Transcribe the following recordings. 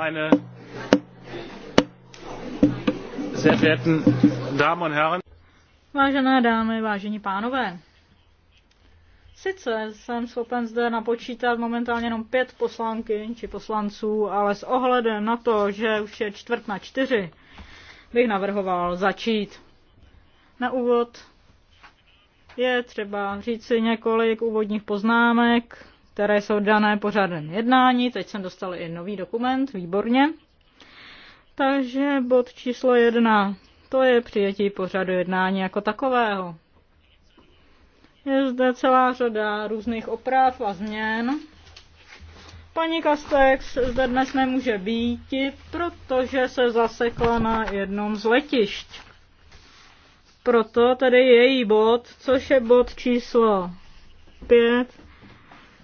meine sehr verehrten Damen und Herren. Vážené dámy, vážení pánové, sice jsem schopen zde napočítat momentálně jenom pět poslanky či poslanců, ale s ohledem na to, že už je čtvrt na čtyři, bych navrhoval začít. Na úvod je třeba říci několik úvodních poznámek, které jsou dané pořádem jednání. Teď jsem dostal i nový dokument, výborně. Takže bod číslo jedna, to je přijetí pořadu jednání jako takového. Je zde celá řada různých oprav a změn. Paní Kastex zde dnes nemůže být, protože se zasekla na jednom z letišť. Proto tedy její bod, což je bod číslo 5,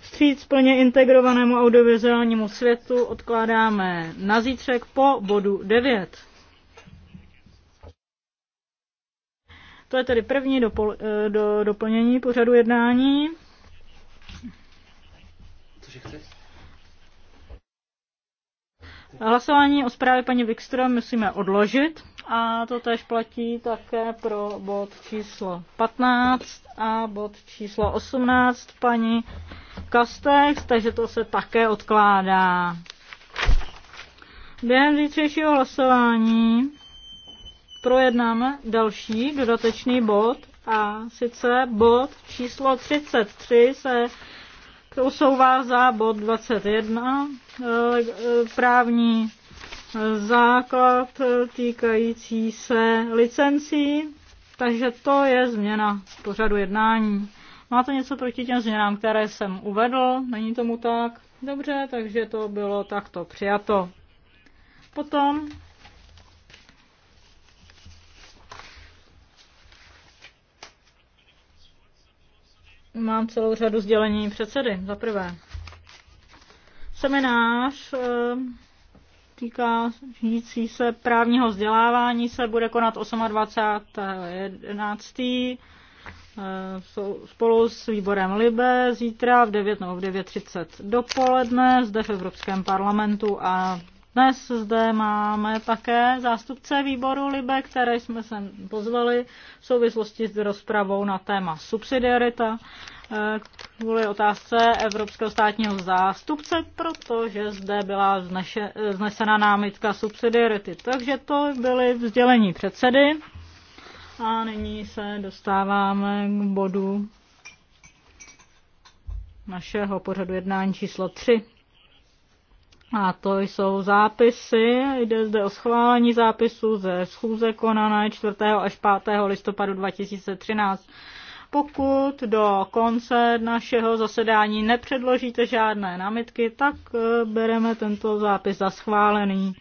vstříc plně integrovanému audiovizuálnímu světu odkládáme na zítřek po bodu 9. To je tedy první dopol, eh, do, doplnění pořadu jednání. Cože chceš? Hlasování o zprávě paní Wikstra musíme odložit. A to tež platí také pro bod číslo 15 a bod číslo 18 paní Kastex, takže to se také odkládá. Během zítřejšího hlasování projednáme další dodatečný bod a sice bod číslo 33 se usouvá za bod 21 eh, eh, právní základ týkající se licencí, takže to je změna z pořadu jednání. Máte něco proti těm změnám, které jsem uvedl? Není tomu tak? Dobře, takže to bylo takto přijato. Potom mám celou řadu sdělení předsedy. Za prvé, seminář eh, týká žijící se právního vzdělávání, se bude konat 28.11. Eh, spolu s výborem Libe zítra v 9 nebo v 9.30 dopoledne zde v Evropském parlamentu a dnes zde máme také zástupce výboru Libe, které jsme sem pozvali v souvislosti s rozpravou na téma subsidiarita. Eh, kvůli otázce Evropského státního zástupce, protože zde byla znesena námitka subsidiarity. Takže to byly vzdělení předsedy. A nyní se dostáváme k bodu našeho pořadu jednání číslo 3. A to jsou zápisy. Jde zde o schválení zápisu ze schůze konané 4. až 5. listopadu 2013 pokud do konce našeho zasedání nepředložíte žádné námitky, tak eh, bereme tento zápis za schválený.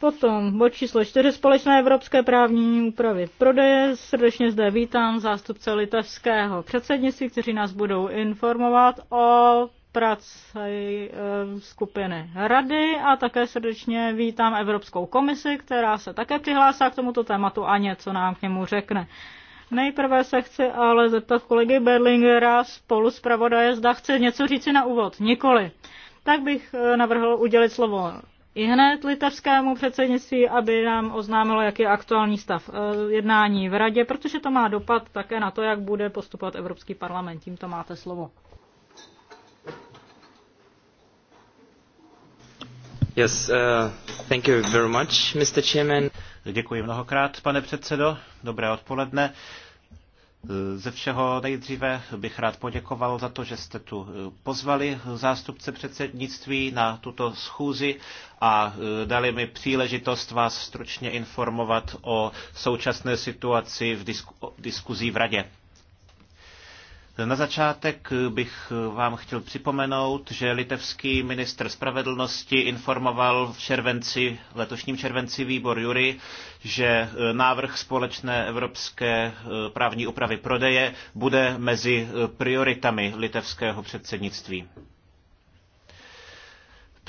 Potom bod číslo 4. Společné evropské právní úpravy prodeje. Srdečně zde vítám zástupce litevského předsednictví, kteří nás budou informovat o práci eh, skupiny Rady a také srdečně vítám Evropskou komisi, která se také přihlásá k tomuto tématu a něco nám k němu řekne. Nejprve se chci ale zeptat kolegy Berlingera spolu s zda chce něco říci na úvod. Nikoli. Tak bych eh, navrhl udělit slovo i hned litevskému předsednictví, aby nám oznámilo, jaký je aktuální stav eh, jednání v radě, protože to má dopad také na to, jak bude postupovat Evropský parlament. Tímto máte slovo. Yes, uh, thank you very much, Mr. Chairman. Děkuji mnohokrát, pane předsedo. Dobré odpoledne. Ze všeho nejdříve bych rád poděkoval za to, že jste tu pozvali zástupce předsednictví na tuto schůzi a dali mi příležitost vás stručně informovat o současné situaci v disku, diskuzí v Radě. Na začátek bych vám chtěl připomenout, že litevský ministr spravedlnosti informoval v červenci, letošním červenci výbor Jury, že návrh společné evropské eh, právní úpravy prodeje bude mezi prioritami litevského předsednictví.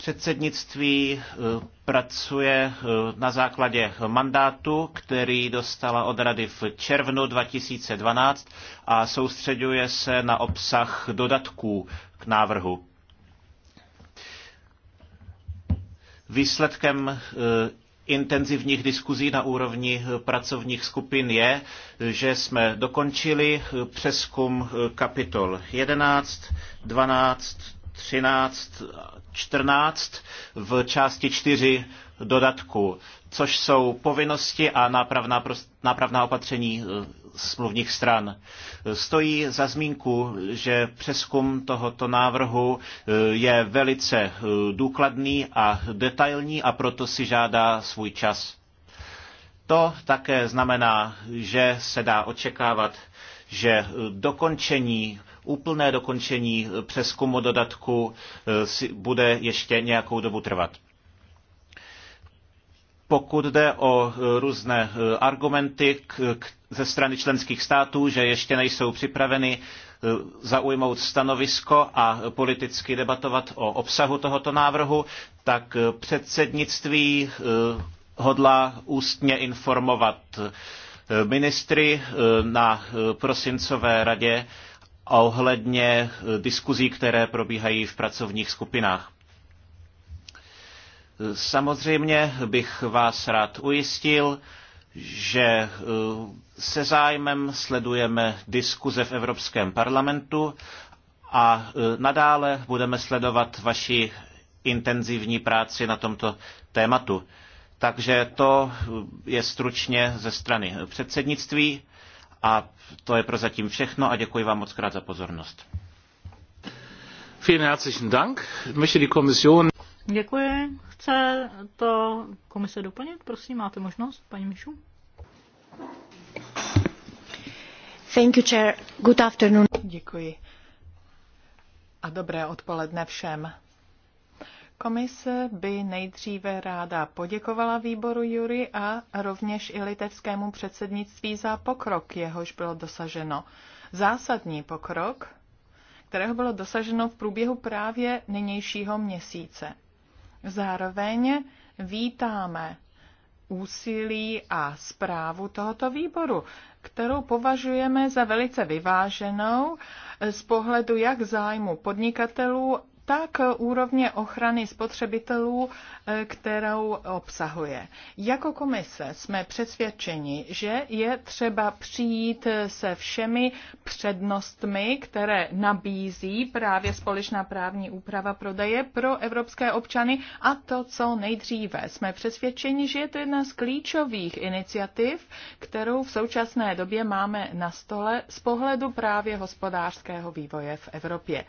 Předsednictví eh, pracuje eh, na základě mandátu, který dostala od Rady v červnu 2012 a soustředuje se na obsah dodatků k návrhu. Výsledkem eh, intenzivních diskuzí na úrovni pracovních skupin je, že jsme dokončili přeskum kapitol 11, 12, 13, 14 v části 4 dodatku, což jsou povinnosti a nápravná, nápravná opatření eh, smluvních stran. Stojí za zmínku, že přeskum tohoto návrhu eh, je velice eh, důkladný a detailní a proto si žádá svůj čas. To také znamená, že se dá očekávat, že dokončení úplné dokončení eh, přeskumu dodatku eh, bude ještě nějakou dobu trvat. Pokud jde o eh, různé argumenty ze strany členských států, že ještě nejsou připraveny zaujmout stanovisko a politicky debatovat o obsahu tohoto návrhu, tak předsednictví hodlá ústně informovat ministry na prosincové radě a ohledně eh, diskuzí, které probíhají v pracovních skupinách. Samozřejmě bych vás rád ujistil, že eh, se zájmem sledujeme diskuze v Evropském parlamentu a eh, nadále budeme sledovat vaši intenzivní práci na tomto tématu. Takže to je stručně ze strany předsednictví. A to je prozatím všechno a děkuji vám moc krát za pozornost. Vielen herzlichen Dank. Möchte die Kommission Děkuji. Chce to komise doplnit? Prosím, máte možnost, paní Mišu? Thank you, Chair. Good afternoon. Děkuji. A dobré odpoledne všem. Komise by nejdříve ráda poděkovala výboru Jury a rovněž i litevskému předsednictví za pokrok, jehož bylo dosaženo. Zásadní pokrok, kterého bylo dosaženo v průběhu právě nynějšího měsíce. Zároveň vítáme úsilí a zprávu tohoto výboru, kterou považujeme za velice vyváženou z pohledu jak zájmu podnikatelů, tak úrovně ochrany spotřebitelů, e, kterou obsahuje. Jako komise jsme přesvědčeni, že je třeba přijít se všemi přednostmi, které nabízí právě společná právní úprava prodeje pro evropské občany a to, co nejdříve. Jsme přesvědčeni, že je to jedna z klíčových iniciativ, kterou v současné době máme na stole z pohledu právě hospodářského vývoje v Evropě.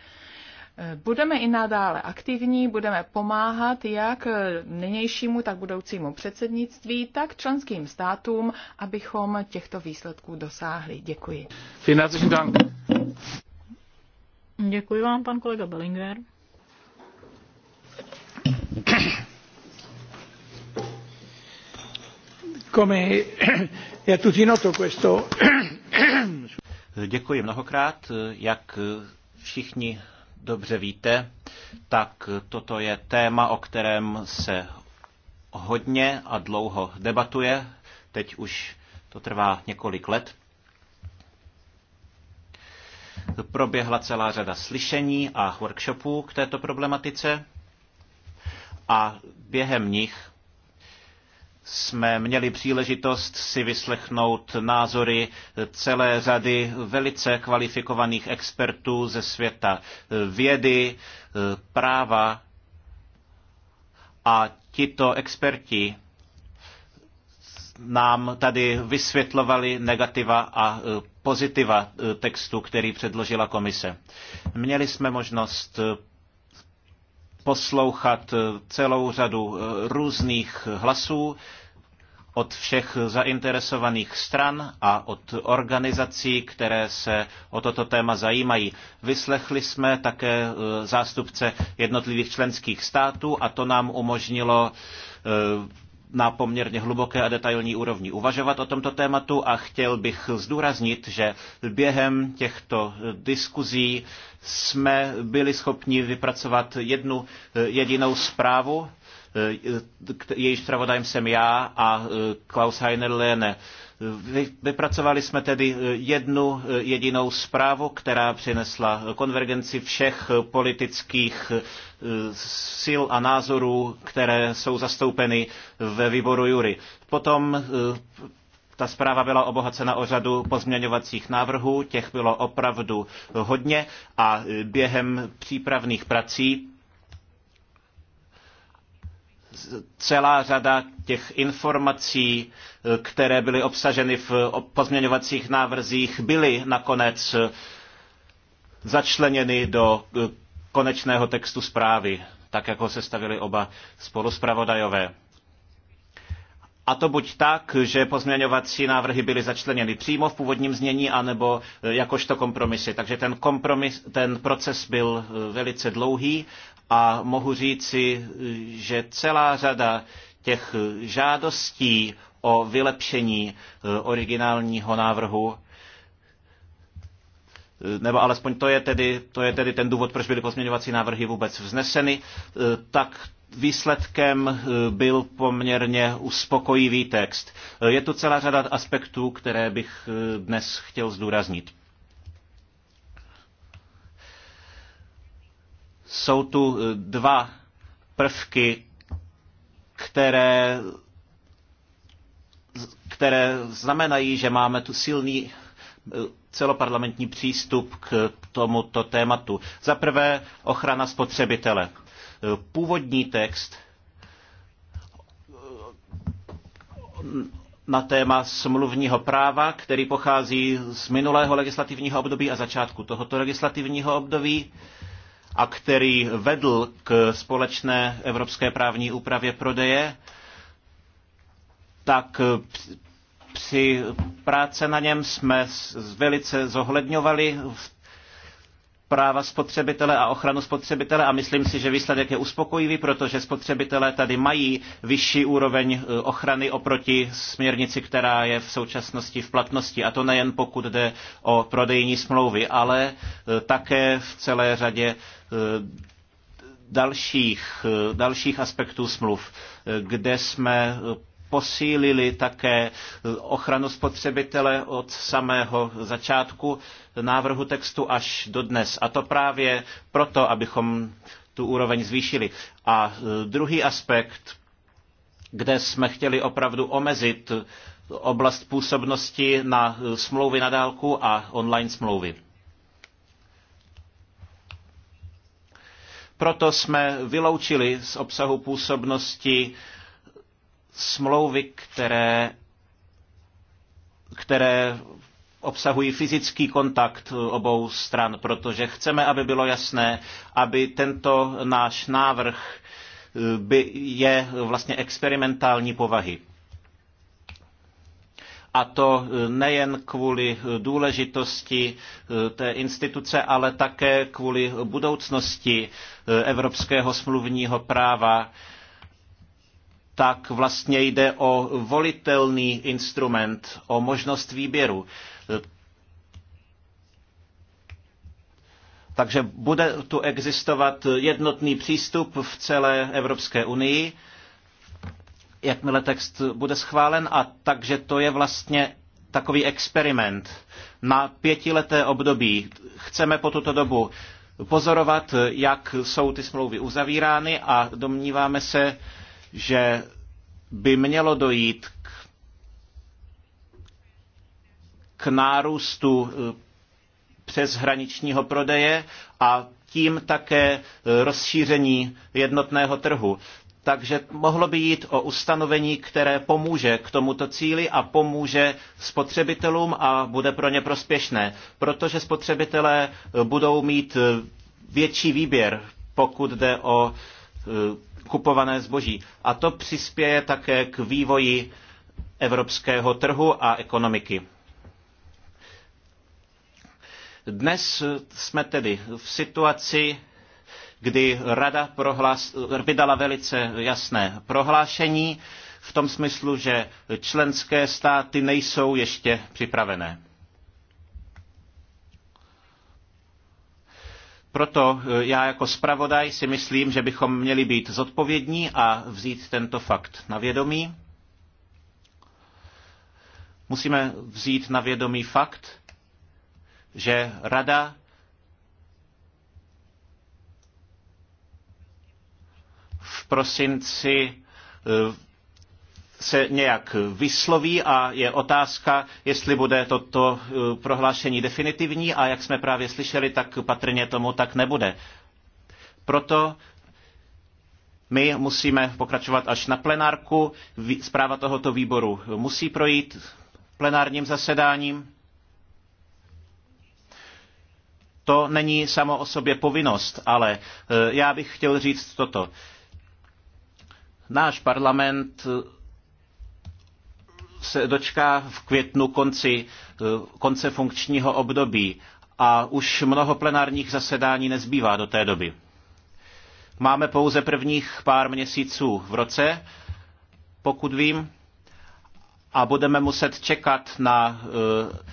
Budeme i nadále aktivní, budeme pomáhat jak nynějšímu, tak budoucímu předsednictví, tak členským státům, abychom těchto výsledků dosáhli. Děkuji. Děkuji vám, pan kolega Bellinger. Děkuji mnohokrát. Jak všichni dobře víte, tak toto je téma, o kterém se hodně a dlouho debatuje. Teď už to trvá několik let. Proběhla celá řada slyšení a workshopů k této problematice a během nich jsme měli příležitost si vyslechnout názory celé řady velice kvalifikovaných expertů ze světa vědy, práva a tito experti nám tady vysvětlovali negativa a pozitiva textu, který předložila komise. Měli jsme možnost poslouchat celou řadu různých hlasů od všech zainteresovaných stran a od organizací, které se o toto téma zajímají. Vyslechli jsme také e, zástupce jednotlivých členských států a to nám umožnilo e, na poměrně hluboké a detailní úrovni uvažovat o tomto tématu a chtěl bych zdůraznit, že během těchto e, diskuzí jsme byli schopni vypracovat jednu jedinou zprávu, Eh, jejíž zpravodajem jsem já a eh, Klaus Heiner Lene. Vypracovali jsme tedy eh, jednu jedinou zprávu, která přinesla konvergenci všech politických sil a názorů, které jsou zastoupeny ve výboru Jury. Potom ta zpráva byla obohacena o řadu pozměňovacích návrhů, těch bylo opravdu hodně a během přípravných prací celá řada těch informací, které byly obsaženy v pozměňovacích návrzích, byly nakonec eh, začleněny do eh, konečného textu zprávy, tak jako se stavili oba spoluspravodajové. A to buď tak, že pozměňovací návrhy byly začleněny přímo v původním znění, anebo eh, jakožto kompromisy. Takže ten, kompromis, ten proces byl velice dlouhý a mohu říci, že celá řada těch žádostí o vylepšení eh, originálního návrhu eh, nebo alespoň to je, tedy, to je tedy ten důvod, proč byly pozměňovací návrhy vůbec vzneseny, eh, tak výsledkem byl poměrně uspokojivý text. Je tu celá řada aspektů, které bych dnes chtěl zdůraznit. Jsou tu e, dva prvky, které, které znamenají, že máme tu silný e, celoparlamentní přístup k tomuto tématu. Za prvé ochrana spotřebitele. E, původní text na téma smluvního práva, který pochází z minulého legislativního období a začátku tohoto legislativního období, a který vedl k společné evropské právní úpravě prodeje, tak při práce na něm jsme velice zohledňovali v práva spotřebitele a ochranu spotřebitele a myslím si, že výsledek je uspokojivý, protože spotřebitelé tady mají vyšší úroveň e, ochrany oproti směrnici, která je v současnosti v platnosti. A to nejen pokud jde o prodejní smlouvy, ale e, také v celé řadě e, dalších, dalších aspektů smluv, kde jsme posílili také ochranu spotřebitele od samého začátku návrhu textu až do dnes. A to právě proto, abychom tu úroveň zvýšili. A druhý aspekt, kde jsme chtěli opravdu omezit oblast působnosti na smlouvy na dálku a online smlouvy. Proto jsme vyloučili z obsahu působnosti smlouvy, které, které obsahují fyzický kontakt obou stran, protože chceme, aby bylo jasné, aby tento náš návrh eh, by je vlastně experimentální povahy. A to eh, nejen kvůli eh, důležitosti té instituce, ale také kvůli budoucnosti evropského smluvního práva, tak vlastně jde o volitelný instrument, o možnost výběru. Takže bude tu existovat jednotný přístup v celé Evropské unii, jakmile text bude schválen, a takže to je vlastně takový experiment. Na pětileté období chceme po tuto dobu pozorovat, jak jsou ty smlouvy uzavírány a domníváme se, že by mělo dojít k, k nárůstu eh, přeshraničního prodeje a tím také eh, rozšíření jednotného trhu. Takže mohlo by jít o ustanovení, které pomůže k tomuto cíli a pomůže spotřebitelům a bude pro ně prospěšné, protože spotřebitelé eh, budou mít větší výběr, pokud jde o kupované zboží. A to přispěje také k vývoji evropského trhu a ekonomiky. Dnes jsme tedy v situaci, kdy Rada prohlás, vydala velice jasné prohlášení v tom smyslu, že členské státy nejsou ještě připravené. Proto eh, já jako zpravodaj si myslím, že bychom měli být zodpovědní a vzít tento fakt na vědomí. Musíme vzít na vědomí fakt, že Rada v prosinci eh, se nějak vysloví a je otázka, jestli bude toto eh, prohlášení definitivní a jak jsme právě slyšeli, tak patrně tomu tak nebude. Proto my musíme pokračovat až na plenárku. Zpráva tohoto výboru musí projít plenárním zasedáním. To není samo o sobě povinnost, ale eh, já bych chtěl říct toto. Náš parlament se dočká v květnu konci, eh, konce funkčního období a už mnoho plenárních zasedání nezbývá do té doby. Máme pouze prvních pár měsíců v roce, pokud vím, a budeme muset čekat na eh,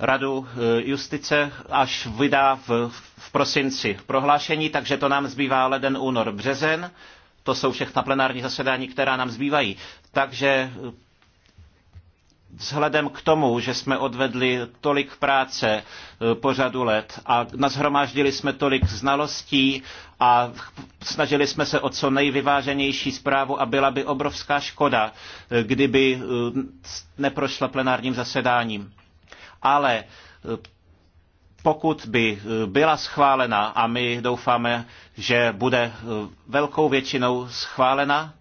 Radu eh, justice až vydá v, v prosinci prohlášení, takže to nám zbývá leden, únor, březen. To jsou všechna plenární zasedání, která nám zbývají. Takže vzhledem k tomu, že jsme odvedli tolik práce eh, po řadu let a nazhromáždili jsme tolik znalostí a snažili jsme se o co nejvyváženější zprávu a byla by obrovská škoda, eh, kdyby eh, neprošla plenárním zasedáním. Ale pokud by byla schválena, a my doufáme, že bude velkou většinou schválena,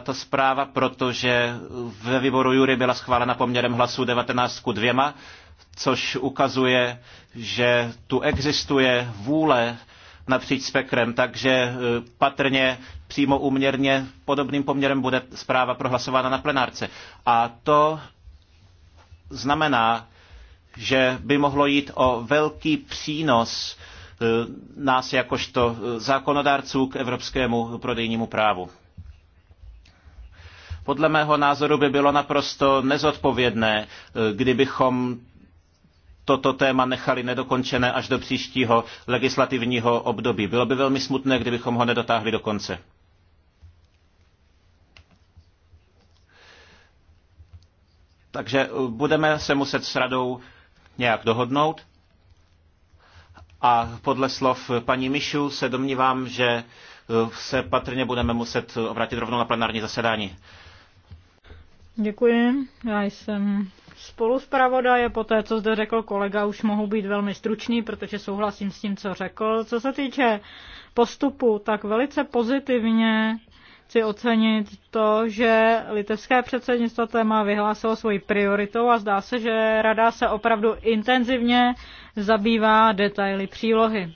tato zpráva, protože ve výboru Jury byla schválena poměrem hlasů 19 k 2, což ukazuje, že tu existuje vůle napříč spektrem, takže e, patrně přímo uměrně podobným poměrem bude zpráva prohlasována na plenárce. A to znamená, že by mohlo jít o velký přínos e, nás jakožto e, zákonodárců k evropskému prodejnímu právu. Podle mého názoru by bylo naprosto nezodpovědné, eh, kdybychom toto téma nechali nedokončené až do příštího legislativního období. Bylo by velmi smutné, kdybychom ho nedotáhli do konce. Takže eh, budeme se muset s radou nějak dohodnout. A podle slov paní Mišu se domnívám, že eh, se patrně budeme muset obrátit rovnou na plenární zasedání. Děkuji. Já jsem spolu s zpravodaje, po té, co zde řekl kolega, už mohu být velmi stručný, protože souhlasím s tím, co řekl. Co se týče postupu, tak velice pozitivně chci ocenit to, že litevské předsednictvo téma vyhlásilo svoji prioritou a zdá se, že rada se opravdu intenzivně zabývá detaily přílohy.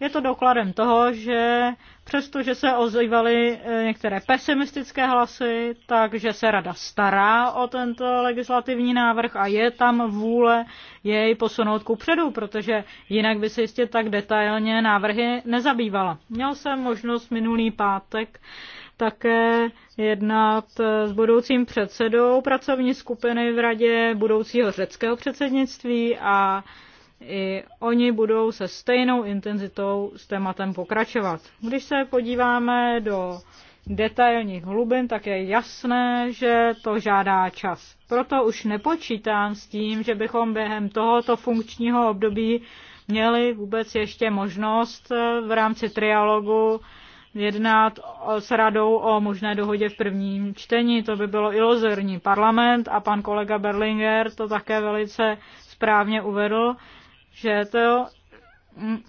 Je to dokladem toho, že přestože se ozývaly eh, některé pesimistické hlasy, takže se rada stará o tento legislativní návrh a je tam vůle jej posunout ku předu, protože jinak by se jistě tak detailně návrhy nezabývala. Měl jsem možnost minulý pátek také jednat eh, s budoucím předsedou pracovní skupiny v radě budoucího řeckého předsednictví a i oni budou se stejnou intenzitou s tématem pokračovat. Když se podíváme do detailních hlubin, tak je jasné, že to žádá čas. Proto už nepočítám s tím, že bychom během tohoto funkčního období měli vůbec ještě možnost eh, v rámci trialogu jednat s radou o možné dohodě v prvním čtení. To by bylo ilozorní parlament a pan kolega Berlinger to také velice správně uvedl, že to mm,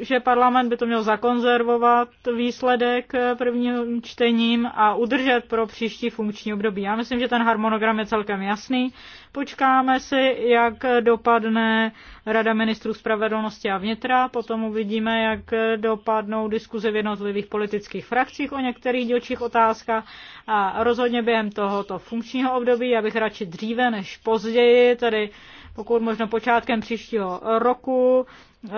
že parlament by to měl zakonzervovat výsledek prvním čtením a udržet pro příští funkční období. Já myslím, že ten harmonogram je celkem jasný. Počkáme si, jak dopadne Rada ministrů spravedlnosti a vnitra, potom uvidíme, jak dopadnou diskuze v jednotlivých politických frakcích o některých dělčích otázkách a rozhodně během tohoto funkčního období, já bych radši dříve než později, tedy pokud možno počátkem příštího roku eh,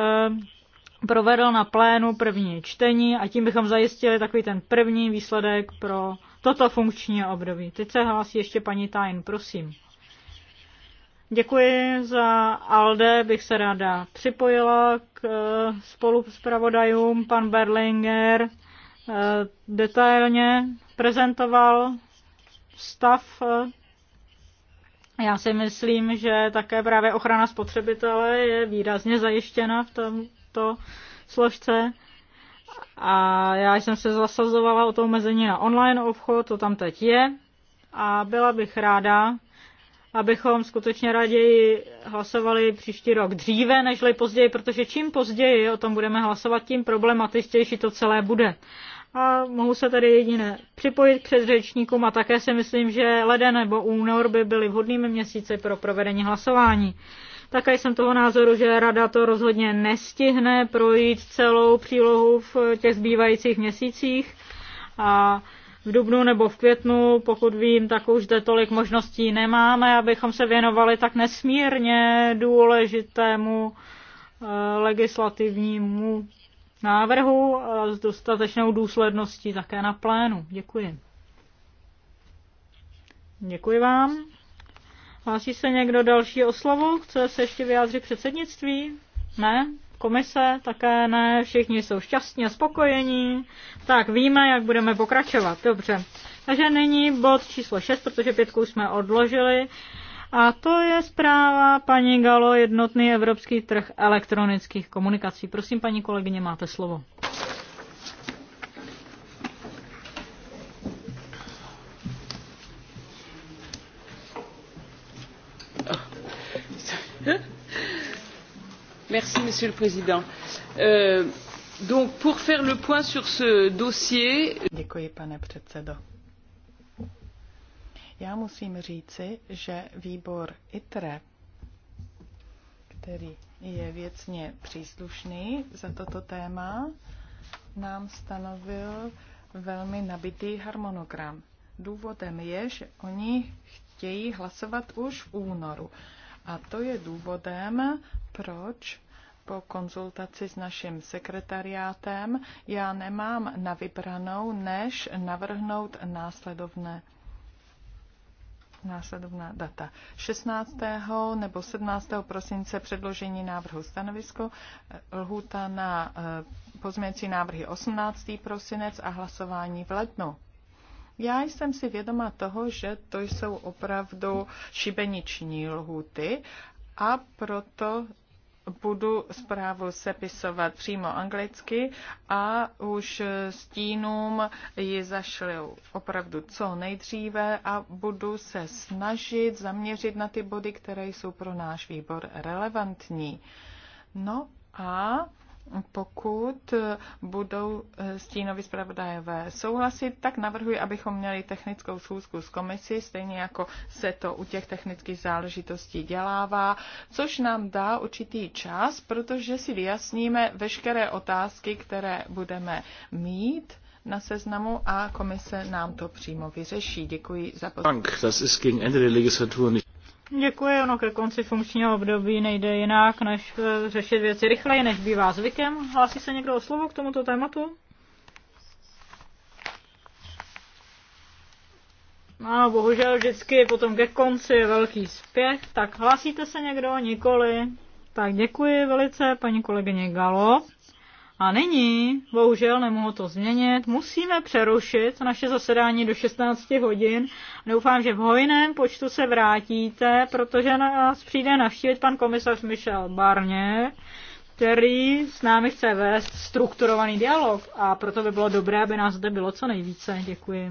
provedl na plénu první čtení a tím bychom zajistili takový ten první výsledek pro toto funkční období. Teď se hlásí ještě paní Tajn, prosím. Děkuji za Alde, bych se ráda připojila k eh, spolu s pravodajům. Pan Berlinger eh, detailně prezentoval stav já si myslím, že také právě ochrana spotřebitele je výrazně zajištěna v tomto složce. A já jsem se zasazovala o to omezení na online obchod, to tam teď je. A byla bych ráda, abychom skutečně raději hlasovali příští rok dříve, nežli později, protože čím později o tom budeme hlasovat, tím problematičtější to celé bude a mohu se tady jediné připojit k předřečníkům a také si myslím, že leden nebo únor by byly vhodnými měsíci pro provedení hlasování. Také jsem toho názoru, že rada to rozhodně nestihne projít celou přílohu v těch zbývajících měsících a v dubnu nebo v květnu, pokud vím, tak už zde tolik možností nemáme, abychom se věnovali tak nesmírně důležitému eh, legislativnímu návrhu eh, s dostatečnou důsledností také na plénu. Děkuji. Děkuji vám. Hlásí se někdo další o slovo? Chce se ještě vyjádřit předsednictví? Ne? Komise? Také ne. Všichni jsou šťastní a spokojení. Tak víme, jak budeme pokračovat. Dobře. Takže nyní bod číslo 6, protože pětku jsme odložili. A to je zpráva paní Galo, jednotný evropský trh elektronických komunikací. Prosím, paní kolegyně, máte slovo. Merci, Monsieur le Président. Euh, donc, pour faire le point sur ce dossier. Děkuji, pane předsedo. Já musím říci, že výbor ITRE, který je věcně příslušný za toto téma, nám stanovil velmi nabitý harmonogram. Důvodem je, že oni chtějí hlasovat už v únoru. A to je důvodem, proč po konzultaci s naším sekretariátem já nemám na vybranou, než navrhnout následovné následovná data. 16. nebo 17. prosince předložení návrhu stanovisko, lhůta na eh, pozměcí návrhy 18. prosinec a hlasování v lednu. Já jsem si vědoma toho, že to jsou opravdu šibeniční lhuty a proto budu zprávu sepisovat přímo anglicky a už stínům ji zašlu opravdu co nejdříve a budu se snažit zaměřit na ty body, které jsou pro náš výbor relevantní. No a pokud eh, budou eh, stínovi zpravodajové souhlasit, tak navrhuji, abychom měli technickou schůzku s komisí, stejně jako se to u těch technických záležitostí dělává, což nám dá určitý čas, protože si vyjasníme veškeré otázky, které budeme mít na seznamu a komise nám to přímo vyřeší. Děkuji za pozornost. Děkuji, ono ke konci funkčního období nejde jinak, než eh, řešit věci rychleji, než bývá zvykem. Hlásí se někdo o slovo k tomuto tématu? Ano, bohužel vždycky potom ke konci je velký spěch. Tak hlásíte se někdo? Nikoli. Tak děkuji velice, paní kolegyně Galo. A nyní, bohužel nemohu to změnit, musíme přerušit naše zasedání do 16 hodin. Doufám, že v hojném počtu se vrátíte, protože nás přijde navštívit pan komisař Michel Barně, který s námi chce vést strukturovaný dialog a proto by bylo dobré, aby nás zde bylo co nejvíce. Děkuji.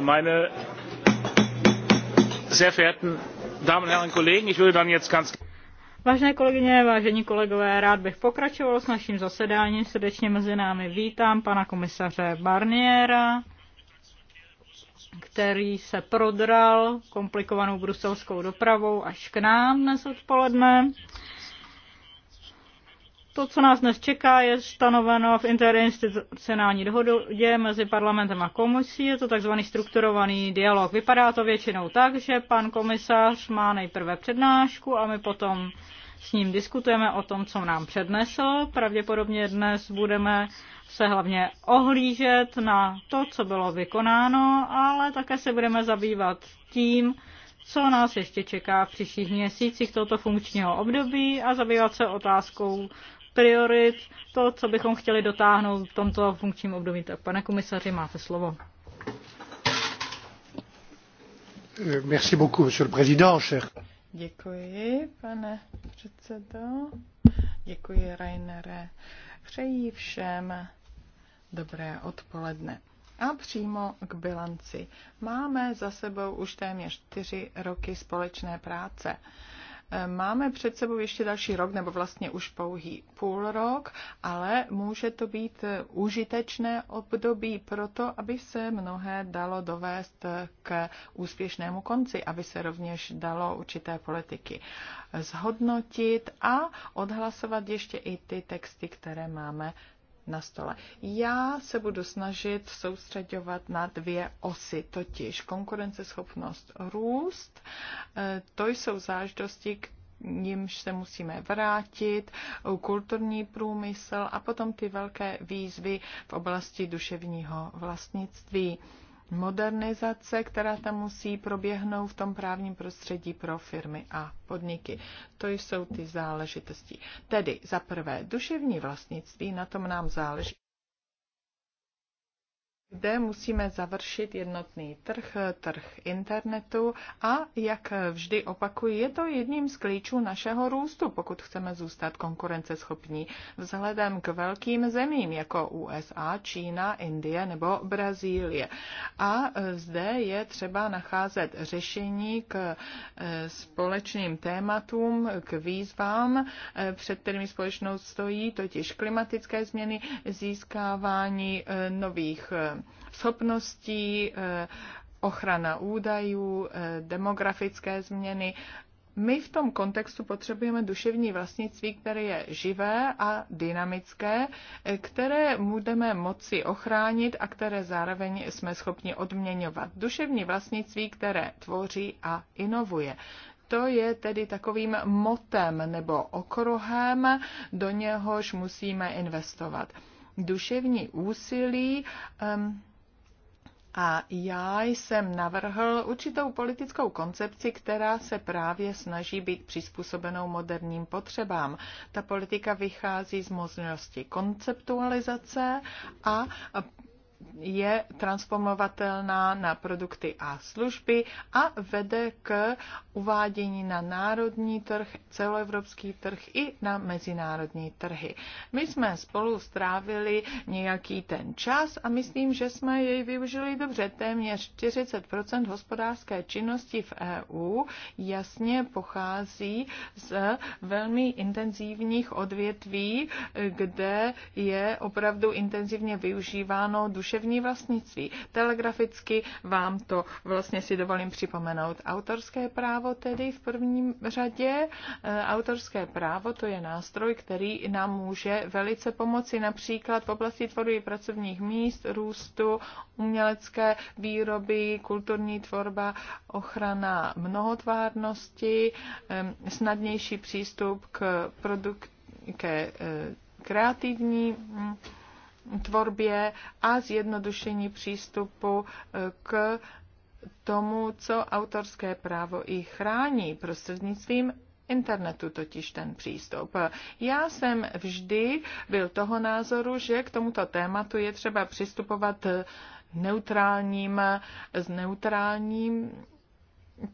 meine sehr verehrten Damen und Herren Kollegen, ich würde dann jetzt ganz Vážené kolegyně, vážení kolegové, rád bych pokračoval s naším zasedáním. Srdečně mezi námi vítám pana komisaře Barniera, který se prodral komplikovanou bruselskou dopravou až k nám dnes odpoledne. To, co nás dnes čeká, je stanoveno v interinstitucionální dohodě mezi parlamentem a komisí. Je to tzv. strukturovaný dialog. Vypadá to většinou tak, že pan komisař má nejprve přednášku a my potom s ním diskutujeme o tom, co nám přednesl. Pravděpodobně dnes budeme se hlavně ohlížet na to, co bylo vykonáno, ale také se budeme zabývat tím, co nás ještě čeká v příštích měsících tohoto funkčního období a zabývat se otázkou priorit, to, co bychom chtěli dotáhnout v tomto funkčním období. Tak pane komisaři, máte slovo. Euh, merci beaucoup, monsieur le président. Cher... Děkuji, pane předsedo. Děkuji, Rainere. Přeji všem dobré odpoledne. A přímo k bilanci. Máme za sebou už téměř čtyři roky společné práce. Máme před sebou ještě další rok, nebo vlastně už pouhý půl rok, ale může to být užitečné období pro to, aby se mnohé dalo dovést k úspěšnému konci, aby se rovněž dalo určité politiky zhodnotit a odhlasovat ještě i ty texty, které máme na stole. Já se budu snažit soustředovat na dvě osy, totiž konkurenceschopnost růst. E, to jsou záždosti, nímž se musíme vrátit, kulturní průmysl a potom ty velké výzvy v oblasti duševního vlastnictví modernizace, která tam musí proběhnout v tom právním prostředí pro firmy a podniky. To jsou ty záležitosti. Tedy za prvé duševní vlastnictví, na tom nám záleží. Zde musíme završit jednotný trh, trh internetu a, jak vždy opakuji, je to jedním z klíčů našeho růstu, pokud chceme zůstat konkurenceschopní vzhledem k velkým zemím jako USA, Čína, Indie nebo Brazílie. A zde je třeba nacházet řešení k eh, společným tématům, k výzvám, eh, před kterými společnost stojí, totiž klimatické změny, získávání eh, nových schopností, eh, ochrana údajů, eh, demografické změny. My v tom kontextu potřebujeme duševní vlastnictví, které je živé a dynamické, eh, které budeme moci ochránit a které zároveň jsme schopni odměňovat. Duševní vlastnictví, které tvoří a inovuje. To je tedy takovým motem nebo okruhem, do něhož musíme investovat duševní úsilí. Um, a já jsem navrhl určitou politickou koncepci, která se právě snaží být přizpůsobenou moderním potřebám. Ta politika vychází z možnosti konceptualizace a je transformovatelná na produkty a služby a vede k uvádění na národní trh, celoevropský trh i na mezinárodní trhy. My jsme spolu strávili nějaký ten čas a myslím, že jsme jej využili dobře. Téměř 40 hospodářské činnosti v EU jasně pochází z velmi intenzivních odvětví, kde je opravdu intenzivně využíváno duše duševní vlastnictví. Telegraficky vám to vlastně si dovolím připomenout. Autorské právo tedy v prvním řadě. Eh, autorské právo to je nástroj, který nám může velice pomoci například v oblasti tvorby pracovních míst, růstu, umělecké výroby, kulturní tvorba, ochrana mnohotvárnosti, eh, snadnější přístup k produktu ke eh, kreativní hm, tvorbě a zjednodušení přístupu e, k tomu, co autorské právo i chrání prostřednictvím internetu totiž ten přístup. Já jsem vždy byl toho názoru, že k tomuto tématu je třeba přistupovat neutrálním, s neutrálním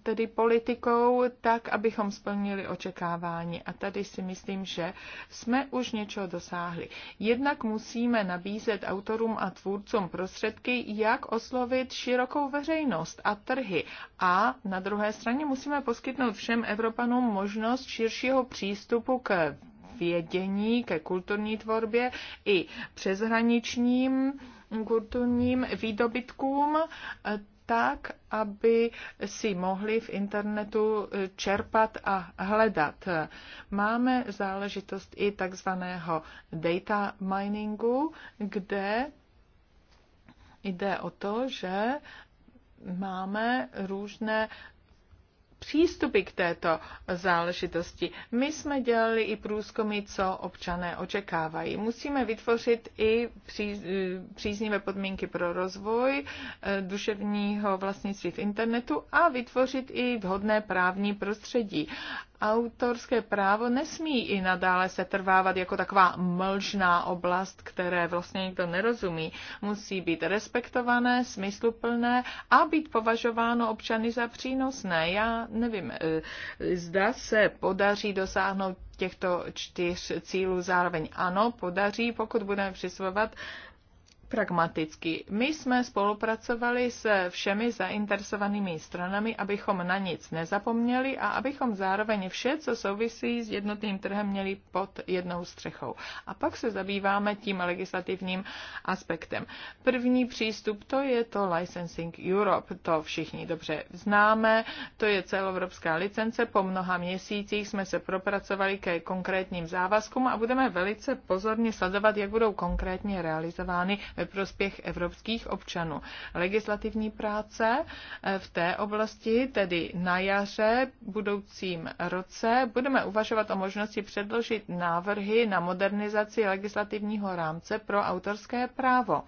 tedy politikou tak, abychom splnili očekávání. A tady si myslím, že jsme už něčeho dosáhli. Jednak musíme nabízet autorům a tvůrcům prostředky, jak oslovit širokou veřejnost a trhy. A na druhé straně musíme poskytnout všem Evropanům možnost širšího přístupu k vědění, ke kulturní tvorbě i přeshraničním kulturním výdobytkům tak, aby si mohli v internetu eh, čerpat a hledat. Máme záležitost i takzvaného data miningu, kde jde o to, že máme různé přístupy k této záležitosti. My jsme dělali i průzkumy, co občané očekávají. Musíme vytvořit i eh, příznivé podmínky pro rozvoj eh, duševního vlastnictví v internetu a vytvořit i vhodné právní prostředí autorské právo nesmí i nadále se trvávat jako taková mlžná oblast, které vlastně nikdo nerozumí. Musí být respektované, smysluplné a být považováno občany za přínosné. Já nevím, eh, zda se podaří dosáhnout těchto čtyř cílů zároveň. Ano, podaří, pokud budeme přisvovat pragmaticky. My jsme spolupracovali se všemi zainteresovanými stranami, abychom na nic nezapomněli a abychom zároveň vše, co souvisí s jednotným trhem, měli pod jednou střechou. A pak se zabýváme tím legislativním aspektem. První přístup to je to Licensing Europe. To všichni dobře známe. To je celoevropská licence. Po mnoha měsících jsme se propracovali ke konkrétním závazkům a budeme velice pozorně sledovat, jak budou konkrétně realizovány ve prospěch evropských občanů. Legislativní práce eh, v té oblasti, tedy na jaře budoucím roce, budeme uvažovat o možnosti předložit návrhy na modernizaci legislativního rámce pro autorské právo.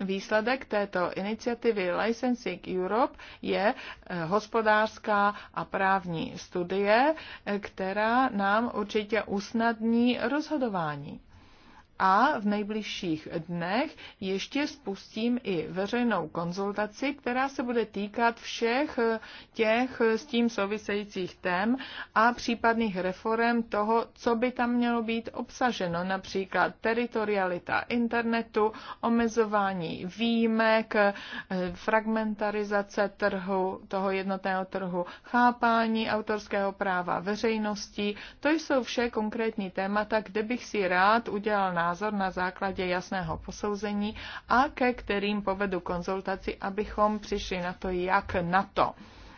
Výsledek této iniciativy Licensing Europe je eh, hospodářská a právní studie, eh, která nám určitě usnadní rozhodování a v nejbližších dnech ještě spustím i veřejnou konzultaci, která se bude týkat všech eh, těch s tím souvisejících tém a případných reform toho, co by tam mělo být obsaženo, například teritorialita internetu, omezování výjimek, eh, fragmentarizace trhu, toho jednotného trhu, chápání autorského práva veřejnosti. To jsou vše konkrétní témata, kde bych si rád udělal na názor na základě jasného posouzení a ke kterým povedu konzultaci, abychom přišli na to, jak na to.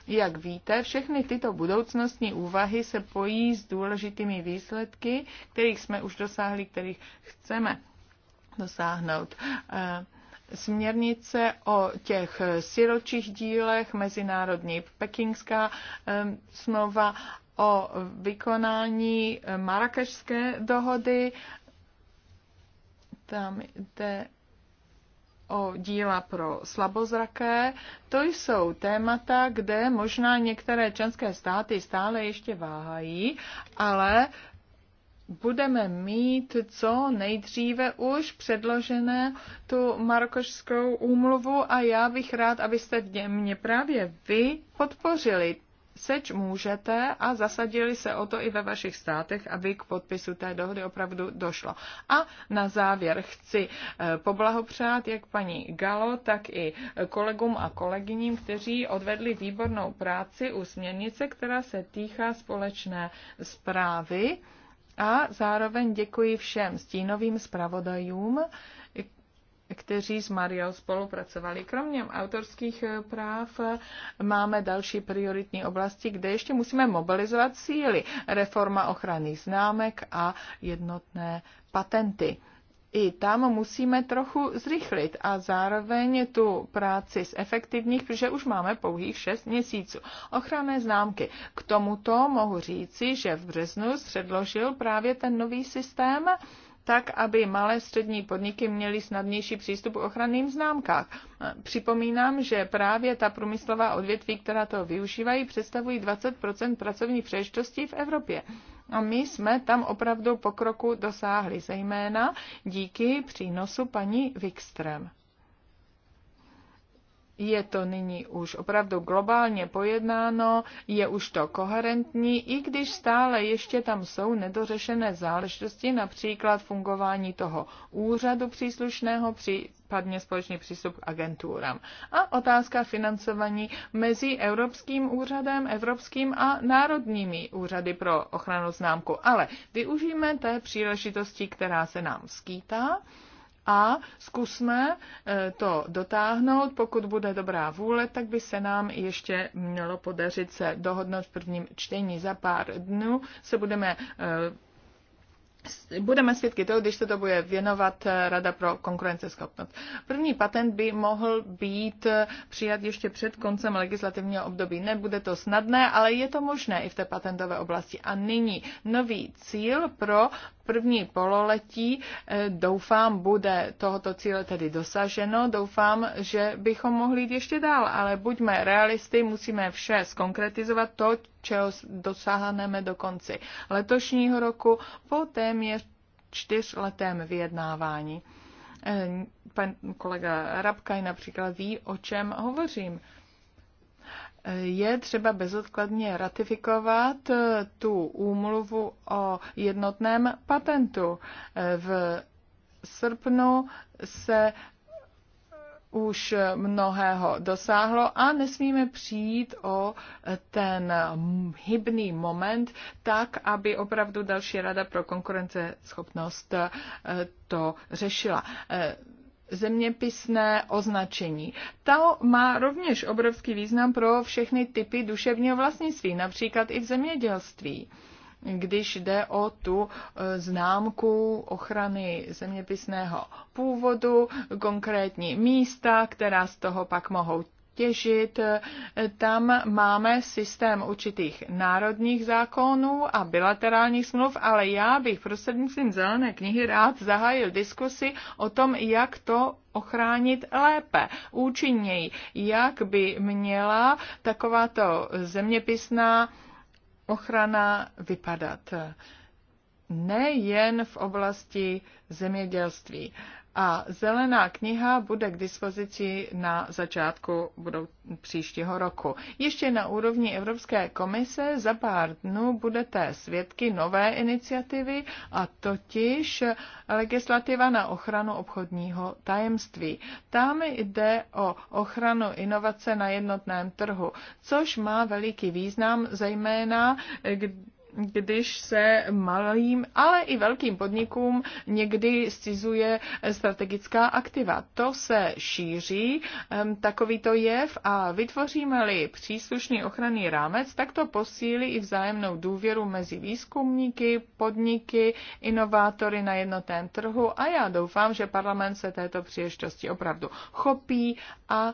Jak víte, všechny tyto budoucnostní úvahy se pojí s důležitými výsledky, kterých jsme už dosáhli, kterých chceme dosáhnout. Eh, směrnice o těch siročích dílech, mezinárodní pekingská eh, smlouva o vykonání marakešské dohody, tam jde o díla pro slabozraké. To jsou témata, kde možná některé členské státy stále ještě váhají, ale budeme mít co nejdříve už předložené tu Marokošskou úmluvu a já bych rád, abyste mě právě vy podpořili seč můžete a zasadili se o to i ve vašich státech, aby k podpisu té dohody opravdu došlo. A na závěr chci eh, poblahopřát jak paní Galo, tak i kolegům a kolegyním, kteří odvedli výbornou práci u směrnice, která se týká společné zprávy. A zároveň děkuji všem stínovým zpravodajům, kteří s Mariou spolupracovali. Kromě autorských práv máme další prioritní oblasti, kde ještě musíme mobilizovat síly. Reforma ochrany známek a jednotné patenty. I tam musíme trochu zrychlit a zároveň tu práci z efektivních, protože už máme pouhých 6 měsíců. Ochranné známky. K tomuto mohu říci, že v březnu předložil právě ten nový systém tak, aby malé střední podniky měly snadnější přístup k ochranným známkách. Připomínám, že právě ta průmyslová odvětví, která to využívají, představují 20 pracovních příležitostí v Evropě. A my jsme tam opravdu pokroku dosáhli, zejména díky přínosu paní Wikström je to nyní už opravdu globálně pojednáno, je už to koherentní, i když stále ještě tam jsou nedořešené záležitosti, například fungování toho úřadu příslušného, případně společný přístup k agenturám. A otázka financování mezi Evropským úřadem, Evropským a národními úřady pro ochranu známku. Ale využijeme té příležitosti, která se nám skýtá a zkusme eh, to dotáhnout. Pokud bude dobrá vůle, tak by se nám ještě mělo podařit se dohodnout v prvním čtení. Za pár dnů se budeme eh, budeme svědky toho, když se to bude věnovat eh, Rada pro konkurenceschopnost. První patent by mohl být přijat ještě před koncem legislativního období. Nebude to snadné, ale je to možné i v té patentové oblasti. A nyní nový cíl pro první pololetí eh, doufám bude tohoto cíle tedy dosaženo. Doufám, že bychom mohli jít ještě dál, ale buďme realisty, musíme vše skonkretizovat to, čeho dosáhneme do konci letošního roku po téměř čtyřletém vyjednávání. Eh, pan kolega Rabkaj například ví, o čem hovořím je třeba bezodkladně ratifikovat eh, tu úmluvu o jednotném patentu. Eh, v srpnu se už mnohého dosáhlo a nesmíme přijít o eh, ten mm, hybný moment tak, aby opravdu další rada pro konkurenceschopnost to řešila zeměpisné označení. To má rovněž obrovský význam pro všechny typy duševního vlastnictví, například i v zemědělství když jde o tu e, známku ochrany zeměpisného původu, konkrétní místa, která z toho pak mohou těžit. Tam máme systém určitých národních zákonů a bilaterálních smluv, ale já bych prostřednictvím zelené knihy rád zahájil diskusi o tom, jak to ochránit lépe, účinněji, jak by měla takováto zeměpisná ochrana vypadat nejen v oblasti zemědělství. A zelená kniha bude k dispozici na začátku budou příštího roku. Ještě na úrovni Evropské komise za pár dnů budete svědky nové iniciativy a totiž legislativa na ochranu obchodního tajemství. Tam jde o ochranu inovace na jednotném trhu, což má veliký význam, zejména když se malým, ale i velkým podnikům někdy scizuje strategická aktiva. To se šíří, takovýto jev a vytvoříme-li příslušný ochranný rámec, tak to posílí i vzájemnou důvěru mezi výzkumníky, podniky, inovátory na jednotném trhu a já doufám, že parlament se této příležitosti opravdu chopí a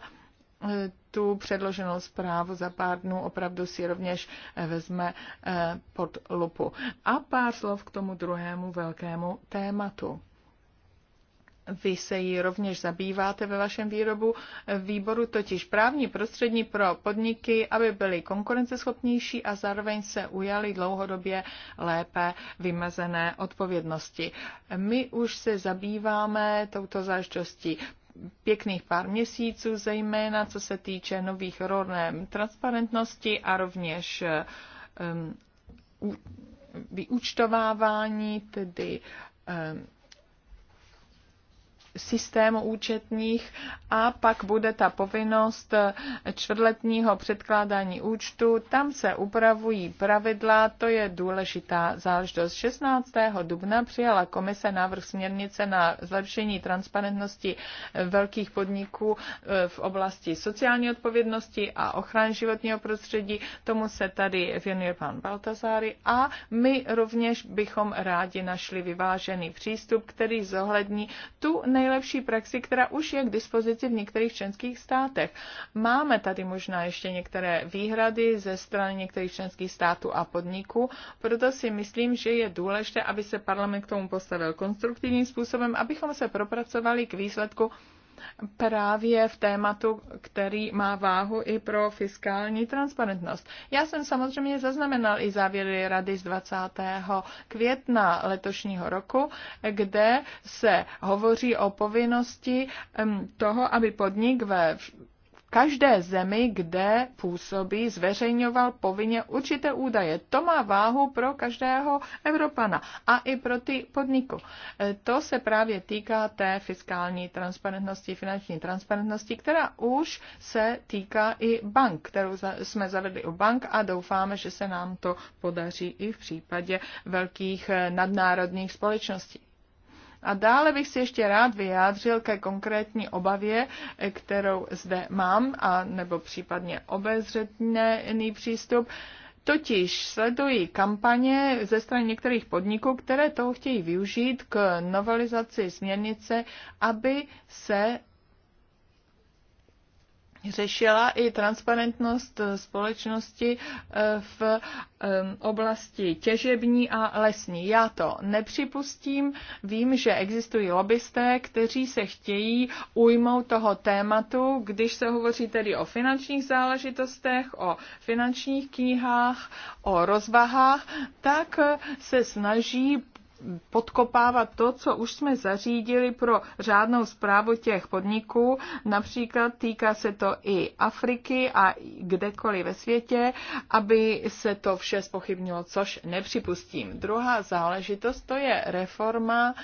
e, tu předloženou zprávu za pár dnů opravdu si rovněž eh, vezme eh, pod lupu. A pár slov k tomu druhému velkému tématu. Vy se ji rovněž zabýváte ve vašem výrobu eh, výboru, totiž právní prostřední pro podniky, aby byly konkurenceschopnější a zároveň se ujali dlouhodobě lépe vymezené odpovědnosti. My už se zabýváme touto záležitostí pěkných pár měsíců, zejména co se týče nových norm transparentnosti a rovněž um, vyúčtovávání, tedy um, systému účetních a pak bude ta povinnost čtvrtletního předkládání účtu. Tam se upravují pravidla, to je důležitá záležitost. 16. dubna přijala komise návrh směrnice na zlepšení transparentnosti velkých podniků eh, v oblasti sociální odpovědnosti a ochrany životního prostředí. Tomu se tady věnuje pan Baltazáry a my rovněž bychom rádi našli vyvážený přístup, který zohlední tu nej nejlepší praxi, která už je k dispozici v některých členských státech. Máme tady možná ještě některé výhrady ze strany některých členských států a podniků, proto si myslím, že je důležité, aby se parlament k tomu postavil konstruktivním způsobem, abychom se propracovali k výsledku, právě v tématu, který má váhu i pro fiskální transparentnost. Já jsem samozřejmě zaznamenal i závěry rady z 20. května letošního roku, kde se hovoří o povinnosti toho, aby podnik ve každé zemi, kde působí, zveřejňoval povinně určité údaje. To má váhu pro každého Evropana a i pro ty podniku. E, to se právě týká té fiskální transparentnosti, finanční transparentnosti, která už se týká i bank, kterou jsme zavedli u bank a doufáme, že se nám to podaří i v případě velkých e, nadnárodních společností. A dále bych si ještě rád vyjádřil ke konkrétní obavě, eh, kterou zde mám, a nebo případně obezřetný přístup. Totiž sledují kampaně ze strany některých podniků, které toho chtějí využít k novelizaci směrnice, aby se řešila i transparentnost společnosti eh, v eh, oblasti těžební a lesní. Já to nepřipustím. Vím, že existují lobbysté, kteří se chtějí ujmout toho tématu, když se hovoří tedy o finančních záležitostech, o finančních knihách, o rozvahách, tak se snaží podkopávat to, co už jsme zařídili pro řádnou zprávu těch podniků. Například týká se to i Afriky a kdekoliv ve světě, aby se to vše spochybnilo, což nepřipustím. Druhá záležitost to je reforma uh,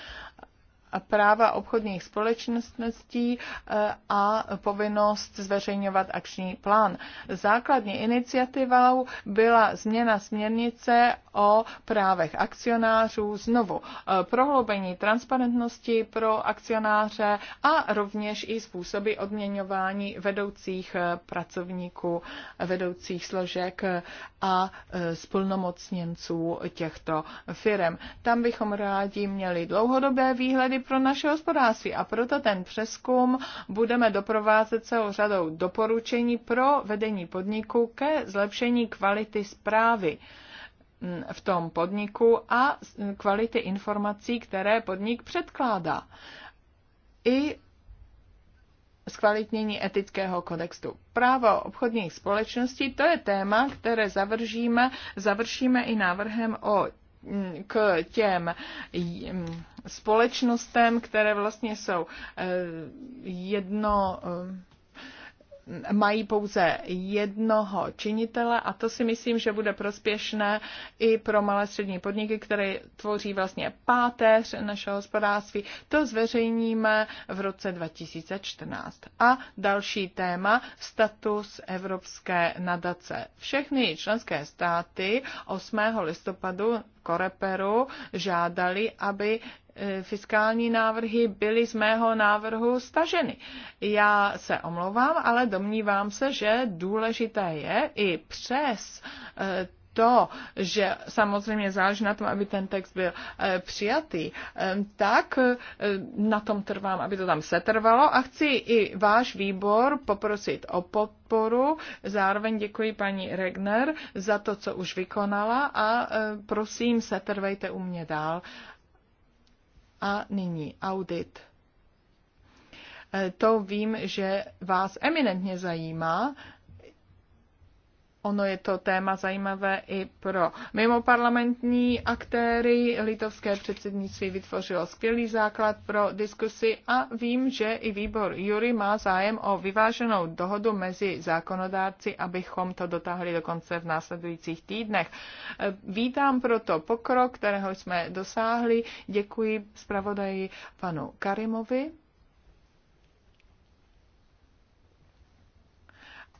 práva obchodních společností eh, a povinnost zveřejňovat akční plán. Základní iniciativou byla změna směrnice o právech akcionářů, znovu eh, prohloubení transparentnosti pro akcionáře a rovněž i způsoby odměňování vedoucích eh, pracovníků, vedoucích složek a splnomocněnců těchto firm. Tam bychom rádi měli dlouhodobé výhledy pro naše hospodářství. A proto ten přeskum budeme doprovázet celou řadou doporučení pro vedení podniku ke zlepšení kvality zprávy mm, v tom podniku a mm, kvality informací, které podnik předkládá. I zkvalitnění etického kodextu. Právo obchodních společností, to je téma, které završíme, završíme i návrhem o k těm společnostem, které vlastně jsou eh, jedno eh, mají pouze jednoho činitele a to si myslím, že bude prospěšné i pro malé střední podniky, které tvoří vlastně páteř našeho hospodářství. To zveřejníme v roce 2014. A další téma, status Evropské nadace. Všechny členské státy 8. listopadu Koreperu žádali, aby Eh, fiskální návrhy byly z mého návrhu staženy. Já se omlouvám, ale domnívám se, že důležité je i přes eh, to, že samozřejmě záleží na tom, aby ten text byl eh, přijatý, tak na tom trvám, aby to tam setrvalo a chci i váš výbor poprosit o podporu. Zároveň děkuji paní Regner za to, co už vykonala a prosím, setrvejte u mě dál a nyní audit. E, to vím, že vás eminentně zajímá. Ono je to téma zajímavé i pro mimoparlamentní aktéry. Litovské předsednictví vytvořilo skvělý základ pro diskusi a vím, že i výbor Jury má zájem o vyváženou dohodu mezi zákonodárci, abychom to dotáhli do konce v následujících týdnech. Vítám proto pokrok, kterého jsme dosáhli. Děkuji zpravodaji panu Karimovi.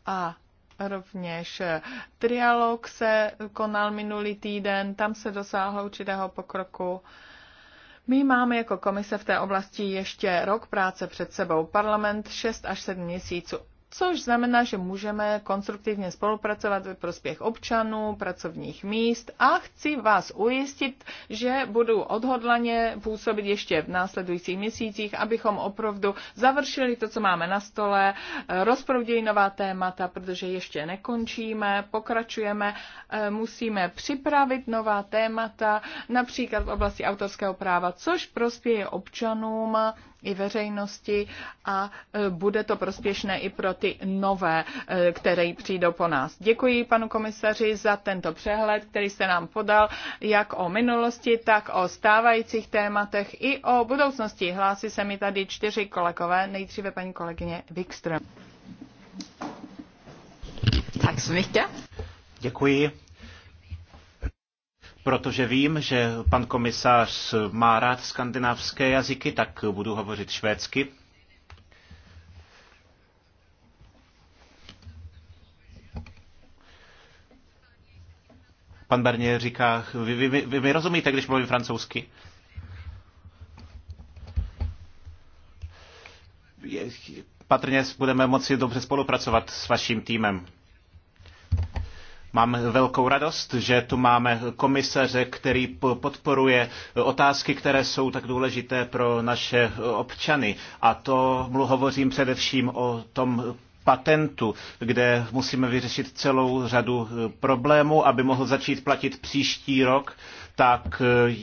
A rovněž. Eh, trialog se konal minulý týden, tam se dosáhlo určitého pokroku. My máme jako komise v té oblasti ještě rok práce před sebou. Parlament 6 až 7 měsíců což znamená, že můžeme konstruktivně spolupracovat ve prospěch občanů, pracovních míst a chci vás ujistit, že budu odhodlaně působit ještě v následujících měsících, abychom opravdu završili to, co máme na stole, rozproudili nová témata, protože ještě nekončíme, pokračujeme, eh, musíme připravit nová témata, například v oblasti autorského práva, což prospěje občanům i veřejnosti a e, bude to prospěšné i pro ty nové, e, které přijdou po nás. Děkuji panu komisaři za tento přehled, který se nám podal jak o minulosti, tak o stávajících tématech i o budoucnosti. Hlásí se mi tady čtyři kolegové, nejdříve paní kolegyně Wikström. Tak Děkuji. Protože vím, že pan komisář má rád skandinávské jazyky, tak budu hovořit švédsky. Pan Barnier říká, vy, vy, vy, vy mi rozumíte, když mluvím francouzsky? Patrně budeme moci dobře spolupracovat s vaším týmem. Mám velkou radost, že tu máme komisaře, který podporuje otázky, které jsou tak důležité pro naše občany. A to hovořím především o tom patentu, kde musíme vyřešit celou řadu problémů, aby mohl začít platit příští rok, tak eh,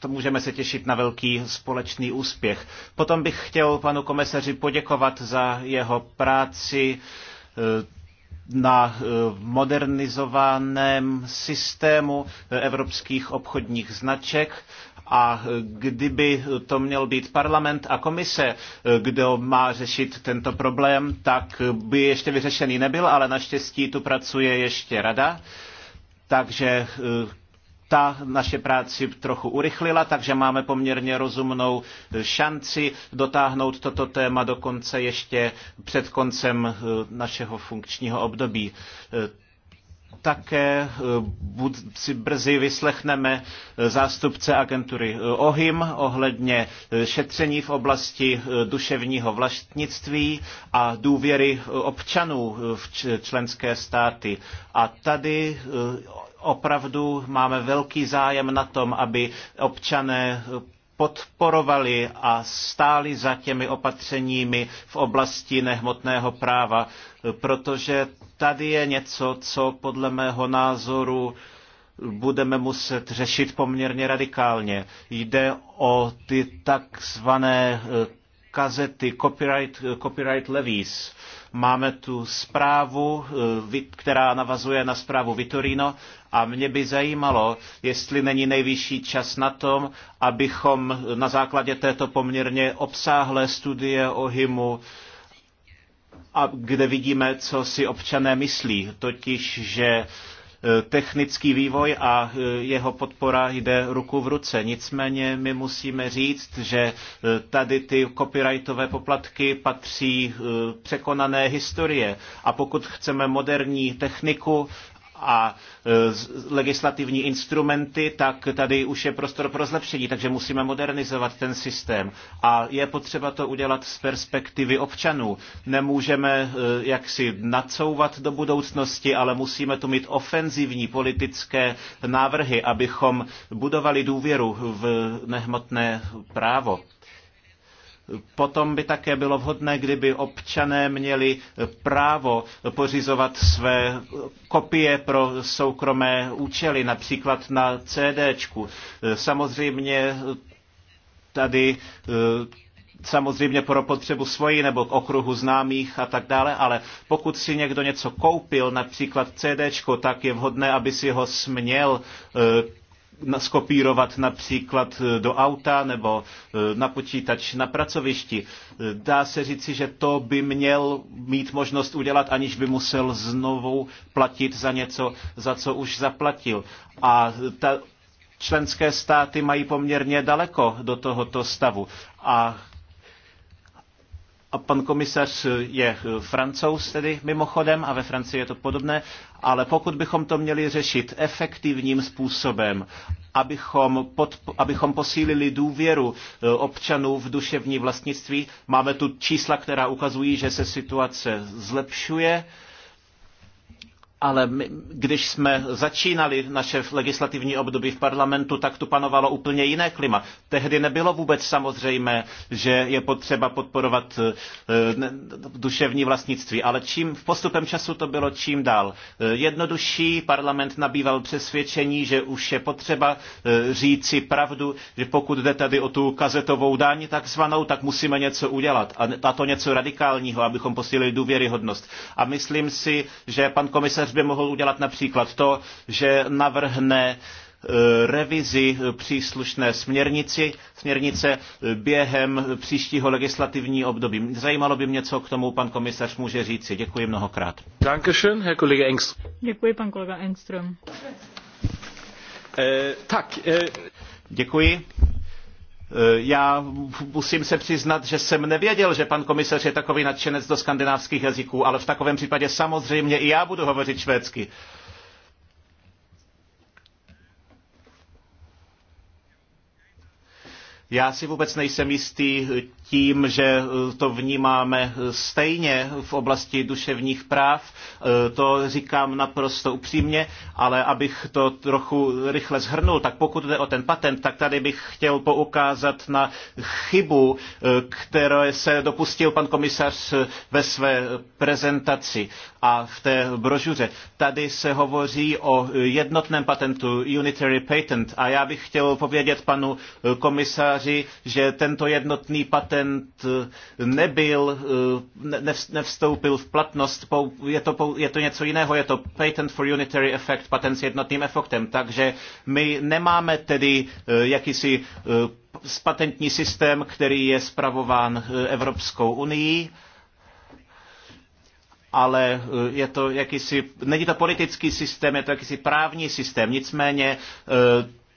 to můžeme se těšit na velký společný úspěch. Potom bych chtěl panu komisaři poděkovat za jeho práci eh, na eh, modernizovaném systému eh, evropských obchodních značek a eh, kdyby to měl být parlament a komise, kdo má řešit tento problém, tak by ještě vyřešený nebyl, ale naštěstí tu pracuje ještě rada. Takže ta naše práci trochu urychlila, takže máme poměrně rozumnou šanci dotáhnout toto téma do konce ještě před koncem eh, našeho funkčního období eh, také eh, si brzy vyslechneme zástupce agentury OHIM ohledně šetření v oblasti duševního vlastnictví a důvěry občanů v členské státy. A tady opravdu máme velký zájem na tom, aby občané podporovali a stáli za těmi opatřeními v oblasti nehmotného práva, protože tady je něco, co podle mého názoru budeme muset řešit poměrně radikálně. Jde o ty takzvané kazety, copyright, copyright levies, Máme tu zprávu, eh, která navazuje na zprávu Vitorino a mě by zajímalo, jestli není nejvyšší čas na tom, abychom na základě této poměrně obsáhlé studie o HIMu a kde vidíme, co si občané myslí, totiž, že E, technický vývoj a e, jeho podpora jde ruku v ruce. Nicméně my musíme říct, že e, tady ty copyrightové poplatky patří překonané historie. A pokud chceme moderní techniku a e, legislativní instrumenty, tak tady už je prostor pro zlepšení, takže musíme modernizovat ten systém. A je potřeba to udělat z perspektivy občanů. Nemůžeme e, jaksi nacouvat do budoucnosti, ale musíme tu mít ofenzivní politické návrhy, abychom budovali důvěru v nehmotné právo. Potom by také bylo vhodné, kdyby občané měli právo pořizovat své kopie pro soukromé účely, například na CDčku. Samozřejmě tady eh, samozřejmě pro potřebu svoji nebo k okruhu známých a tak dále, ale pokud si někdo něco koupil, například CD, tak je vhodné, aby si ho směl eh, skopírovat například eh, do auta nebo eh, na počítač, na pracovišti. Eh, dá se říci, že to by měl mít možnost udělat, aniž by musel znovu platit za něco, za co už zaplatil. A ta, členské státy mají poměrně daleko do tohoto stavu. A a pan komisař je eh, francouz tedy mimochodem a ve Francii je to podobné, ale pokud bychom to měli řešit efektivním způsobem, abychom, pod, abychom posílili důvěru eh, občanů v duševní vlastnictví, máme tu čísla, která ukazují, že se situace zlepšuje, ale my, když jsme začínali naše legislativní období v parlamentu, tak tu panovalo úplně jiné klima. Tehdy nebylo vůbec samozřejmé, že je potřeba podporovat eh, duševní vlastnictví, ale čím v postupem času to bylo čím dál. Eh, jednodušší parlament nabýval přesvědčení, že už je potřeba eh, říci pravdu, že pokud jde tady o tu kazetovou dáň takzvanou, tak musíme něco udělat. A to něco radikálního, abychom posílili důvěryhodnost. A myslím si, že pan komisař komisař by mohl udělat například to, že navrhne e, revizi příslušné směrnici, směrnice během příštího legislativní období. Zajímalo by mě, co k tomu pan komisař může říci. Děkuji mnohokrát. Dankeschön, Herr Kollege Engström. Děkuji, pan kolega Engström. Eh, tak. Eh... Děkuji. Eh, já musím se přiznat, že jsem nevěděl, že pan komisař je takový nadšenec do skandinávských jazyků, ale v takovém případě samozřejmě i já budu hovořit švédsky. Já si vůbec nejsem jistý, tím, že eh, to vnímáme eh, stejně v oblasti duševních práv. Eh, to říkám naprosto upřímně, ale abych to trochu rychle zhrnul, tak pokud jde o ten patent, tak tady bych chtěl poukázat na chybu, které se dopustil pan komisař ve své prezentaci a v té brožuře. Tady se hovoří o jednotném patentu, unitary patent, a já bych chtěl povědět panu komisaři, že tento jednotný patent patent eh, nebyl, eh, nevstoupil v platnost, je to, je to něco jiného, je to Patent for Unitary Effect, patent s jednotným efektem, takže my nemáme tedy eh, jakýsi patentní systém, který je spravován Evropskou unii, ale je to jakýsi, není to politický systém, je to jakýsi právní systém. Nicméně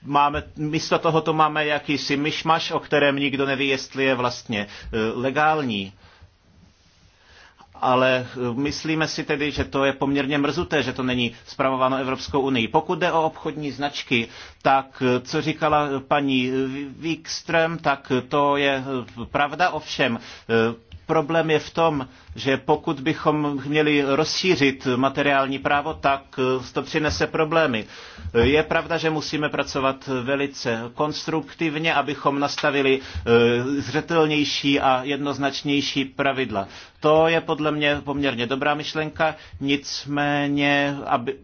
máme, místo toho to máme jakýsi myšmaš, o kterém nikdo neví, jestli je vlastně e, legální. Ale e, myslíme si tedy, že to je poměrně mrzuté, že to není zpravováno Evropskou unii. Pokud jde o obchodní značky, tak e, co říkala paní Wikström, tak to je pravda, ovšem Problém je v tom, že pokud bychom měli rozšířit materiální právo, tak eh, to přinese problémy. Eh, je pravda, že musíme pracovat velice konstruktivně, abychom nastavili eh, zřetelnější a jednoznačnější pravidla. To je podle mě poměrně dobrá myšlenka, nicméně aby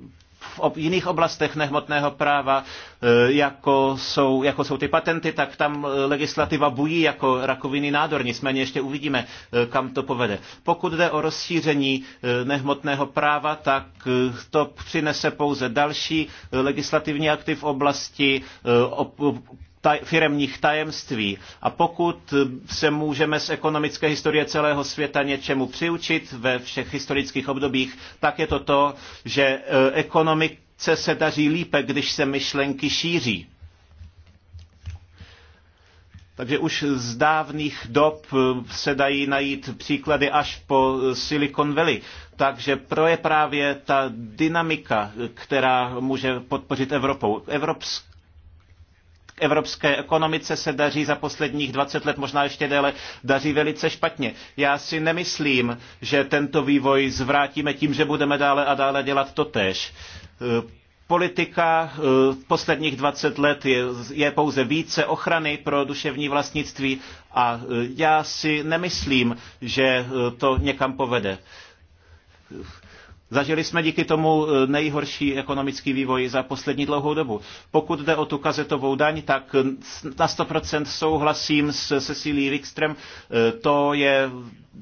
v jiných oblastech nehmotného práva, e, jako jsou, jako jsou ty patenty, tak tam e, legislativa bují jako rakoviny nádor. Nicméně ještě uvidíme, e, kam to povede. Pokud jde o rozšíření nehmotného práva, tak to přinese pouze další legislativní akty v oblasti taj, firemních tajemství. A pokud se můžeme z ekonomické historie celého světa něčemu přiučit ve všech historických obdobích, tak je to to, že e, ekonomice se daří lípe, když se myšlenky šíří. Takže už z dávných dob e, se dají najít příklady až po Silicon Valley. Takže pro je právě ta dynamika, která může podpořit Evropou. Evropská evropské ekonomice se daří za posledních 20 let, možná ještě déle, daří velice špatně. Já si nemyslím, že tento vývoj zvrátíme tím, že budeme dále a dále dělat to tež eh, politika eh, posledních 20 let je, je pouze více ochrany pro duševní vlastnictví a eh, já si nemyslím, že to někam povede. Zažili jsme díky tomu eh, nejhorší ekonomický vývoj za poslední dlouhou dobu. Pokud jde o tu kazetovou daň, tak eh, na 100% souhlasím s Cecilí Wikström. Eh, to je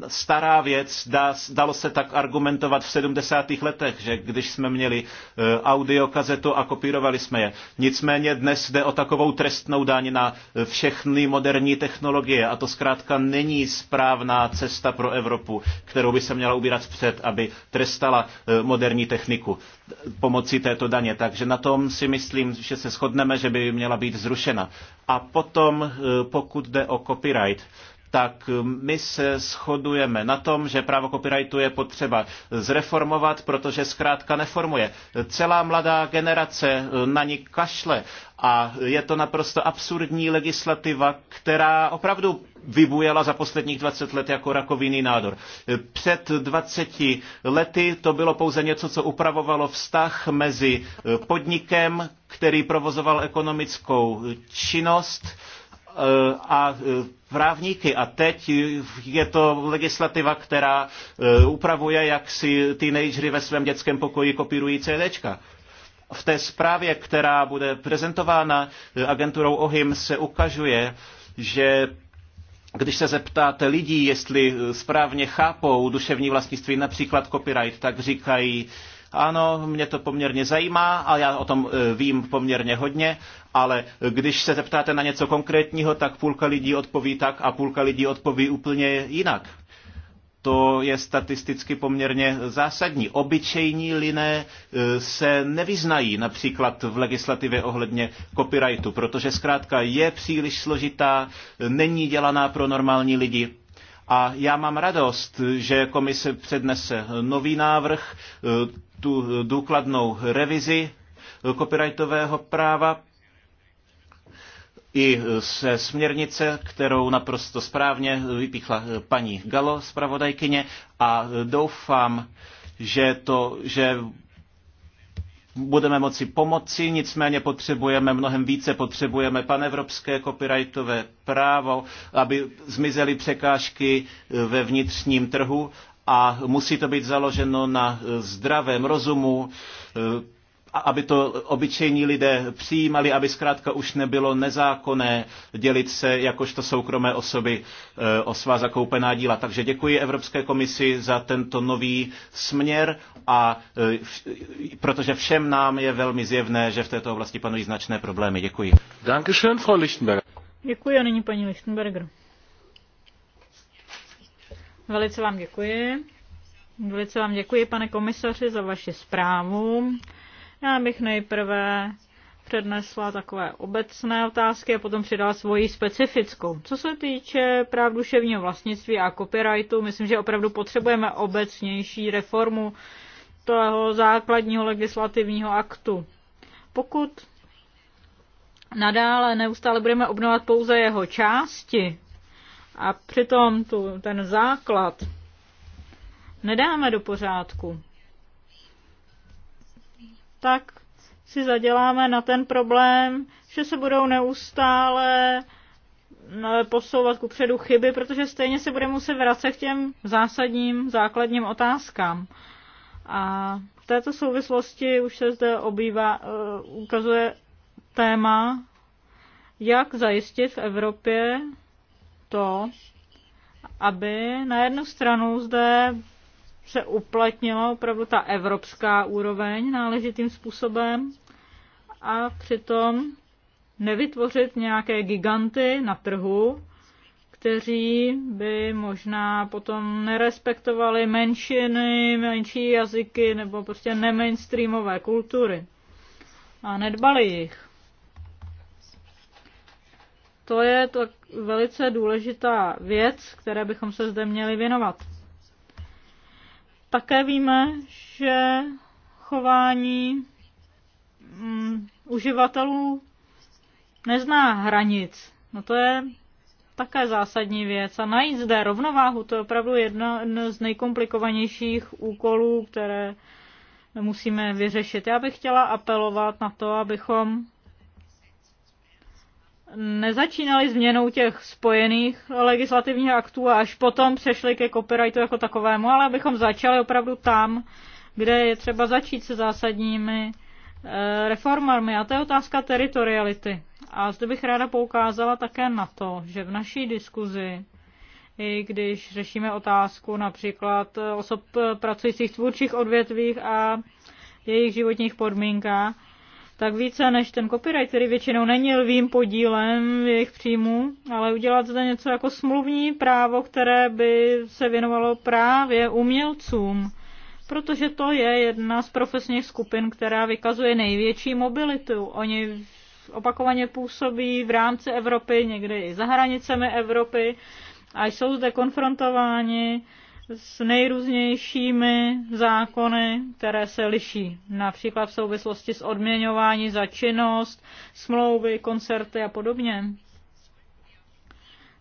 stará věc, dá, dalo se tak argumentovat v 70. letech, že když jsme měli eh, audio kazetu a kopírovali jsme je. Nicméně dnes jde o takovou trestnou daň na eh, všechny moderní technologie a to zkrátka není správná cesta pro Evropu, kterou by se měla ubírat vpřed, aby trestala eh, moderní techniku pomocí této daně. Takže na tom si myslím, že se shodneme, že by měla být zrušena. A potom, pokud jde o copyright, tak my se shodujeme na tom, že právo copyrightu je potřeba zreformovat, protože zkrátka neformuje. Celá mladá generace na ní kašle a je to naprosto absurdní legislativa, která opravdu vybujela za posledních 20 let jako rakovinný nádor. Před 20 lety to bylo pouze něco, co upravovalo vztah mezi podnikem, který provozoval ekonomickou činnost, Eh, a eh, právníky. A teď je to legislativa, která eh, upravuje, jak si teenagery ve svém dětském pokoji kopírují CDčka. V té zprávě, která bude prezentována agenturou OHIM, se ukazuje, že když se zeptáte lidí, jestli správně chápou duševní vlastnictví, například copyright, tak říkají, uh, ano, mě to poměrně zajímá a já o tom e, vím poměrně hodně, ale když se zeptáte na něco konkrétního, tak půlka lidí odpoví tak a půlka lidí odpoví úplně jinak. To je statisticky poměrně zásadní. Obyčejní liné e, se nevyznají například v legislativě ohledně copyrightu, protože zkrátka je příliš složitá, není dělaná pro normální lidi a já mám radost, že komise přednese nový návrh, eh, tu důkladnou revizi eh, copyrightového práva i eh, se směrnice, kterou naprosto správně vypíchla paní Galo, zpravodajkyně, a doufám, že, to, že budeme moci pomoci, nicméně potřebujeme mnohem více, potřebujeme panevropské copyrightové právo, aby zmizely překážky eh, ve vnitřním trhu a musí to být založeno na eh, zdravém rozumu, eh, aby to obyčejní lidé přijímali, aby zkrátka už nebylo nezákonné dělit se jakožto soukromé osoby e, o svá zakoupená díla. Takže děkuji Evropské komisi za tento nový směr a e, protože všem nám je velmi zjevné, že v této oblasti panují značné problémy. Děkuji. Dankeschön, Frau Lichtenberger. Děkuji a nyní paní Lichtenberger. Velice vám děkuji. Velice vám děkuji, pane komisaři, za vaši zprávu. Já bych nejprve přednesla takové obecné otázky a potom přidala svoji specifickou. Co se týče práv duševního vlastnictví a copyrightu, myslím, že opravdu potřebujeme obecnější reformu toho základního legislativního aktu. Pokud nadále neustále budeme obnovovat pouze jeho části a přitom tu, ten základ nedáme do pořádku, tak si zaděláme na ten problém, že se budou neustále mm, posouvat ku předu chyby, protože stejně se bude muset vracet k těm zásadním, základním otázkám. A v této souvislosti už se zde obývá, eh, ukazuje téma, jak zajistit v Evropě to, aby na jednu stranu zde se uplatnila opravdu ta evropská úroveň náležitým způsobem a přitom nevytvořit nějaké giganty na trhu, kteří by možná potom nerespektovali menšiny, menší jazyky nebo prostě nemainstreamové kultury a nedbali jich. To je tak velice důležitá věc, které bychom se zde měli věnovat. Také víme, že chování mm, uživatelů nezná hranic. No to je také zásadní věc. A najít zde rovnováhu, to je opravdu jedno, jedno z nejkomplikovanějších úkolů, které musíme vyřešit. Já bych chtěla apelovat na to, abychom nezačínali změnou těch spojených legislativních aktů a až potom přešli ke copyrightu jako takovému, ale abychom začali opravdu tam, kde je třeba začít se zásadními eh, reformami. A to je otázka teritoriality. A zde bych ráda poukázala také na to, že v naší diskuzi, i když řešíme otázku například eh, osob eh, pracujících v tvůrčích odvětvích a jejich životních podmínkách, tak více než ten copyright, který většinou není lvým podílem jejich příjmů, ale udělat zde něco jako smluvní právo, které by se věnovalo právě umělcům, protože to je jedna z profesních skupin, která vykazuje největší mobilitu. Oni opakovaně působí v rámci Evropy, někdy i za hranicemi Evropy a jsou zde konfrontováni s nejrůznějšími zákony, které se liší. Například v souvislosti s odměňování za činnost, smlouvy, koncerty a podobně.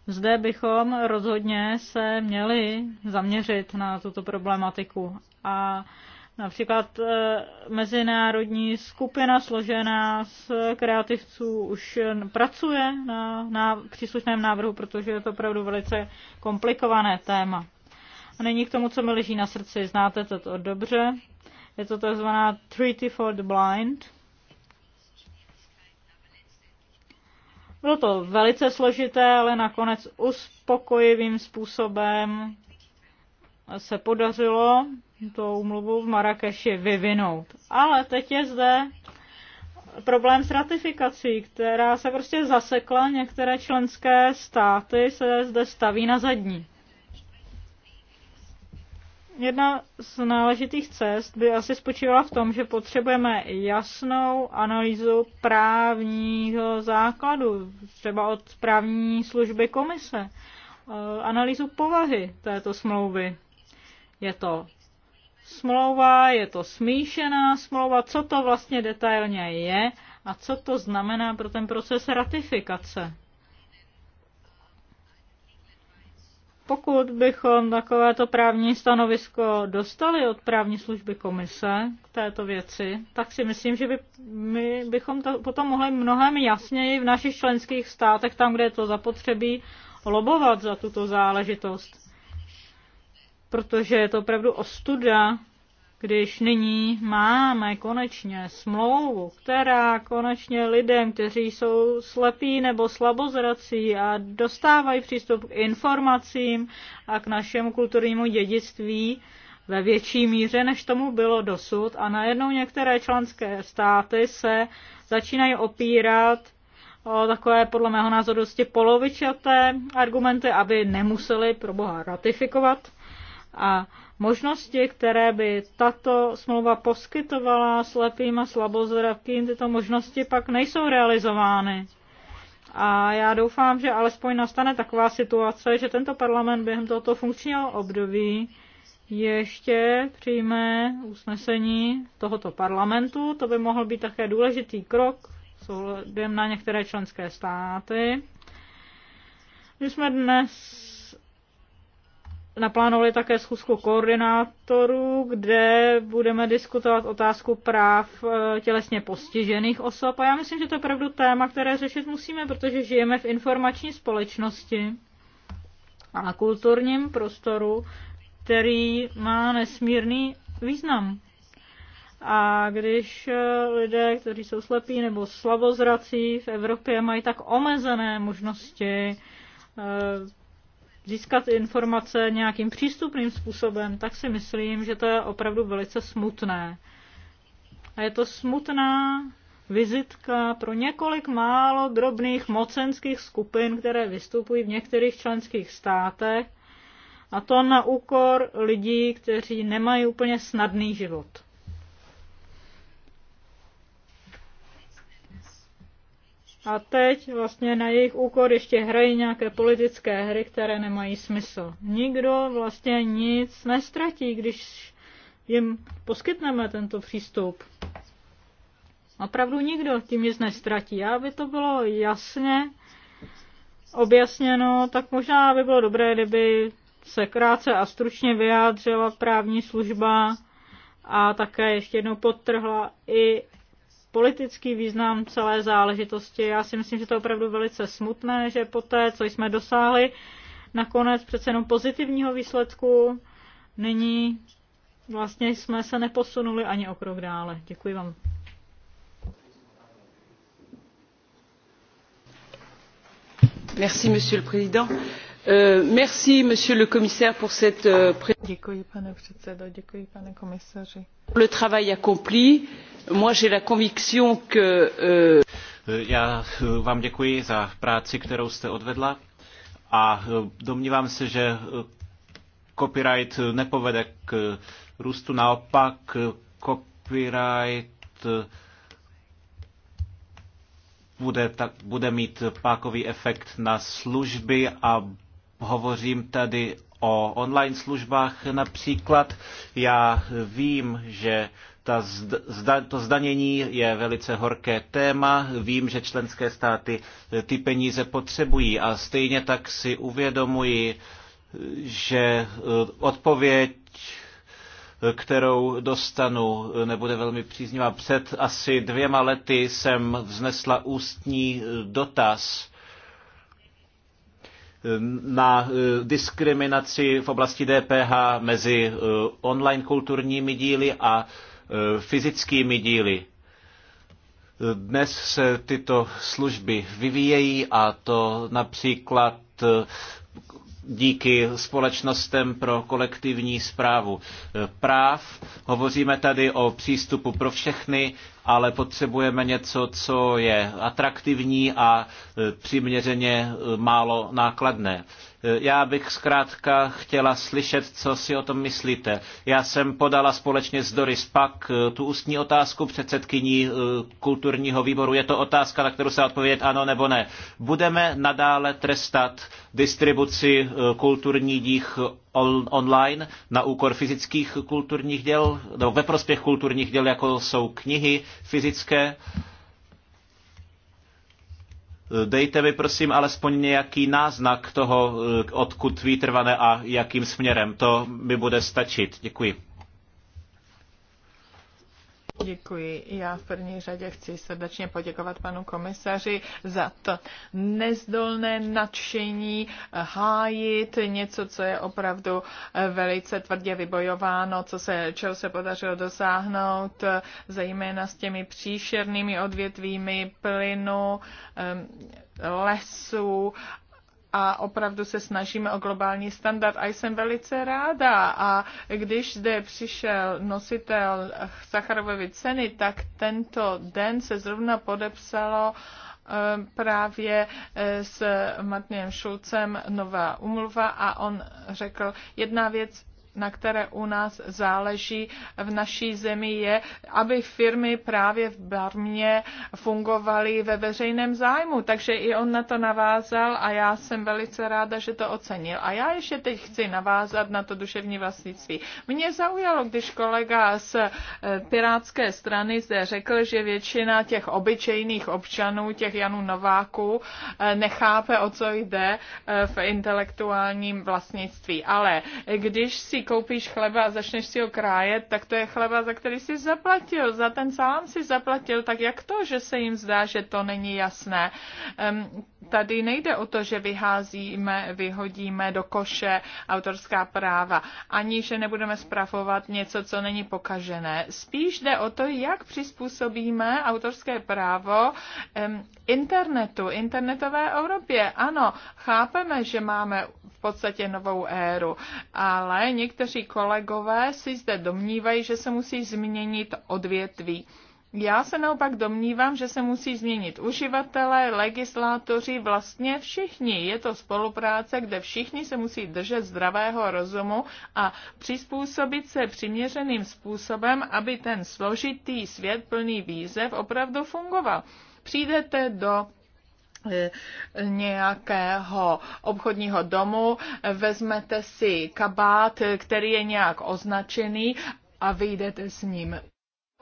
Zde bychom rozhodně se měli zaměřit na tuto problematiku. A například e, mezinárodní skupina složená z kreativců už pracuje na, na příslušném návrhu, protože je to opravdu velice komplikované téma. A není k tomu, co mi leží na srdci, znáte to, to dobře. Je to tzv. Treaty for the Blind. Bylo to velice složité, ale nakonec uspokojivým způsobem se podařilo tu umluvu v Marrakeši vyvinout. Ale teď je zde problém s ratifikací, která se prostě zasekla. Některé členské státy se zde staví na zadní jedna z náležitých cest by asi spočívala v tom, že potřebujeme jasnou analýzu právního základu, třeba od právní služby komise, eh, analýzu povahy této smlouvy. Je to smlouva, je to smíšená smlouva, co to vlastně detailně je a co to znamená pro ten proces ratifikace. Pokud bychom takovéto právní stanovisko dostali od právní služby komise k této věci, tak si myslím, že by, my bychom to potom mohli mnohem jasněji v našich členských státech, tam, kde je to zapotřebí, lobovat za tuto záležitost. Protože je to opravdu ostuda, když nyní máme konečně smlouvu, která konečně lidem, kteří jsou slepí nebo slabozrací a dostávají přístup k informacím a k našemu kulturnímu dědictví ve větší míře, než tomu bylo dosud. A najednou některé členské státy se začínají opírat o takové, podle mého názoru, dosti polovičaté argumenty, aby nemuseli pro boha ratifikovat. A Možnosti, které by tato smlouva poskytovala slepým a slabozrakým, tyto možnosti pak nejsou realizovány. A já doufám, že alespoň nastane taková situace, že tento parlament během tohoto funkčního období ještě přijme usnesení tohoto parlamentu. To by mohl být také důležitý krok s ohledem na některé členské státy. My jsme dnes naplánovali také schůzku koordinátorů, kde budeme diskutovat otázku práv e, tělesně postižených osob. A já myslím, že to je opravdu téma, které řešit musíme, protože žijeme v informační společnosti a na kulturním prostoru, který má nesmírný význam. A když e, lidé, kteří jsou slepí nebo slabozrací v Evropě, mají tak omezené možnosti e, získat informace nějakým přístupným způsobem, tak si myslím, že to je opravdu velice smutné. A je to smutná vizitka pro několik málo drobných mocenských skupin, které vystupují v některých členských státech, a to na úkor lidí, kteří nemají úplně snadný život. A teď vlastně na jejich úkor ještě hrají nějaké politické hry, které nemají smysl. Nikdo vlastně nic nestratí, když jim poskytneme tento přístup. Opravdu nikdo tím nic nestratí. Aby to bylo jasně objasněno, tak možná by bylo dobré, kdyby se krátce a stručně vyjádřila právní služba a také ještě jednou podtrhla i politický význam celé záležitosti. Já si myslím, že to je opravdu velice smutné, že po té, co jsme dosáhli, nakonec přece jenom pozitivního výsledku, nyní vlastně jsme se neposunuli ani o krok dále. Děkuji vám. Merci, monsieur le président. Euh, Merci, monsieur le commissaire, pour cette... euh, Děkuji, pane předsedo, děkuji, pane komisaři Le travail accompli, moi j'ai la conviction que... Euh, Já eh, vám děkuji za práci, kterou jste odvedla a eh, domnívám se, že eh, copyright nepovede k růstu, naopak copyright bude, tak, bude mít pákový efekt na služby a hovořím tady o online službách například. Já vím, že ta zda, to zdanění je velice horké téma. Vím, že členské státy eh, ty peníze potřebují a stejně tak si uvědomuji, že eh, odpověď eh, kterou dostanu, nebude velmi příznivá. Před asi dvěma lety jsem vznesla ústní dotaz na eh, diskriminaci v oblasti DPH mezi eh, online kulturními díly a eh, fyzickými díly. Dnes se tyto služby vyvíjejí a to například díky společnostem pro kolektivní zprávu práv. Hovoříme tady o přístupu pro všechny, ale potřebujeme něco, co je atraktivní a přiměřeně málo nákladné. Já bych zkrátka chtěla slyšet, co si o tom myslíte. Já jsem podala společně s Doris Pak eh, tu ústní otázku předsedkyní eh, kulturního výboru. Je to otázka, na kterou se odpovědět ano nebo ne. Budeme nadále trestat distribuci eh, kulturních dích online na úkor fyzických kulturních děl, nebo ve prospěch kulturních děl, jako jsou knihy fyzické? Eh, dejte mi prosím alespoň nějaký náznak toho, eh, odkud vítr a jakým směrem. To mi bude stačit. Děkuji. Děkuji. Já v první řadě chci srdečně poděkovat panu komisaři za to nezdolné nadšení hájit něco, co je opravdu eh, velice tvrdě vybojováno, co se, čeho se podařilo dosáhnout, eh, zejména s těmi příšernými odvětvími plynu, eh, lesů a opravdu se snažíme o globální standard a jsem velice ráda a když zde přišel nositel Sacharovovy ceny, tak tento den se zrovna podepsalo eh, právě eh, s Martinem Šulcem nová umluva a on řekl, jedna věc na které u nás záleží v naší zemi, je, aby firmy právě v Barmě fungovaly ve veřejném zájmu. Takže i on na to navázal a já jsem velice ráda, že to ocenil. A já ještě teď chci navázat na to duševní vlastnictví. Mě zaujalo, když kolega z eh, Pirátské strany zde řekl, že většina těch obyčejných občanů, těch Janů Nováků, eh, nechápe, o co jde eh, v intelektuálním vlastnictví. Ale když si koupíš chleba a začneš si ho krájet, tak to je chleba, za který jsi zaplatil, za ten sám si zaplatil, tak jak to, že se jim zdá, že to není jasné. Tady nejde o to, že vyházíme, vyhodíme do koše autorská práva, ani že nebudeme spravovat něco, co není pokažené. Spíš jde o to, jak přizpůsobíme autorské právo internetu, internetové Evropě. Ano, chápeme, že máme v podstatě novou éru, ale někdy někteří kolegové si zde domnívají, že se musí změnit odvětví. Já se naopak domnívám, že se musí změnit uživatelé, legislátoři, vlastně všichni. Je to spolupráce, kde všichni se musí držet zdravého rozumu a přizpůsobit se přiměřeným způsobem, aby ten složitý svět plný výzev opravdu fungoval. Přijdete do nějakého obchodního domu, vezmete si kabát, který je nějak označený a vyjdete s ním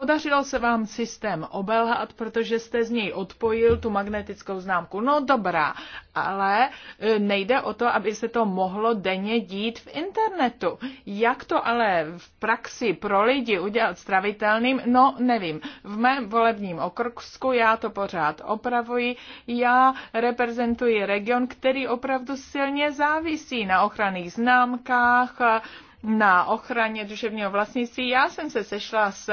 Podařilo se vám systém obelhat, protože jste z něj odpojil tu magnetickou známku. No dobrá, ale e, nejde o to, aby se to mohlo denně dít v internetu. Jak to ale v praxi pro lidi udělat stravitelným, no nevím. V mém volebním okrsku já to pořád opravuji. Já reprezentuji region, který opravdu silně závisí na ochranných známkách, na ochraně duševního vlastnictví. Já jsem se sešla s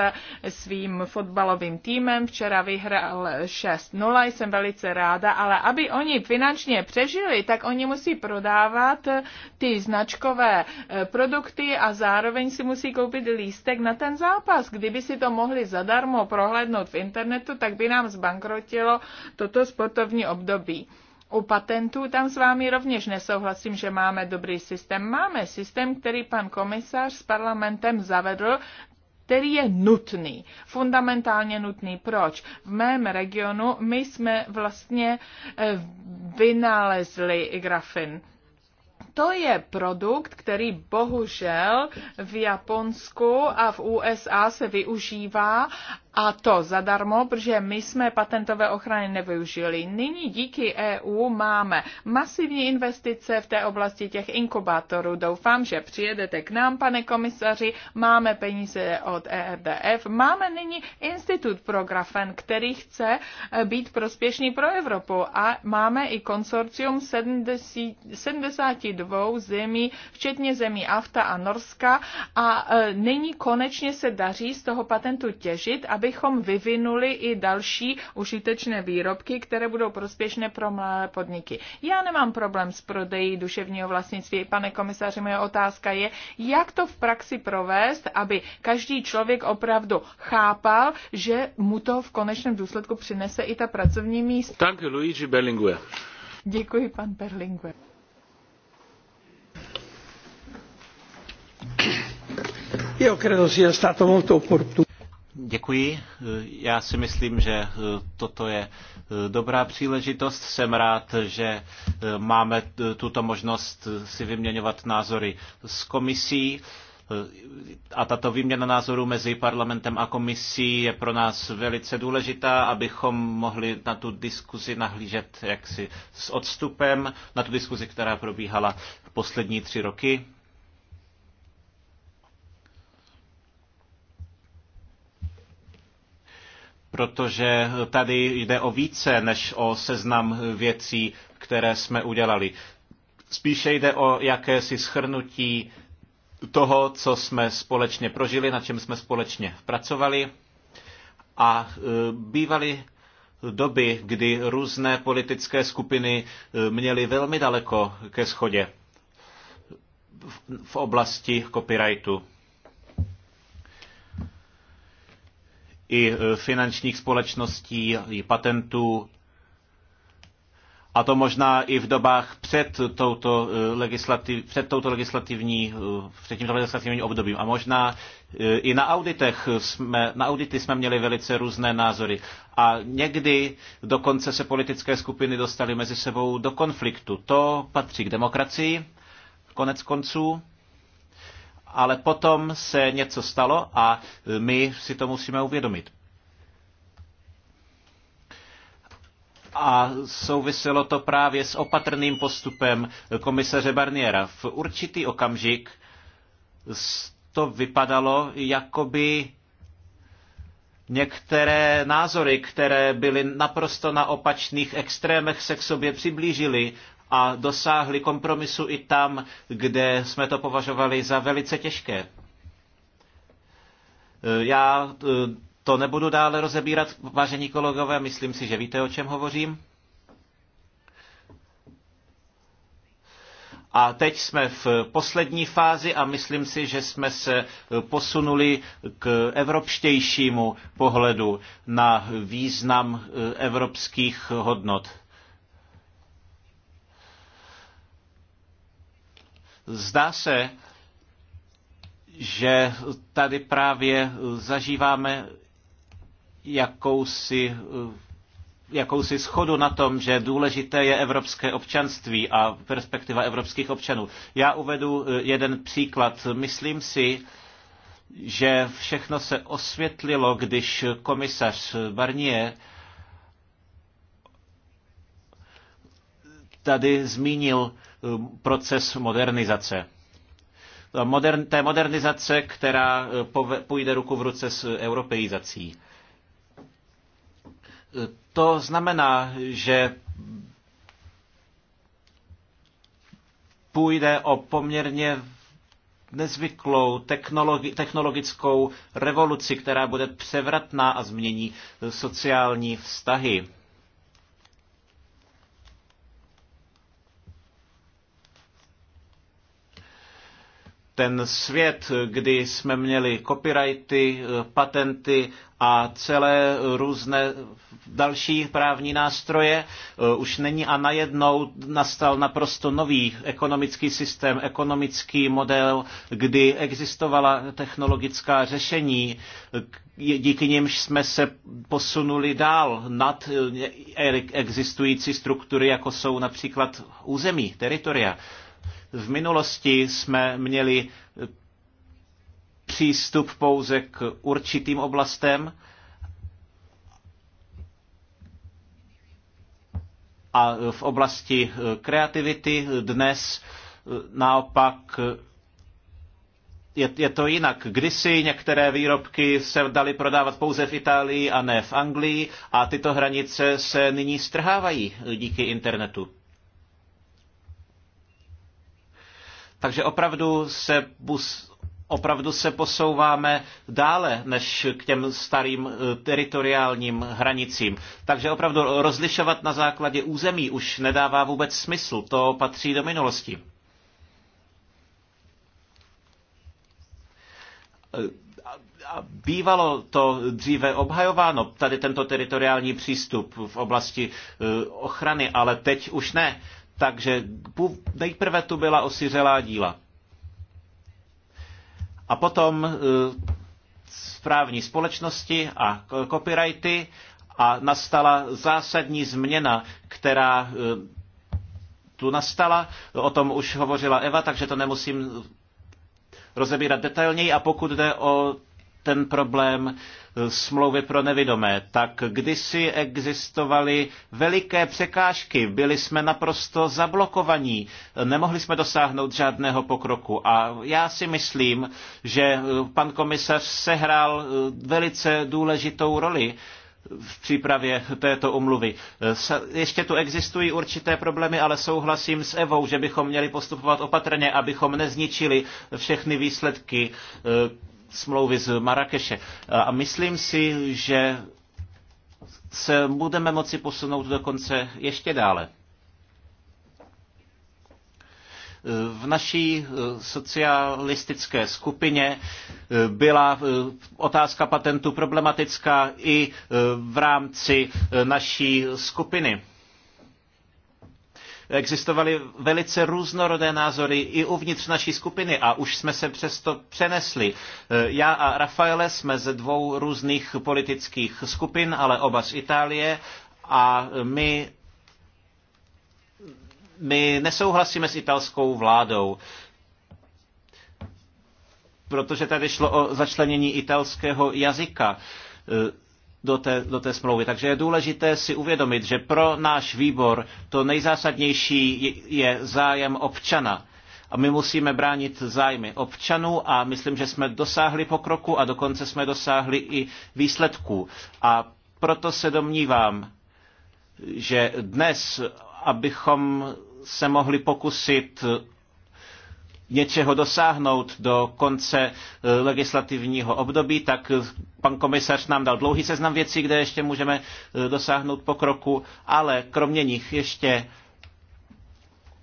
svým fotbalovým týmem, včera vyhrál 6-0, jsem velice ráda, ale aby oni finančně přežili, tak oni musí prodávat eh, ty značkové eh, produkty a zároveň si musí koupit lístek na ten zápas. Kdyby si to mohli zadarmo prohlédnout v internetu, tak by nám zbankrotilo toto sportovní období. U patentů tam s vámi rovněž nesouhlasím, že máme dobrý systém. Máme systém, který pan komisař s parlamentem zavedl, který je nutný, fundamentálně nutný. Proč? V mém regionu my jsme vlastně eh, vynalezli grafin. To je produkt, který bohužel v Japonsku a v USA se využívá a to zadarmo, protože my jsme patentové ochrany nevyužili. Nyní díky EU máme masivní investice v té oblasti těch inkubátorů. Doufám, že přijedete k nám, pane komisaři. Máme peníze od ERDF. Máme nyní Institut pro grafen, který chce eh, být prospěšný pro Evropu. A máme i konsorcium 70, 72 zemí, včetně zemí AFTA a Norska. A eh, nyní konečně se daří z toho patentu těžit, aby abychom vyvinuli i další užitečné výrobky, které budou prospěšné pro malé podniky. Já nemám problém s prodejí duševního vlastnictví. Pane komisaři, moje otázka je, jak to v praxi provést, aby každý člověk opravdu chápal, že mu to v konečném důsledku přinese i ta pracovní místa. Tak, Luigi Berlinguer. Děkuji, pan Berlinguer. Io credo sia stato molto opportuno. Děkuji. Já si myslím, že eh, toto je eh, dobrá příležitost. Jsem rád, že eh, máme tuto možnost si vyměňovat názory s komisí. A tato výměna názorů mezi parlamentem a komisí je pro nás velice důležitá, abychom mohli na tu diskuzi nahlížet jaksi s odstupem, na tu diskuzi, která probíhala poslední tři roky protože tady jde o více než o seznam věcí, které jsme udělali. Spíše jde o jakési schrnutí toho, co jsme společně prožili, na čem jsme společně pracovali. A e, bývaly doby, kdy různé politické skupiny e, měly velmi daleko ke schodě v oblasti copyrightu. i e, finančních společností, i patentů. A to možná i v dobách před, touto e, legislativ, před, touto legislativní, e, před tímto legislativním obdobím. A možná i na auditech jsme, na audity jsme měli velice různé názory. A někdy dokonce se politické skupiny dostaly mezi sebou do konfliktu. To patří k demokracii, konec konců ale potom se něco stalo a my si to musíme uvědomit. a souviselo to právě s opatrným postupem komisaře Barniera. V určitý okamžik to vypadalo, jako by některé názory, které byly naprosto na opačných extrémech, se k sobě přiblížily a dosáhli kompromisu i tam, kde jsme to považovali za velice těžké. E, já e, to nebudu dále rozebírat, vážení kolegové, myslím si, že víte, o čem hovořím. A teď jsme v poslední fázi a myslím si, že jsme se posunuli k evropštějšímu pohledu na význam e, evropských hodnot. Zdá se, že tady právě zažíváme jakousi jakousi schodu na tom, že důležité je evropské občanství a perspektiva evropských občanů. Já uvedu eh, jeden příklad. Myslím si, že všechno se osvětlilo, když komisař Barnier tady zmínil Um, proces modernizace. Modern, té modernizace, která uh, půjde ruku v ruce s europeizací. To znamená, že půjde o poměrně nezvyklou technologi- technologickou revoluci, která bude převratná a změní uh, sociální vztahy. ten svět, kdy jsme měli copyrighty, patenty a celé různé další právní nástroje eh, už není a najednou nastal naprosto nový ekonomický systém, ekonomický model, kdy existovala technologická řešení, díky nimž jsme se posunuli dál nad eh, existující struktury, jako jsou například území, teritoria. V minulosti jsme měli přístup pouze k určitým oblastem a v oblasti kreativity dnes naopak je, je to jinak. Kdysi některé výrobky se daly prodávat pouze v Itálii a ne v Anglii a tyto hranice se nyní strhávají díky internetu. Takže opravdu se, bus, opravdu se posouváme dále než k těm starým eh, teritoriálním hranicím. Takže opravdu rozlišovat na základě území už nedává vůbec smysl. To patří do minulosti. Eh, bývalo to dříve obhajováno, tady tento teritoriální přístup v oblasti eh, ochrany, ale teď už ne. Takže nejprve tu byla osiřelá díla. A potom e, správní společnosti a copyrighty a nastala zásadní změna, která e, tu nastala. O tom už hovořila Eva, takže to nemusím rozebírat detailněji. A pokud jde o ten problém eh, smlouvy pro nevidomé, tak kdysi existovaly veliké překážky, byli jsme naprosto zablokovaní, nemohli jsme dosáhnout žádného pokroku a já si myslím, že eh, pan komisař sehrál eh, velice důležitou roli v přípravě této umluvy. Ještě tu existují určité problémy, ale souhlasím s Evou, že bychom měli postupovat opatrně, abychom nezničili všechny výsledky, smlouvy z Marrakeše. A myslím si, že se budeme moci posunout dokonce ještě dále. V naší eh, socialistické skupině eh, byla eh, otázka patentu problematická i v rámci naší skupiny existovaly velice různorodé názory i uvnitř naší skupiny a už jsme se přesto přenesli. Eh, já a Rafaele jsme ze dvou různých politických skupin, ale oba z Itálie a my my nesouhlasíme s italskou vládou, protože tady šlo o začlenění italského jazyka. Eh, do té, do té smlouvy. Takže je důležité si uvědomit, že pro náš výbor to nejzásadnější je zájem občana. A my musíme bránit zájmy občanů a myslím, že jsme dosáhli pokroku a dokonce jsme dosáhli i výsledků. A proto se domnívám, že dnes, abychom se mohli pokusit něčeho dosáhnout do konce eh, legislativního období, tak eh, pan komisař nám dal dlouhý seznam věcí, kde ještě můžeme eh, dosáhnout pokroku, ale kromě nich ještě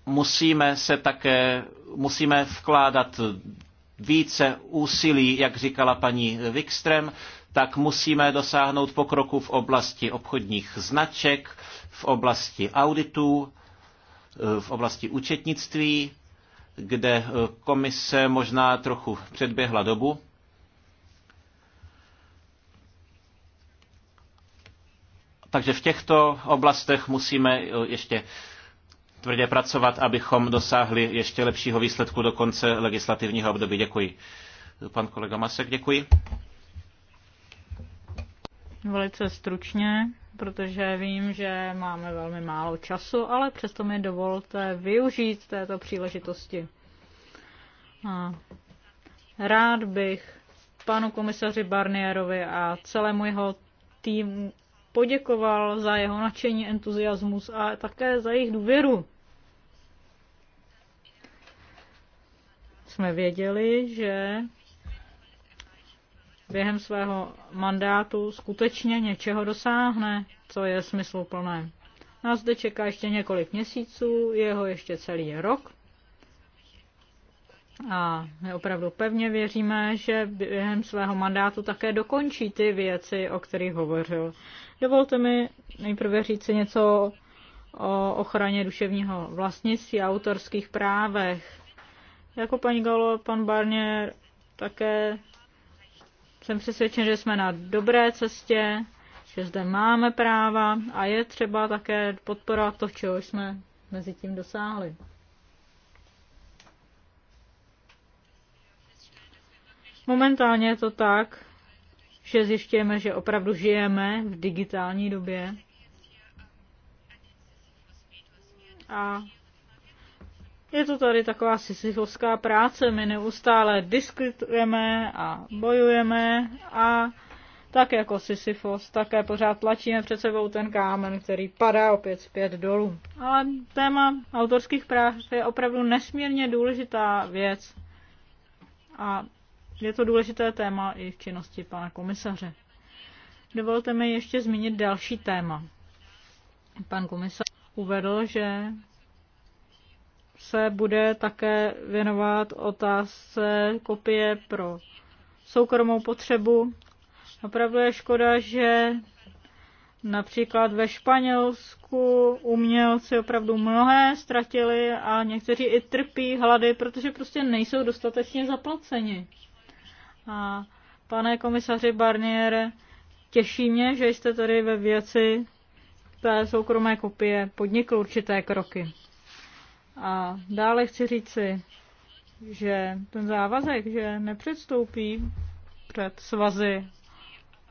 musíme se také, musíme vkládat více úsilí, jak říkala paní Wikström, tak musíme dosáhnout pokroku v oblasti obchodních značek, v oblasti auditů, v oblasti účetnictví, kde eh, komise možná trochu předběhla dobu. Takže v těchto oblastech musíme eh, ještě tvrdě pracovat, abychom dosáhli ještě lepšího výsledku do konce legislativního období. Děkuji. Pan kolega Masek, děkuji. Velice stručně protože vím, že máme velmi málo času, ale přesto mi dovolte využít této příležitosti. A rád bych panu komisaři Barnierovi a celému jeho týmu poděkoval za jeho nadšení, entuziasmus a také za jejich důvěru. Jsme věděli, že během svého mandátu skutečně něčeho dosáhne, co je smysluplné. Nás zde čeká ještě několik měsíců, jeho ještě celý rok. A my opravdu pevně věříme, že během svého mandátu také dokončí ty věci, o kterých hovořil. Dovolte mi nejprve říct něco o ochraně duševního vlastnictví a autorských právech. Jako paní Galo, pan Barnier také jsem přesvědčen, že jsme na dobré cestě, že zde máme práva a je třeba také podporovat to, čeho jsme mezi tím dosáhli. Momentálně je to tak, že zjišťujeme, že opravdu žijeme v digitální době. A je to tady taková sisyfovská práce, my neustále diskutujeme a bojujeme a tak jako Sisyfos, také pořád tlačíme před sebou ten kámen, který padá opět zpět dolů. Ale téma autorských práv je opravdu nesmírně důležitá věc a je to důležité téma i v činnosti pana komisaře. Dovolte mi ještě zmínit další téma. Pan komisař uvedl, že se bude také věnovat otázce kopie pro soukromou potřebu. Opravdu je škoda, že například ve Španělsku umělci opravdu mnohé ztratili a někteří i trpí hlady, protože prostě nejsou dostatečně zaplaceni. A pane komisaři Barnier těší mě, že jste tady ve věci té soukromé kopie podnikl určité kroky. A dále chci říci, že ten závazek, že nepředstoupí před svazy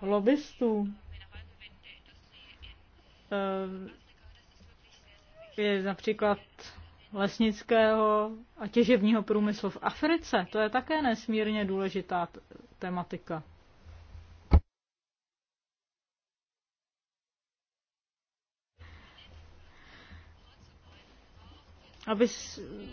lobbystů, eh, je například lesnického a těžebního průmyslu v Africe. To je také nesmírně důležitá tematika. aby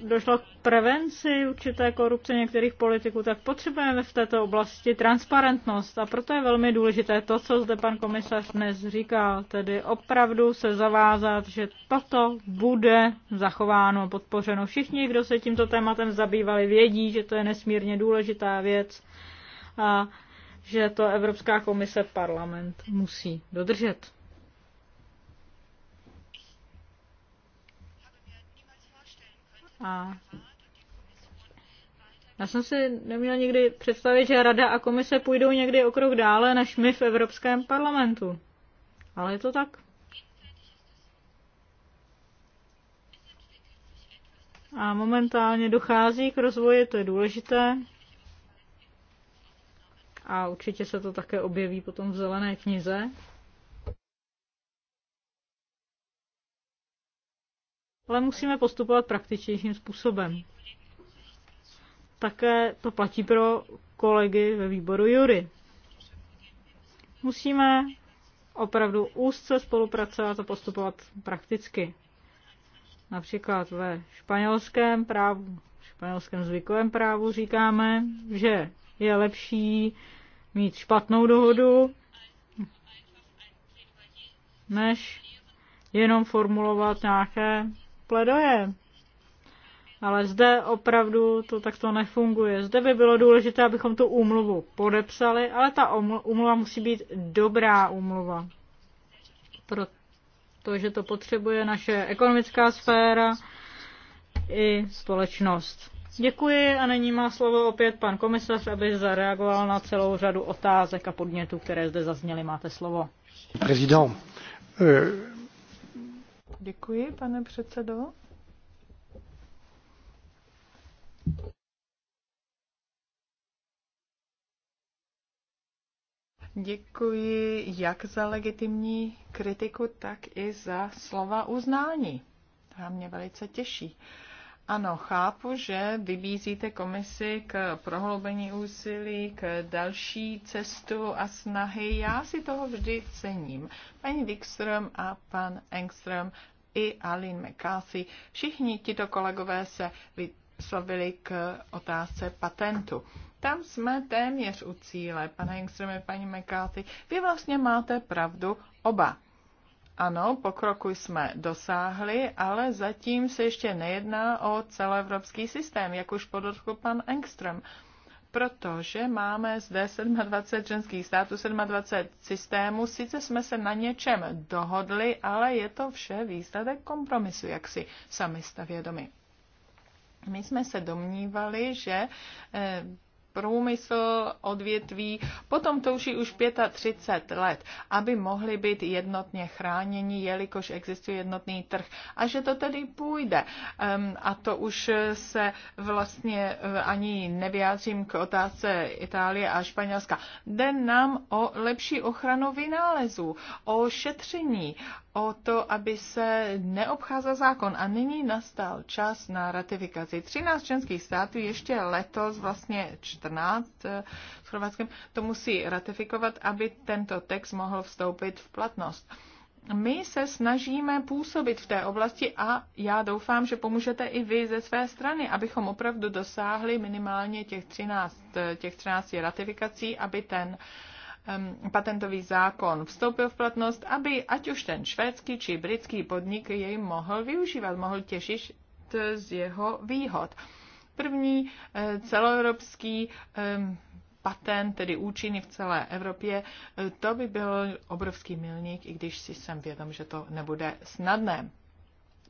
došlo k prevenci určité korupce některých politiků, tak potřebujeme v této oblasti transparentnost. A proto je velmi důležité to, co zde pan komisař dnes říkal, tedy opravdu se zavázat, že toto bude zachováno a podpořeno. Všichni, kdo se tímto tématem zabývali, vědí, že to je nesmírně důležitá věc a že to Evropská komise parlament musí dodržet. A já jsem si neměl někdy představit, že Rada a Komise půjdou někdy o krok dále než my v Evropském parlamentu. Ale je to tak. A momentálně dochází k rozvoji, to je důležité. A určitě se to také objeví potom v zelené knize. ale musíme postupovat praktičnějším způsobem. Také to platí pro kolegy ve výboru Jury. Musíme opravdu úzce spolupracovat a postupovat prakticky. Například ve španělském právu, španělském zvykovém právu říkáme, že je lepší mít špatnou dohodu, než jenom formulovat nějaké pledoje. Ale zde opravdu to takto nefunguje. Zde by bylo důležité, abychom tu úmluvu podepsali, ale ta úmluva musí být dobrá úmluva. Protože to potřebuje naše ekonomická sféra i společnost. Děkuji a nyní má slovo opět pan komisař, aby zareagoval na celou řadu otázek a podnětů, které zde zazněly. Máte slovo. Prezident, eh, Děkuji, pane předsedo. Děkuji jak za legitimní kritiku, tak i za slova uznání. To mě velice těší. Ano, chápu, že vybízíte komisi k prohloubení úsilí, k další cestu a snahy. Já si toho vždy cením. Paní Wikström a pan Engström i Aline McCarthy. Všichni tito kolegové se vyslovili k otázce patentu. Tam jsme téměř u cíle, pane Engströme, paní McCarthy. Vy vlastně máte pravdu oba. Ano, pokroku jsme dosáhli, ale zatím se ještě nejedná o celoevropský systém, jak už podotkl pan Engström protože máme zde 27 ženských států, 27 systémů. Sice jsme se na něčem dohodli, ale je to vše výsledek kompromisu, jak si sami jste vědomi. My jsme se domnívali, že eh, průmysl, odvětví, potom touží už 35 let, aby mohli být jednotně chráněni, jelikož existuje jednotný trh. A že to tedy půjde. A to už se vlastně eh, ani nevyjádřím k otázce Itálie a Španělska. Jde nám o lepší ochranu vynálezů, o šetření, o to, aby se neobcházel zákon. A nyní nastal čas na ratifikaci. 13 členských států ještě letos vlastně 2014 eh, s Chorvatskem, to musí ratifikovat, aby tento text mohl vstoupit v platnost. My se snažíme působit v té oblasti a já doufám, že pomůžete i vy ze své strany, abychom opravdu dosáhli minimálně těch 13, eh, těch 13 ratifikací, aby ten patentový zákon vstoupil v platnost, aby ať už ten švédský či britský podnik jej mohl využívat, mohl těšit z jeho výhod. První eh, celoevropský eh, patent, tedy účinný v celé Evropě, eh, to by byl obrovský milník, i když si jsem vědom, že to nebude snadné.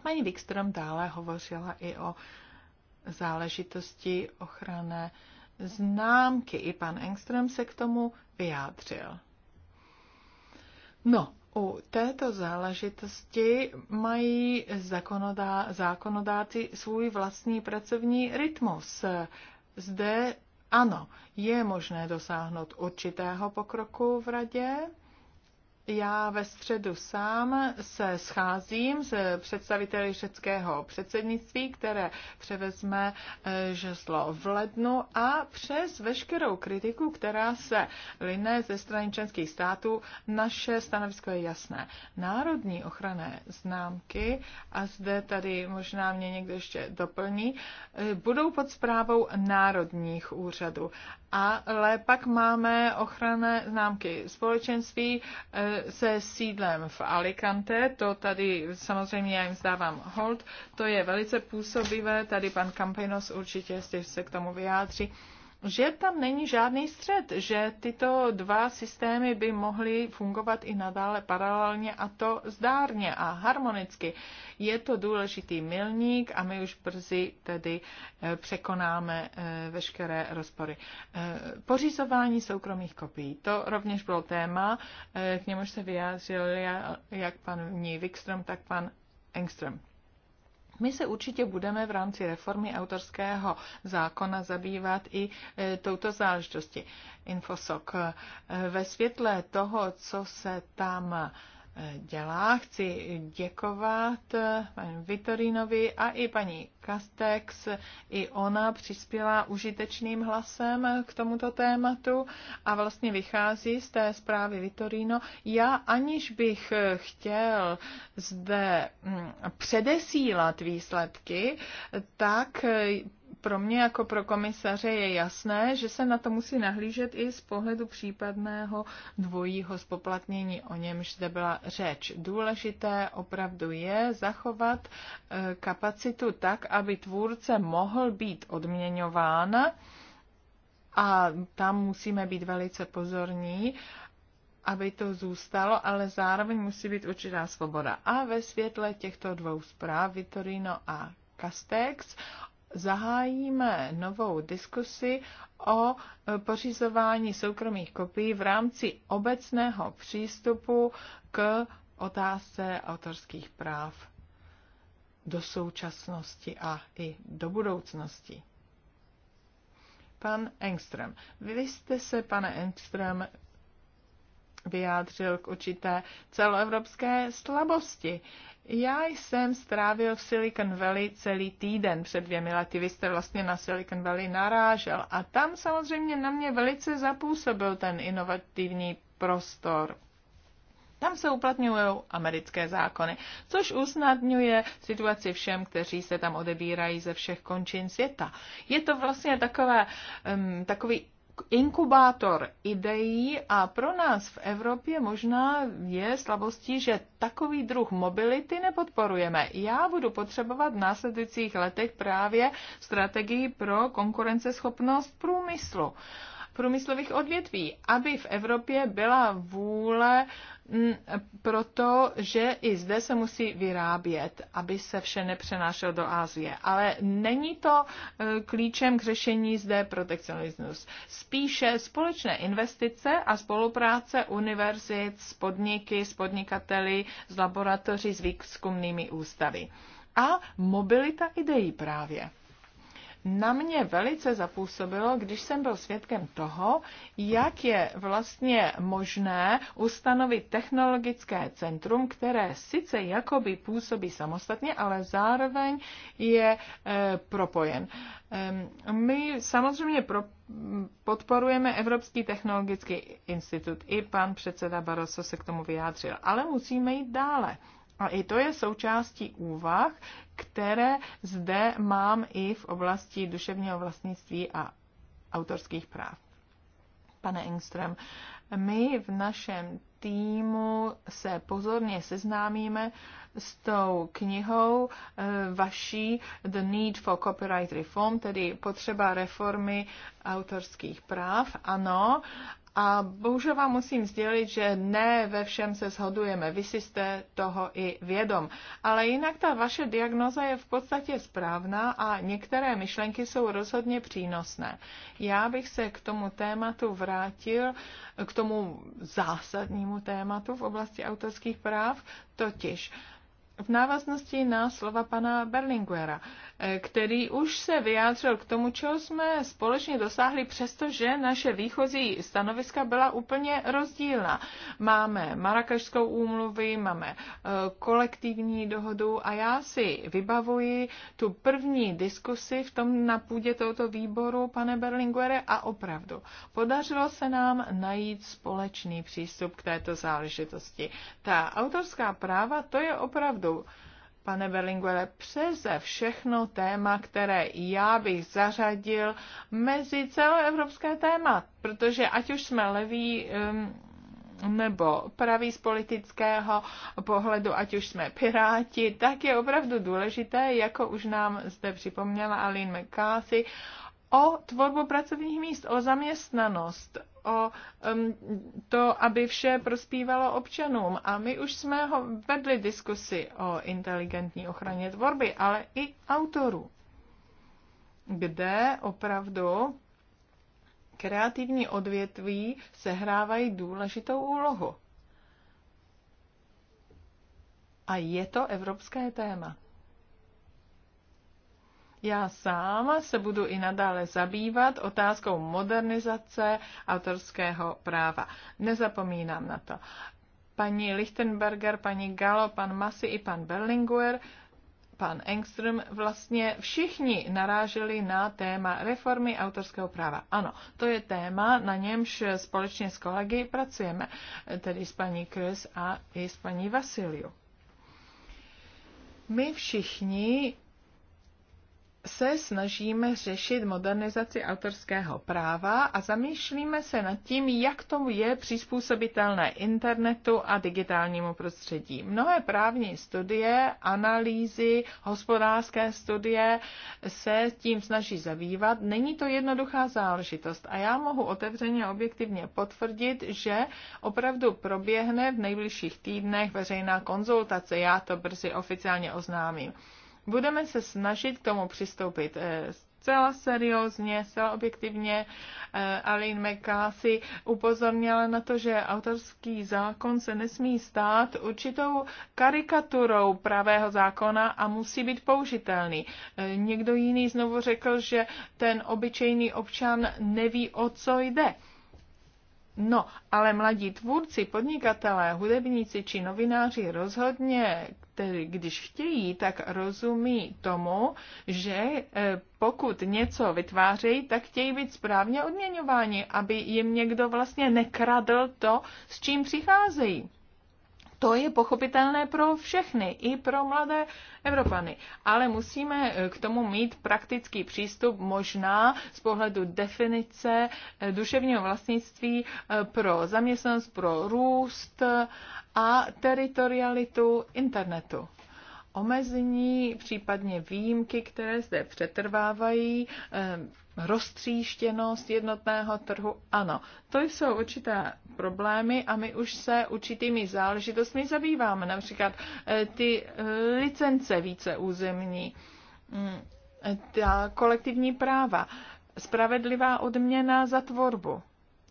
Paní Wikström dále hovořila i o záležitosti ochrany známky. I pan Engström se k tomu vyjádřil. No, u této záležitosti mají zákonodá, zákonodáci svůj vlastní pracovní rytmus. Zde ano, je možné dosáhnout určitého pokroku v radě, já ve středu sám se scházím s představiteli řeckého předsednictví, které převezme eh, žezlo v lednu a přes veškerou kritiku, která se line ze strany členských států, naše stanovisko je jasné. Národní ochranné známky, a zde tady možná mě někdo ještě doplní, eh, budou pod zprávou národních úřadů. Ale pak máme ochranné známky společenství, eh, se sídlem v Alicante, to tady samozřejmě já jim zdávám hold, to je velice působivé, tady pan Campinos určitě se k tomu vyjádří že tam není žádný střed, že tyto dva systémy by mohly fungovat i nadále paralelně a to zdárně a harmonicky. Je to důležitý milník a my už brzy tedy eh, překonáme eh, veškeré rozpory. Eh, pořizování soukromých kopií, to rovněž bylo téma, k němuž se vyjádřil jak pan Wikström, tak pan Engström. My se určitě budeme v rámci reformy autorského zákona zabývat i e, touto záležitosti. Infosok. E, ve světle toho, co se tam dělá. Chci děkovat panu Vitorinovi a i paní Kastex. I ona přispěla užitečným hlasem k tomuto tématu a vlastně vychází z té zprávy Vitorino. Já aniž bych chtěl zde mm, předesílat výsledky, tak pro mě jako pro komisaře je jasné, že se na to musí nahlížet i z pohledu případného dvojího spoplatnění, o němž zde byla řeč. Důležité opravdu je zachovat e, kapacitu tak, aby tvůrce mohl být odměňován a tam musíme být velice pozorní, aby to zůstalo, ale zároveň musí být určitá svoboda. A ve světle těchto dvou zpráv, Vitorino a Castex, zahájíme novou diskusi o pořizování soukromých kopií v rámci obecného přístupu k otázce autorských práv do současnosti a i do budoucnosti. Pan Engström, vy jste se, pane Engström, vyjádřil k určité celoevropské slabosti. Já jsem strávil v Silicon Valley celý týden před dvěmi lety. Vy jste vlastně na Silicon Valley narážel a tam samozřejmě na mě velice zapůsobil ten inovativní prostor. Tam se uplatňují americké zákony, což usnadňuje situaci všem, kteří se tam odebírají ze všech končin světa. Je to vlastně takové, um, takový inkubátor ideí a pro nás v Evropě možná je slabostí, že takový druh mobility nepodporujeme. Já budu potřebovat v následujících letech právě strategii pro konkurenceschopnost průmyslu průmyslových odvětví, aby v Evropě byla vůle protože i zde se musí vyrábět, aby se vše nepřenášelo do Ázie. Ale není to e, klíčem k řešení zde protekcionismus. Spíše společné investice a spolupráce univerzit s podniky, s podnikateli, s laboratoři, s výzkumnými ústavy. A mobilita ideí právě na mě velice zapůsobilo, když jsem byl svědkem toho, jak je vlastně možné ustanovit technologické centrum, které sice jakoby působí samostatně, ale zároveň je e, propojen. E, my samozřejmě pro, podporujeme Evropský technologický institut. I pan předseda Barroso se k tomu vyjádřil. Ale musíme jít dále. A i to je součástí úvah, které zde mám i v oblasti duševního vlastnictví a autorských práv. Pane Engström, my v našem týmu se pozorně seznámíme s tou knihou eh, vaší The Need for Copyright Reform, tedy potřeba reformy autorských práv. Ano, a bohužel vám musím sdělit, že ne ve všem se shodujeme. Vy si jste toho i vědom. Ale jinak ta vaše diagnoza je v podstatě správná a některé myšlenky jsou rozhodně přínosné. Já bych se k tomu tématu vrátil, k tomu zásadnímu tématu v oblasti autorských práv, totiž v návaznosti na slova pana Berlinguera, eh, který už se vyjádřil k tomu, čeho jsme společně dosáhli, přestože naše výchozí stanoviska byla úplně rozdílná. Máme Marrakešskou úmluvu, máme eh, kolektivní dohodu a já si vybavuji tu první diskusi v tom na půdě tohoto výboru, pane Berlinguere, a opravdu. Podařilo se nám najít společný přístup k této záležitosti. Ta autorská práva, to je opravdu opravdu, pane Berlinguere, přeze všechno téma, které já bych zařadil mezi celoevropské téma, protože ať už jsme leví, um, nebo praví z politického pohledu, ať už jsme piráti, tak je opravdu důležité, jako už nám zde připomněla Aline McCarthy, o tvorbu pracovních míst, o zaměstnanost, o um, to, aby vše prospívalo občanům. A my už jsme ho vedli diskusy o inteligentní ochraně tvorby, ale i autorů, kde opravdu kreativní odvětví sehrávají důležitou úlohu. A je to evropské téma. Já sám se budu i nadále zabývat otázkou modernizace autorského práva. Nezapomínám na to. Paní Lichtenberger, paní Galo, pan Masi i pan Berlinguer, pan Engström, vlastně všichni naráželi na téma reformy autorského práva. Ano, to je téma, na němž společně s kolegy pracujeme, tedy s paní Krys a i s paní Vasiliu. My všichni se snažíme řešit modernizaci autorského práva a zamýšlíme se nad tím, jak to je přizpůsobitelné internetu a digitálnímu prostředí. Mnohé právní studie, analýzy, hospodářské studie se tím snaží zabývat. Není to jednoduchá záležitost a já mohu otevřeně a objektivně potvrdit, že opravdu proběhne v nejbližších týdnech veřejná konzultace. Já to brzy oficiálně oznámím Budeme se snažit k tomu přistoupit eh, zcela seriózně, zcela objektivně. Eh, Aline McCarthy upozornila na to, že autorský zákon se nesmí stát určitou karikaturou pravého zákona a musí být použitelný. Eh, někdo jiný znovu řekl, že ten obyčejný občan neví, o co jde. No, ale mladí tvůrci, podnikatelé, hudebníci či novináři rozhodně k tedy když chtějí, tak rozumí tomu, že e, pokud něco vytvářejí, tak chtějí být správně odměňováni, aby jim někdo vlastně nekradl to, s čím přicházejí. To je pochopitelné pro všechny, i pro mladé Evropany. Ale musíme eh, k tomu mít praktický přístup, možná z pohledu definice eh, duševního vlastnictví eh, pro zaměstnanost, pro růst a teritorialitu internetu. Omezení, případně výjimky, které zde přetrvávají, roztříštěnost jednotného trhu. Ano, to jsou určité problémy a my už se určitými záležitostmi zabýváme. Například eh, ty eh, licence více územní, mm, eh, ta kolektivní práva, spravedlivá odměna za tvorbu.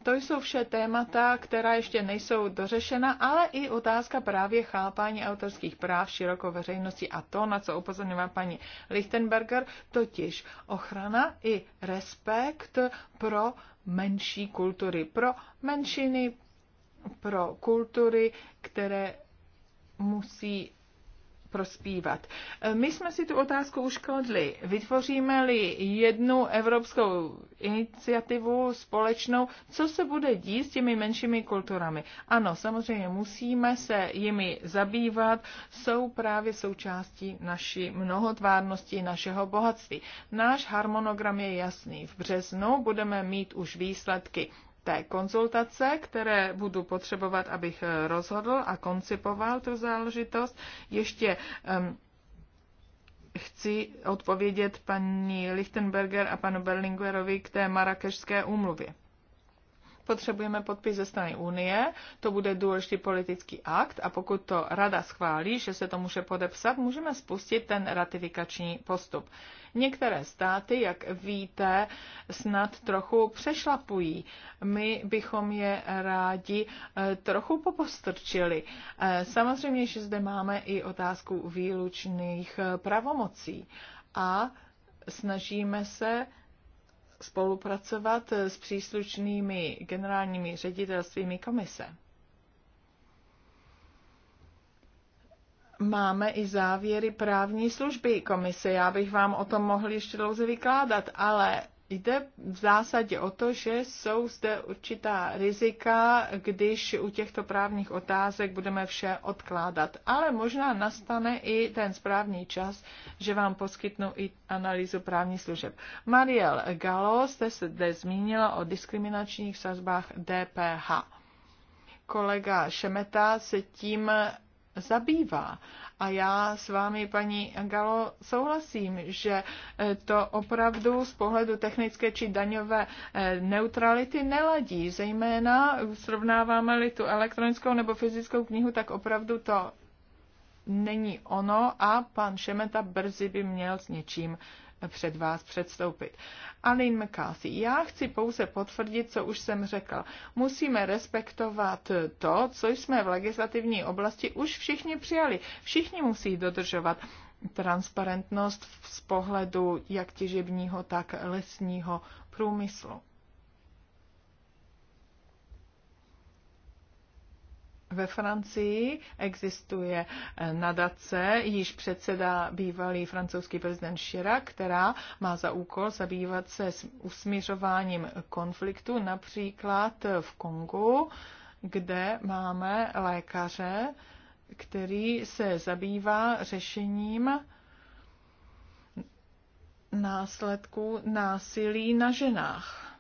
To jsou vše témata, která ještě nejsou dořešena, ale i otázka právě chápání autorských práv širokou veřejnosti a to, na co upozorňuje paní Lichtenberger, totiž ochrana i respekt pro menší kultury, pro menšiny, pro kultury, které musí prospívat. My jsme si tu otázku už kladli. Vytvoříme-li jednu evropskou iniciativu společnou, co se bude dít s těmi menšími kulturami? Ano, samozřejmě musíme se jimi zabývat, jsou právě součástí naší mnohotvárnosti, našeho bohatství. Náš harmonogram je jasný. V březnu budeme mít už výsledky té konzultace, které budu potřebovat, abych eh, rozhodl a koncipoval tu záležitost. Ještě um, chci odpovědět paní Lichtenberger a panu Berlinguerovi k té marakešské úmluvě potřebujeme podpis ze strany Unie, to bude důležitý politický akt a pokud to rada schválí, že se to může podepsat, můžeme spustit ten ratifikační postup. Některé státy, jak víte, snad trochu přešlapují. My bychom je rádi eh, trochu popostrčili. Eh, samozřejmě, že zde máme i otázku výlučných eh, pravomocí a snažíme se spolupracovat s příslušnými generálními ředitelstvími komise. Máme i závěry právní služby komise. Já bych vám o tom mohl ještě dlouze vykládat, ale Jde v zásadě o to, že jsou zde určitá rizika, když u těchto právních otázek budeme vše odkládat. Ale možná nastane i ten správný čas, že vám poskytnu i analýzu právních služeb. Mariel Galo jste se zde zmínila o diskriminačních sazbách DPH. Kolega Šemeta se tím zabývá. A já s vámi, paní Galo, souhlasím, že eh, to opravdu z pohledu technické či daňové eh, neutrality neladí. Zejména eh, srovnáváme-li tu elektronickou nebo fyzickou knihu, tak opravdu to není ono a pan Šemeta brzy by měl s něčím před vás předstoupit. Aline McCarthy, já chci pouze potvrdit, co už jsem řekl. Musíme respektovat to, co jsme v legislativní oblasti už všichni přijali. Všichni musí dodržovat transparentnost z pohledu jak těžebního, tak lesního průmyslu. Ve Francii existuje eh, nadace, již předseda bývalý francouzský prezident Chirac, která má za úkol zabývat se s usměřováním konfliktu, například v Kongu, kde máme lékaře, který se zabývá řešením následků násilí na ženách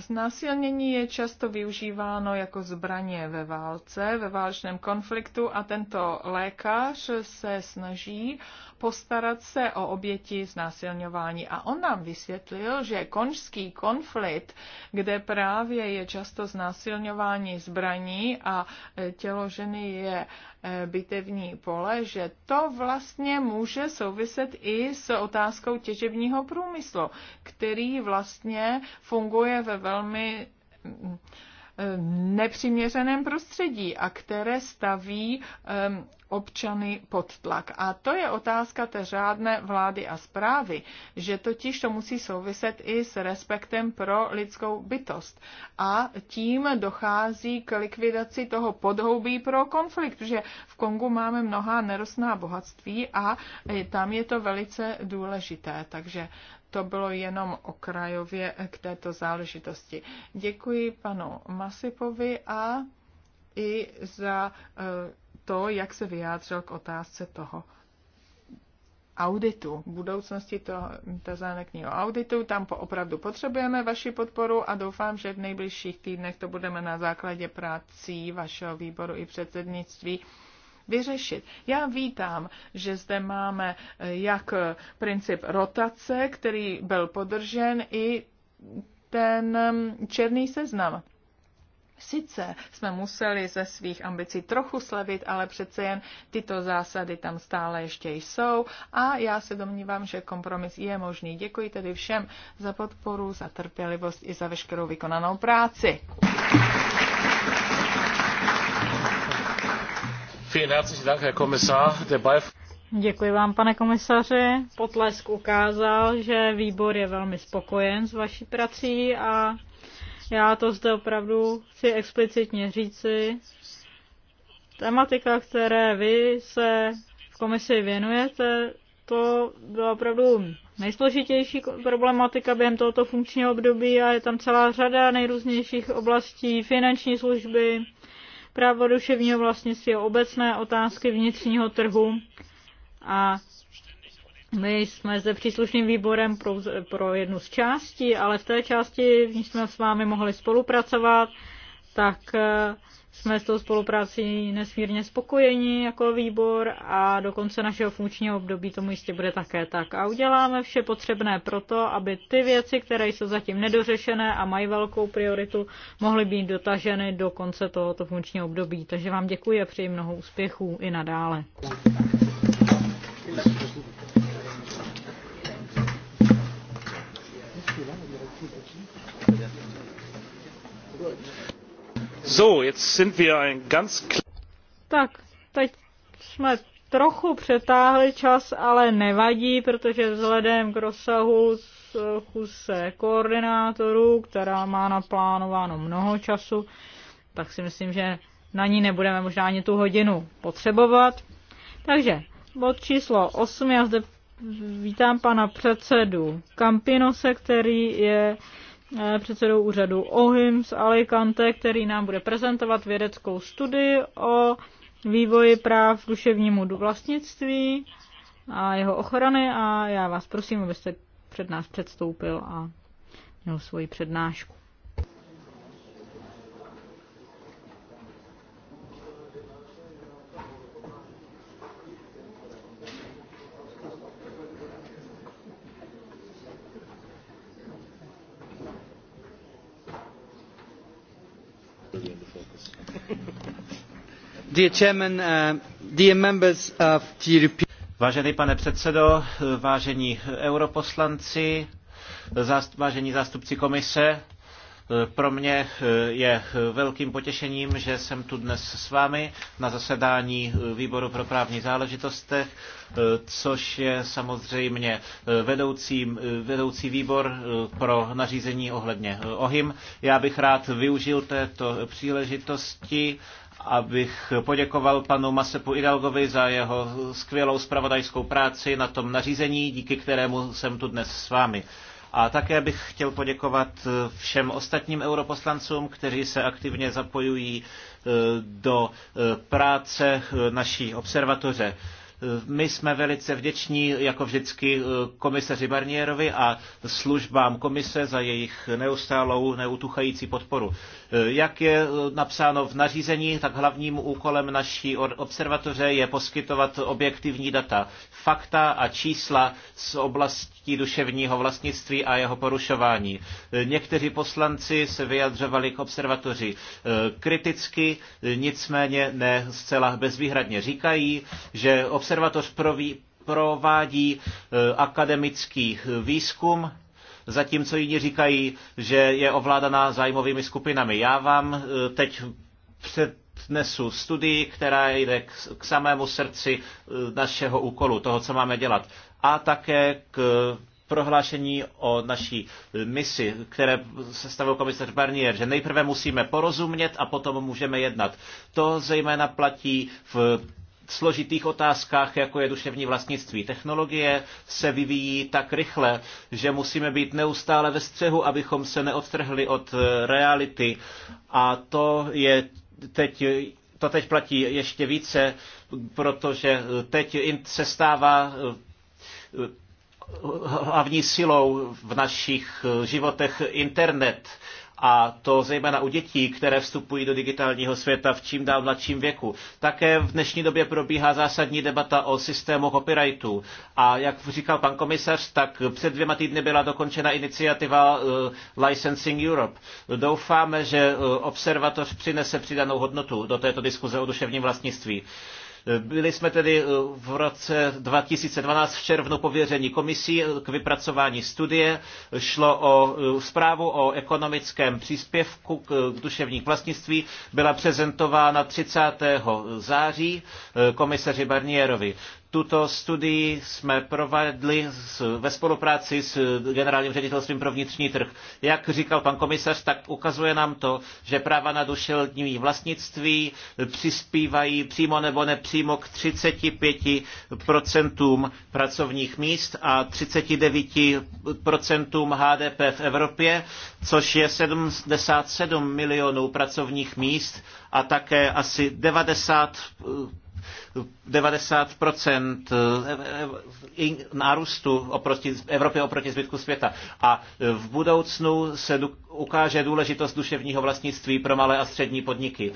Znásilnění je často využíváno jako zbraně ve válce, ve válečném konfliktu a tento lékař se snaží postarat se o oběti znásilňování. A on nám vysvětlil, že konžský konflikt, kde právě je často znásilňování zbraní a e, tělo ženy je e, bitevní pole, že to vlastně může souviset i s otázkou těžebního průmyslu, který vlastně funguje ve velmi nepřiměřeném prostředí a které staví občany pod tlak. A to je otázka té řádné vlády a zprávy, že totiž to musí souviset i s respektem pro lidskou bytost. A tím dochází k likvidaci toho podhoubí pro konflikt, protože v Kongu máme mnohá nerostná bohatství a tam je to velice důležité. Takže to bylo jenom okrajově k této záležitosti. Děkuji panu Masipovi a i za eh, to, jak se vyjádřil k otázce toho auditu, budoucnosti toho tazánekního auditu. Tam opravdu potřebujeme vaši podporu a doufám, že v nejbližších týdnech to budeme na základě prací vašeho výboru i předsednictví vyřešit. Já vítám, že zde máme eh, jak eh, princip rotace, který byl podržen, i ten mm, černý seznam. Sice jsme museli ze svých ambicí trochu slevit, ale přece jen tyto zásady tam stále ještě jsou a já se domnívám, že kompromis je možný. Děkuji tedy všem za podporu, za trpělivost i za veškerou vykonanou práci. Děkuji vám, pane komisaři. Potlesk ukázal, že výbor je velmi spokojen s vaší prací a já to zde opravdu chci explicitně říci. Tematika, které vy se v komisi věnujete, to byla opravdu nejsložitější problematika během tohoto funkčního období a je tam celá řada nejrůznějších oblastí finanční služby, právo duševního vlastnictví, obecné otázky vnitřního trhu a my jsme zde příslušným výborem pro, pro jednu z částí, ale v té části, v níž jsme s vámi mohli spolupracovat, tak jsme s tou spoluprácí nesmírně spokojeni jako výbor a do konce našeho funkčního období tomu jistě bude také tak. A uděláme vše potřebné pro to, aby ty věci, které jsou zatím nedořešené a mají velkou prioritu, mohly být dotaženy do konce tohoto funkčního období. Takže vám děkuji a přeji mnoho úspěchů i nadále. Good. Tak, teď jsme trochu přetáhli čas, ale nevadí, protože vzhledem k rozsahu schůzce koordinátorů, která má naplánováno mnoho času, tak si myslím, že na ní nebudeme možná ani tu hodinu potřebovat. Takže bod číslo 8, já zde vítám pana předsedu Kampinose, který je Eh, předsedou úřadu OHIM z Alicante, který nám bude prezentovat vědeckou studii o vývoji práv duševnímu vlastnictví a jeho ochrany a já vás prosím, abyste před nás předstoupil a měl svoji přednášku. Uh, Vážený pane předsedo, vážení europoslanci, vážení zástupci komise, pro mě je velkým potěšením, že jsem tu dnes s vámi na zasedání výboru pro právní záležitosti, což je samozřejmě vedoucí, vedoucí výbor pro nařízení ohledně OHIM. Já bych rád využil této příležitosti abych poděkoval panu Masepu Idalgovi za jeho skvělou spravodajskou práci na tom nařízení, díky kterému jsem tu dnes s vámi. A také bych chtěl poděkovat všem ostatním europoslancům, kteří se aktivně zapojují eh, do eh, práce eh, naší observatoře. My jsme velice vděční, jako vždycky, eh, komiseři Barnierovi a službám komise za jejich neustálou, neutuchající podporu. Eh, Jak je eh, napsáno v nařízení, tak hlavním úkolem naší observatoře je poskytovat objektivní data, fakta a čísla z oblasti oblastí duševního vlastnictví a jeho porušování. Někteří poslanci se vyjadřovali k observatoři eh, kriticky, nicméně ne zcela bezvýhradně. Říkají, že observatoř proví, provádí eh, akademický výzkum, zatímco jiní říkají, že je ovládaná zájmovými skupinami. Já vám eh, teď přednesu studii, která jde k samému srdci našeho úkolu, toho, co máme dělat a také k prohlášení o naší misi, které se stavil komisař Barnier, že nejprve musíme porozumět a potom můžeme jednat. To zejména platí v složitých otázkách, jako je duševní vlastnictví. Technologie se vyvíjí tak rychle, že musíme být neustále ve střehu, abychom se neodtrhli od reality. A to je teď to teď platí ještě více, protože teď se stává hlavní silou v našich životech internet a to zejména u dětí, které vstupují do digitálního světa v čím dál mladším věku. Také v dnešní době probíhá zásadní debata o systému copyrightu. A jak říkal pan komisař, tak před dvěma týdny byla dokončena iniciativa eh, Licensing Europe. Doufáme, že eh, observatoř přinese přidanou hodnotu do této diskuze o duševním vlastnictví. Byli jsme tedy eh, v roce 2012 v červnu pověření komisí eh, k vypracování studie. Šlo o eh, zprávu o ekonomickém příspěvku k duševní vlastnictví. Byla prezentována 30. září komisaři Barnierovi. Tuto studii jsme provedli ve spolupráci s generálním ředitelstvím pro vnitřní trh. Jak říkal pan komisař, tak ukazuje nám to, že práva na duševní vlastnictví přispívají přímo nebo nepřímo k 35% pracovních míst a 39% HDP v Evropě, což je 77 milionů pracovních míst a také asi 90 90 eh, eh, nárůstu oproti, Evropě oproti zbytku světa. A eh, v budoucnu se ukáže důležitost duševního vlastnictví pro malé a střední podniky.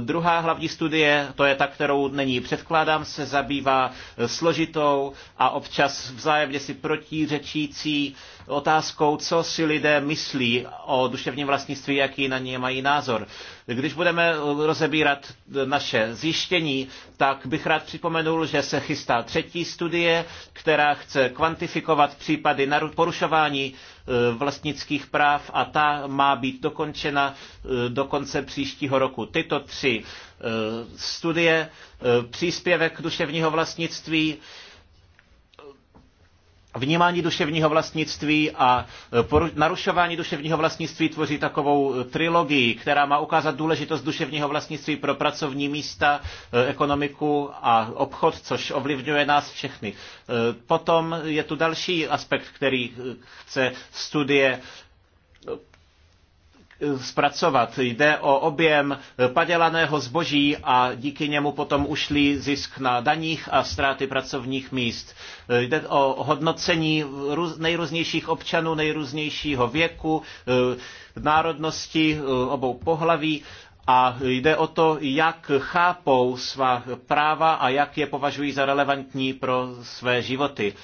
Druhá hlavní studie, to je ta, kterou není předkládám, se zabývá složitou a občas vzájemně si protiřečící otázkou, co si lidé myslí o duševním vlastnictví, jaký na ně mají názor. Když budeme rozebírat naše zjištění, tak bych bych rád připomenul, že se chystá třetí studie, která chce kvantifikovat případy porušování e, vlastnických práv a ta má být dokončena e, do konce příštího roku. Tyto tři e, studie, příspěvek duševního vlastnictví, Vnímání duševního vlastnictví a e, narušování duševního vlastnictví tvoří takovou e, trilogii, která má ukázat důležitost duševního vlastnictví pro pracovní místa, e, ekonomiku a obchod, což ovlivňuje nás všechny. Potom je tu další aspekt, který chce studie zpracovat. Jde o objem padělaného zboží a díky němu potom ušlý zisk na daních a ztráty pracovních míst. Jde o hodnocení nejrůznějších občanů, nejrůznějšího věku, eh, národnosti, eh, obou pohlaví a jde o to, jak chápou svá práva a jak je považují za relevantní pro své životy.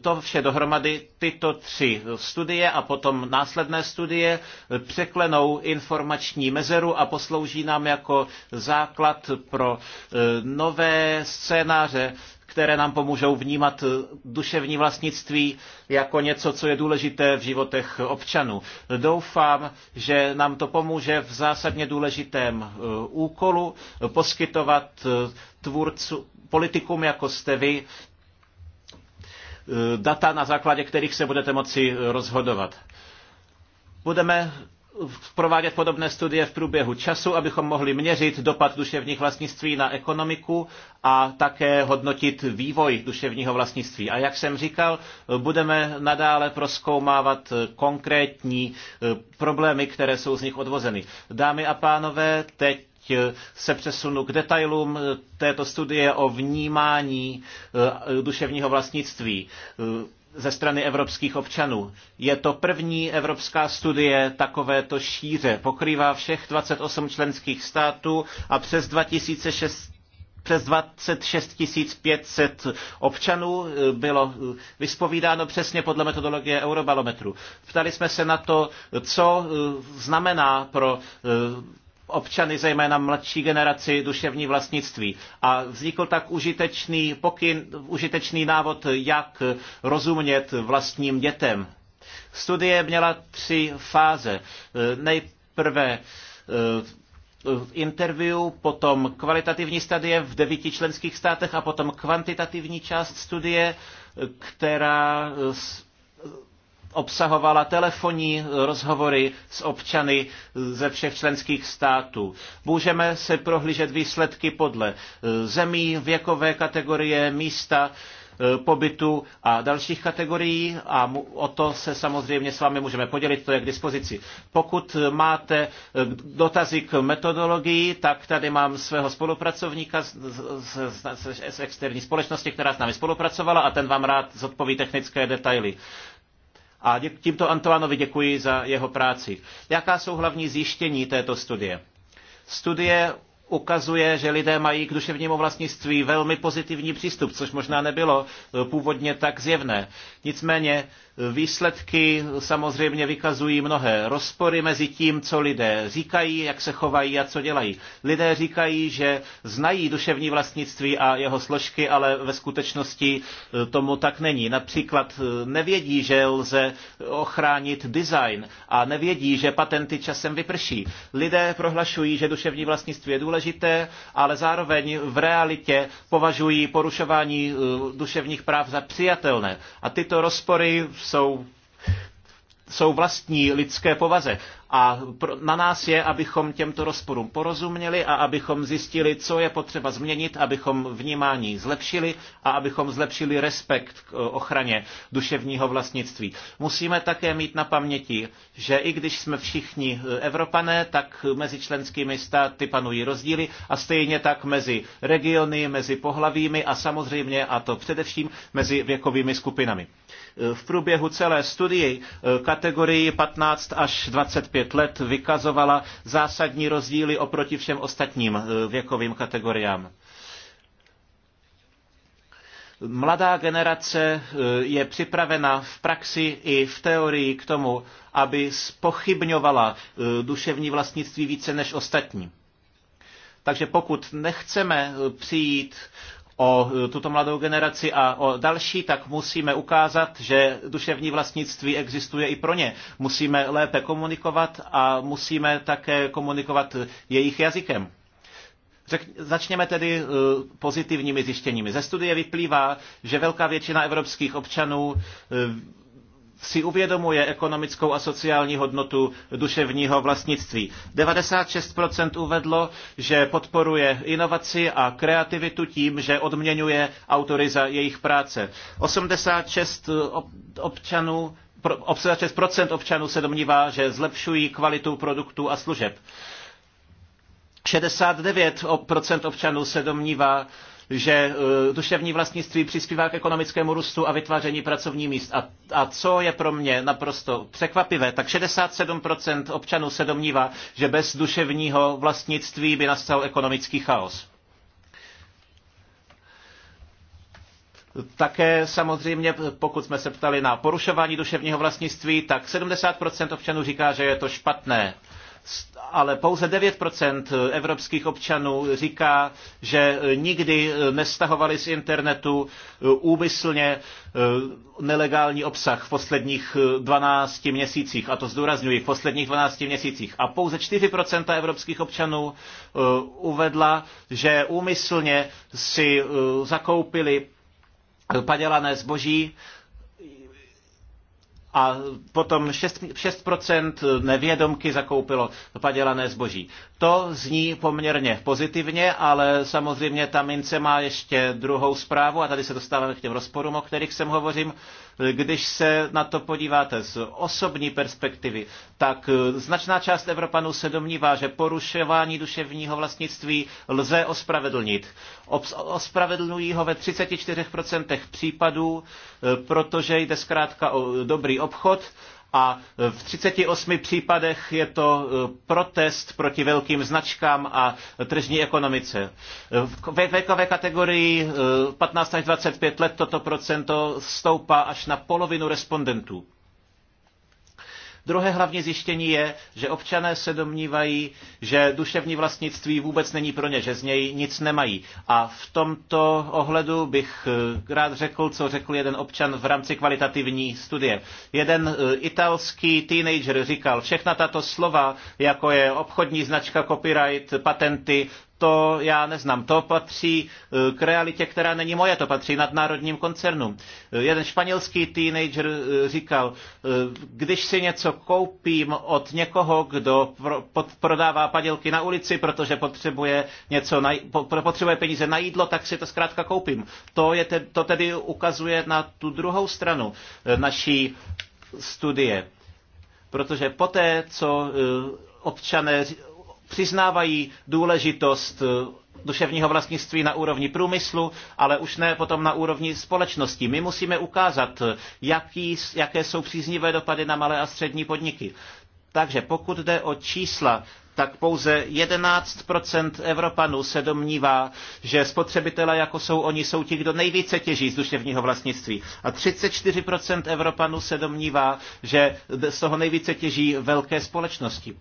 To vše dohromady, tyto tři studie a potom následné studie překlenou informační mezeru a poslouží nám jako základ pro e, nové scénáře, které nám pomůžou vnímat duševní vlastnictví jako něco, co je důležité v životech občanů. Doufám, že nám to pomůže v zásadně důležitém e, úkolu poskytovat e, tvůrcům, politikům, jako jste vy, Eh, data, na základě kterých se budete moci rozhodovat. Budeme provádět podobné studie v průběhu času, abychom mohli měřit dopad duševních vlastnictví na ekonomiku a také hodnotit vývoj duševního vlastnictví. A jak jsem říkal, budeme nadále proskoumávat konkrétní eh, problémy, které jsou z nich odvozeny. Dámy a pánové, teď Eh, se přesunu k detailům eh, této studie o vnímání eh, duševního vlastnictví ze strany evropských občanů. Je to první evropská studie takovéto šíře. Pokrývá všech 28 členských států a přes 2006 přes 26 500 občanů bylo vyspovídáno přesně podle metodologie Eurobalometru. Ptali jsme se na to, co znamená pro občany, zejména mladší generaci, duševní vlastnictví. A vznikl tak užitečný pokyn, užitečný návod, jak rozumět vlastním dětem. Studie měla tři fáze. Nejprve eh, interview, potom kvalitativní studie v devíti členských státech a potom kvantitativní část studie, která obsahovala telefonní rozhovory s občany ze všech členských států. Můžeme se prohlížet výsledky podle e, zemí, věkové kategorie, místa e, pobytu a dalších kategorií a o to se samozřejmě s vámi můžeme podělit, to je k dispozici. Pokud máte e, dotazy k metodologii, tak tady mám svého spolupracovníka z, z, z, z externí společnosti, která s námi spolupracovala a ten vám rád zodpoví technické detaily. A tímto Antoánovi děkuji za jeho práci. Jaká jsou hlavní zjištění této studie? Studie ukazuje, že lidé mají k duševnímu vlastnictví velmi pozitivní přístup, což možná nebylo původně tak zjevné. Nicméně e, výsledky samozřejmě vykazují mnohé rozpory mezi tím, co lidé říkají, jak se chovají a co dělají. Lidé říkají, že znají duševní vlastnictví a jeho složky, ale ve skutečnosti e, tomu tak není. Například e, nevědí, že lze ochránit design a nevědí, že patenty časem vyprší. Lidé prohlašují, že duševní vlastnictví je důležité, ale zároveň v realitě považují porušování duševních práv za přijatelné. A tyto tyto rozpory jsou jsou vlastní lidské povaze. A na nás je, abychom těmto rozporům porozuměli a abychom zjistili, co je potřeba změnit, abychom vnímání zlepšili a abychom zlepšili respekt k eh, ochraně duševního vlastnictví. Musíme také mít na paměti, že i když jsme všichni eh, Evropané, tak mezi členskými státy panují rozdíly a stejně tak mezi regiony, mezi pohlavími a samozřejmě, a to především, mezi věkovými skupinami v průběhu celé studii eh, kategorii 15 až 25 let vykazovala zásadní rozdíly oproti všem ostatním eh, věkovým kategoriám. Mladá generace eh, je připravena v praxi i v teorii k tomu, aby spochybňovala duševní vlastnictví více než ostatní. Takže pokud nechceme přijít o e, tuto mladou generaci a o další, tak musíme ukázat, že duševní vlastnictví existuje i pro ně. Musíme lépe komunikovat a musíme také komunikovat jejich jazykem. Řek, začněme tedy e, pozitivními zjištěními. Ze studie vyplývá, že velká většina evropských občanů e, si uvědomuje ekonomickou a sociální hodnotu duševního vlastnictví. 96% uvedlo, že podporuje inovaci a kreativitu tím, že odměňuje autory za jejich práce. 86 občanů 86% občanů se domnívá, že zlepšují kvalitu produktů a služeb. 69% občanů se domnívá, že eh, duševní vlastnictví přispívá k ekonomickému růstu a vytváření pracovních míst. A, a co je pro mě naprosto překvapivé, tak 67% občanů se domnívá, že bez duševního vlastnictví by nastal ekonomický chaos. Také samozřejmě, pokud jsme se ptali na porušování duševního vlastnictví, tak 70% občanů říká, že je to špatné ale pouze 9% evropských občanů říká, že nikdy nestahovali z internetu úmyslně eh, nelegální obsah v posledních 12 eh, měsících, a to zdůrazňuji, v posledních 12 měsících. A pouze 4% evropských občanů eh, uvedla, že úmyslně si zakoupili padělané zboží a potom 6%, 6% nevědomky zakoupilo padělané zboží. To zní poměrně pozitivně, ale samozřejmě ta mince má ještě druhou zprávu a tady se dostáváme k těm rozporům, o kterých jsem hovořím, když se na to podíváte z osobní perspektivy, tak značná část Evropanů se domnívá, že porušování duševního vlastnictví lze ospravedlnit. Ospravedlňují ho ve 34% případů, eh, protože jde zkrátka o dobrý obchod, a v 38 případech je to e, protest proti velkým značkám a tržní ekonomice. E, v věkové kategorii 15 e, až 25 let toto procento stoupá až na polovinu respondentů. Druhé hlavní zjištění je, že občané se domnívají, že duševní vlastnictví vůbec není pro ně, že z něj nic nemají. A v tomto ohledu bych eh, rád řekl, co řekl jeden občan v rámci kvalitativní studie. Jeden eh, italský teenager říkal, všechna tato slova, jako je obchodní značka, copyright, patenty, to já neznám. To patří eh, k realitě, která není moje, to patří nadnárodním koncernům. Eh, jeden španělský teenager eh, říkal, když si něco koupím od někoho, kdo prodává padělky na ulici, protože potřebuje, něco na, potřebuje peníze na jídlo, tak si to zkrátka koupím. To, je te, to tedy ukazuje na tu druhou stranu naší studie. Protože poté, co občané přiznávají důležitost eh, duševního vlastnictví na úrovni průmyslu, ale už ne potom na úrovni společnosti. My musíme ukázat, eh, jaký, jaké jsou příznivé dopady na malé a střední podniky. Takže pokud jde o čísla, tak pouze 11 Evropanů se domnívá, že spotřebitelé, jako jsou oni, jsou ti, kdo nejvíce těží z duševního vlastnictví. A 34 Evropanů se domnívá, že z toho nejvíce těží velké společnosti.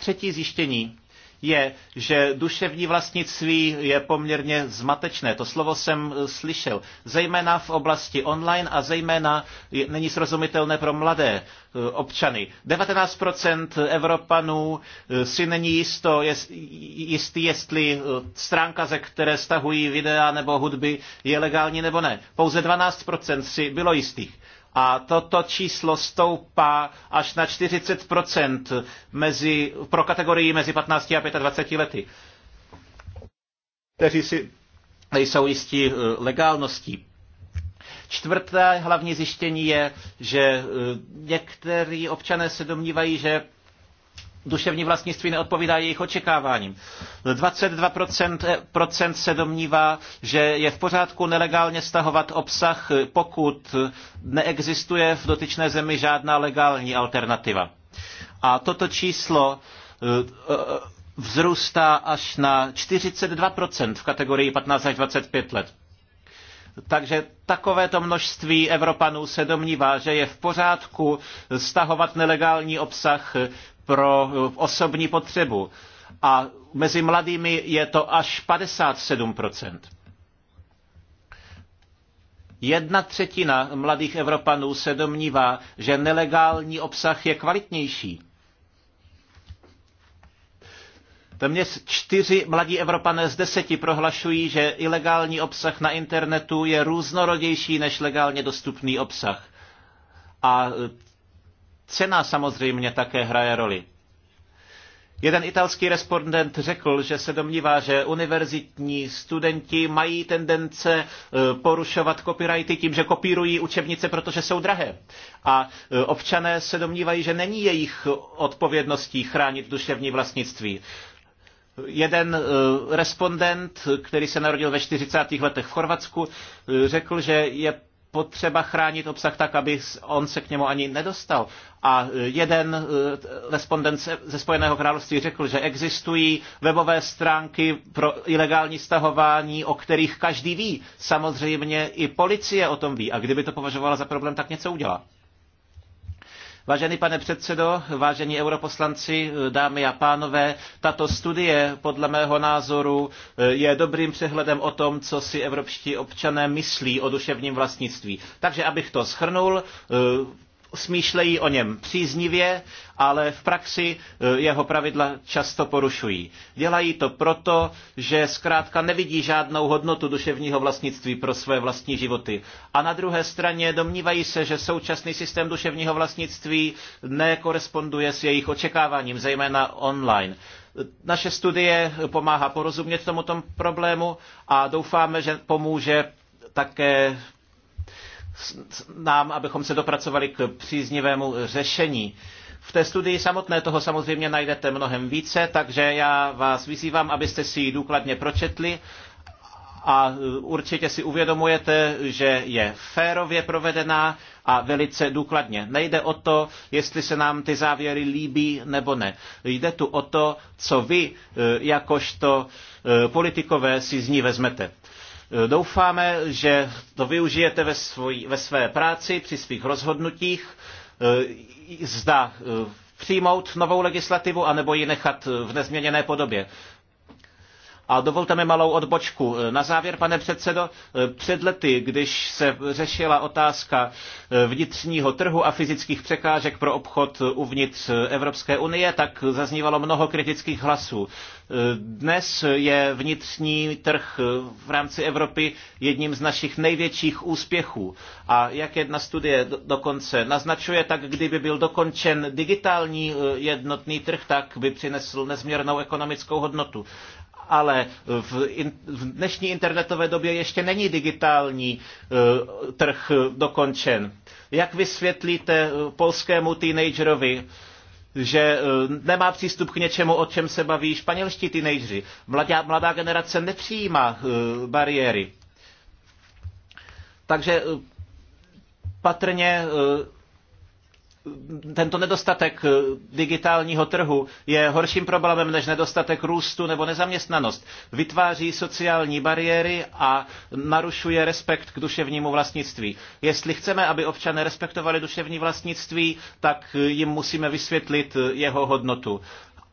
Třetí zjištění je, že duševní vlastnictví je poměrně zmatečné. To slovo jsem eh, slyšel. Zejména v oblasti online a zejména není srozumitelné pro mladé eh, občany. 19% Evropanů eh, si není jisto, jistý, jestli stránka, ze které stahují videa nebo hudby, je legální nebo ne. Pouze 12% si bylo jistých a toto číslo stoupá až na 40% mezi, pro kategorii mezi 15 a 25 lety, kteří si nejsou jistí eh, legálností. Čtvrté hlavní zjištění je, že eh, někteří občané se domnívají, že duševní vlastnictví neodpovídá jejich očekáváním. 22% eh, procent se domnívá, že je v pořádku nelegálně stahovat obsah, eh, pokud neexistuje v dotyčné zemi žádná legální alternativa. A toto číslo eh, vzrůstá až na 42% v kategorii 15 až 25 let. Takže takovéto množství Evropanů se domnívá, že je v pořádku stahovat nelegální obsah, pro eh, osobní potřebu. A mezi mladými je to až 57 Jedna třetina mladých Evropanů se domnívá, že nelegální obsah je kvalitnější. Téměř čtyři mladí Evropané z deseti prohlašují, že ilegální obsah na internetu je různorodější než legálně dostupný obsah. A Cena samozřejmě také hraje roli. Jeden italský respondent řekl, že se domnívá, že univerzitní studenti mají tendence e, porušovat copyrighty tím, že kopírují učebnice, protože jsou drahé. A e, občané se domnívají, že není jejich odpovědností chránit duševní vlastnictví. Jeden e, respondent, který se narodil ve 40. letech v Chorvatsku, řekl, že je potřeba chránit obsah tak, aby on se k němu ani nedostal. A e, jeden e, respondent ze Spojeného království řekl, že existují webové stránky pro ilegální stahování, o kterých každý ví. Samozřejmě i policie o tom ví. A kdyby to považovala za problém, tak něco udělá. Vážený pane předsedo, vážení europoslanci, dámy a pánové, tato studie podle mého názoru eh, je dobrým přehledem o tom, co si evropští občané myslí o duševním vlastnictví. Takže abych to schrnul, eh, smýšlejí o něm příznivě, ale v praxi e, jeho pravidla často porušují. Dělají to proto, že zkrátka nevidí žádnou hodnotu duševního vlastnictví pro své vlastní životy. A na druhé straně domnívají se, že současný systém duševního vlastnictví nekoresponduje s jejich očekáváním, zejména online. Naše studie pomáhá porozumět tomuto problému a doufáme, že pomůže také nám, abychom se dopracovali k příznivému řešení. V té studii samotné toho samozřejmě najdete mnohem více, takže já vás vyzývám, abyste si ji důkladně pročetli a e, určitě si uvědomujete, že je férově provedená a velice důkladně. Nejde o to, jestli se nám ty závěry líbí nebo ne. Jde tu o to, co vy e, jakožto e, politikové si z ní vezmete. Doufáme, že to využijete ve, svojí, ve své práci, při svých rozhodnutích, eh, zda eh, přijmout novou legislativu, anebo ji nechat v nezměněné podobě. A dovolte mi malou odbočku. Na závěr, pane předsedo, před lety, když se řešila otázka vnitřního trhu a fyzických překážek pro obchod uvnitř Evropské unie, tak zaznívalo mnoho kritických hlasů. Dnes je vnitřní trh v rámci Evropy jedním z našich největších úspěchů. A jak jedna studie dokonce naznačuje, tak kdyby byl dokončen digitální jednotný trh, tak by přinesl nezměrnou ekonomickou hodnotu ale v, in, v dnešní internetové době ještě není digitální uh, trh dokončen. Jak vysvětlíte e, polskému teenagerovi, že e, nemá přístup k něčemu, o čem se baví španělští teenageri? Mladá, mladá generace nepřijímá bariéry. Takže patrně tento nedostatek eh, digitálního trhu je horším problémem než nedostatek růstu nebo nezaměstnanost. Vytváří sociální bariéry a narušuje respekt k duševnímu vlastnictví. Jestli chceme, aby občané respektovali duševní vlastnictví, tak eh, jim musíme vysvětlit eh, jeho hodnotu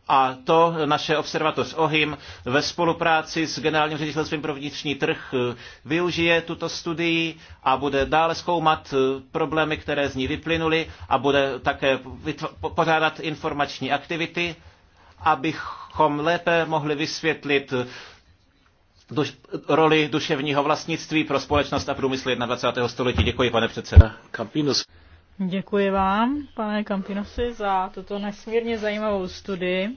a to naše observatoř OHIM ve spolupráci s Generálním ředitelstvím pro vnitřní trh eh, využije tuto studii a bude dále zkoumat eh, problémy, které z ní vyplynuly a bude také pořádat informační aktivity, abychom lépe mohli vysvětlit eh, duš- roli duševního vlastnictví pro společnost a průmysl 21. století. Děkuji, pane předsedo. Děkuji vám, pane Campinosi, za tuto nesmírně zajímavou studii.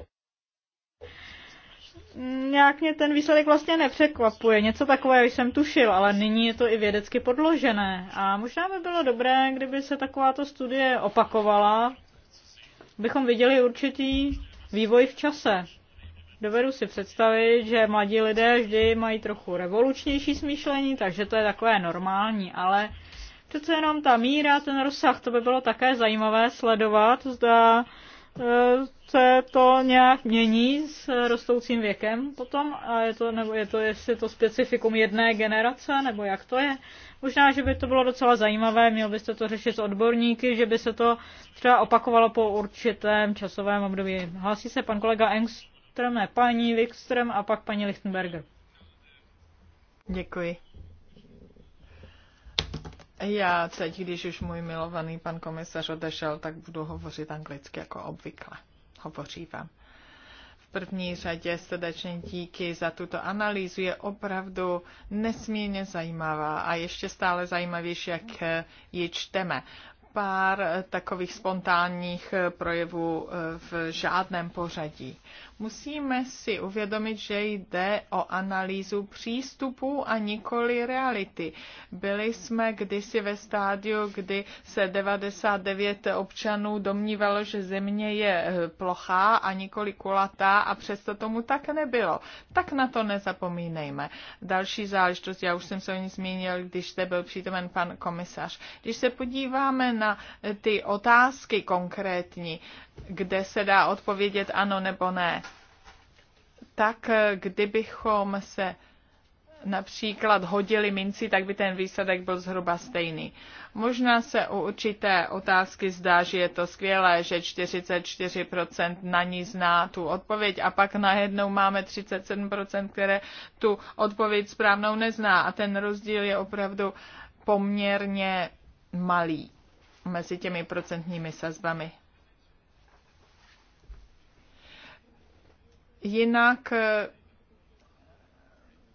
Nějak mě ten výsledek vlastně nepřekvapuje. Něco takového jsem tušil, ale nyní je to i vědecky podložené. A možná by bylo dobré, kdyby se takováto studie opakovala, bychom viděli určitý vývoj v čase. Dovedu si představit, že mladí lidé vždy mají trochu revolučnější smýšlení, takže to je takové normální, ale přece jenom ta míra, ten rozsah, to by bylo také zajímavé sledovat, zda e, se to nějak mění s rostoucím věkem potom, a je to, nebo je to, jestli to specifikum jedné generace, nebo jak to je. Možná, že by to bylo docela zajímavé, měl byste to řešit s odborníky, že by se to třeba opakovalo po určitém časovém období. Hlásí se pan kolega Engström, ne, paní Wikström a pak paní Lichtenberger. Děkuji. Já teď, když už můj milovaný pan komisař odešel, tak budu hovořit anglicky jako obvykle. Hovoří vám. V první řadě srdečně díky za tuto analýzu. Je opravdu nesmírně zajímavá a ještě stále zajímavější, jak ji čteme pár takových spontánních projevů eh, v žádném pořadí. Musíme si uvědomit, že jde o analýzu přístupů a nikoli reality. Byli jsme kdysi ve stádiu, kdy se 99 občanů domnívalo, že země je eh, plochá a nikoli kulatá a přesto tomu tak nebylo. Tak na to nezapomínejme. Další záležitost, já už jsem se o ní zmínil, když zde byl přítomen pan komisař. Když se podíváme na eh, ty otázky konkrétní, kde se dá odpovědět ano nebo ne. Tak kdybychom se například hodili minci, tak by ten výsledek byl zhruba stejný. Možná se u určité otázky zdá, že je to skvělé, že 44% na ní zná tu odpověď a pak najednou máme 37%, které tu odpověď správnou nezná a ten rozdíl je opravdu poměrně malý mezi těmi procentními sazbami. Jinak eh,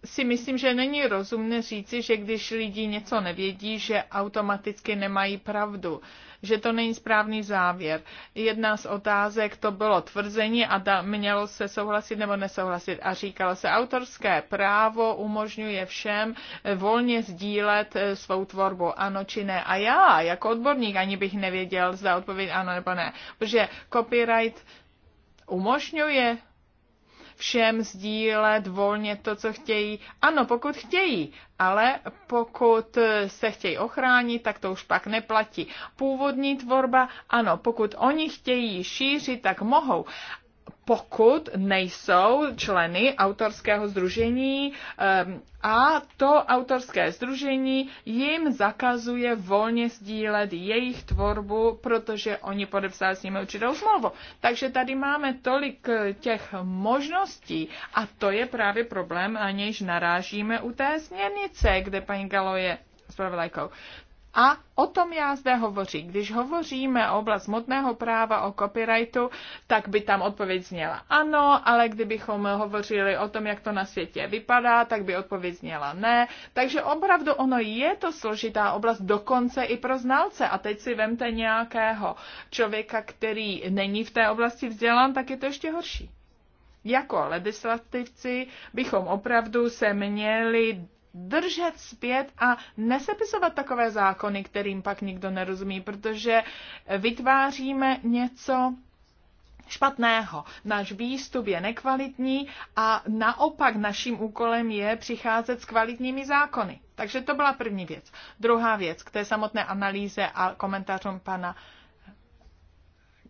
si myslím, že není rozumné říci, že když lidi něco nevědí, že automaticky nemají pravdu, že to není správný závěr. Jedna z otázek to bylo tvrzení a da, mělo se souhlasit nebo nesouhlasit. A říkalo se, autorské právo umožňuje všem eh, volně sdílet eh, svou tvorbu, ano či ne. A já, jako odborník, ani bych nevěděl, zda odpověď ano nebo ne, protože copyright umožňuje všem sdílet volně to, co chtějí. Ano, pokud chtějí, ale pokud se chtějí ochránit, tak to už pak neplatí. Původní tvorba, ano, pokud oni chtějí šířit, tak mohou, pokud nejsou členy autorského združení ehm, a to autorské združení jim zakazuje volně sdílet jejich tvorbu, protože oni podepsali s nimi určitou smlouvu. Takže tady máme tolik eh, těch možností a to je právě problém, aniž narážíme u té směrnice, kde paní Galo je zpravodajkou. A o tom já zde hovoří. Když hovoříme o oblast modného práva, o copyrightu, tak by tam odpověď zněla ano, ale kdybychom hovořili o tom, jak to na světě vypadá, tak by odpověď zněla ne. Takže opravdu ono je to složitá oblast dokonce i pro znalce. A teď si vemte nějakého člověka, který není v té oblasti vzdělán, tak je to ještě horší. Jako legislativci bychom opravdu se měli držet zpět a nesepisovat takové zákony, kterým pak nikdo nerozumí, protože vytváříme něco, špatného. Náš výstup je nekvalitní a naopak naším úkolem je přicházet s kvalitními zákony. Takže to byla první věc. Druhá věc k té samotné analýze a komentářům pana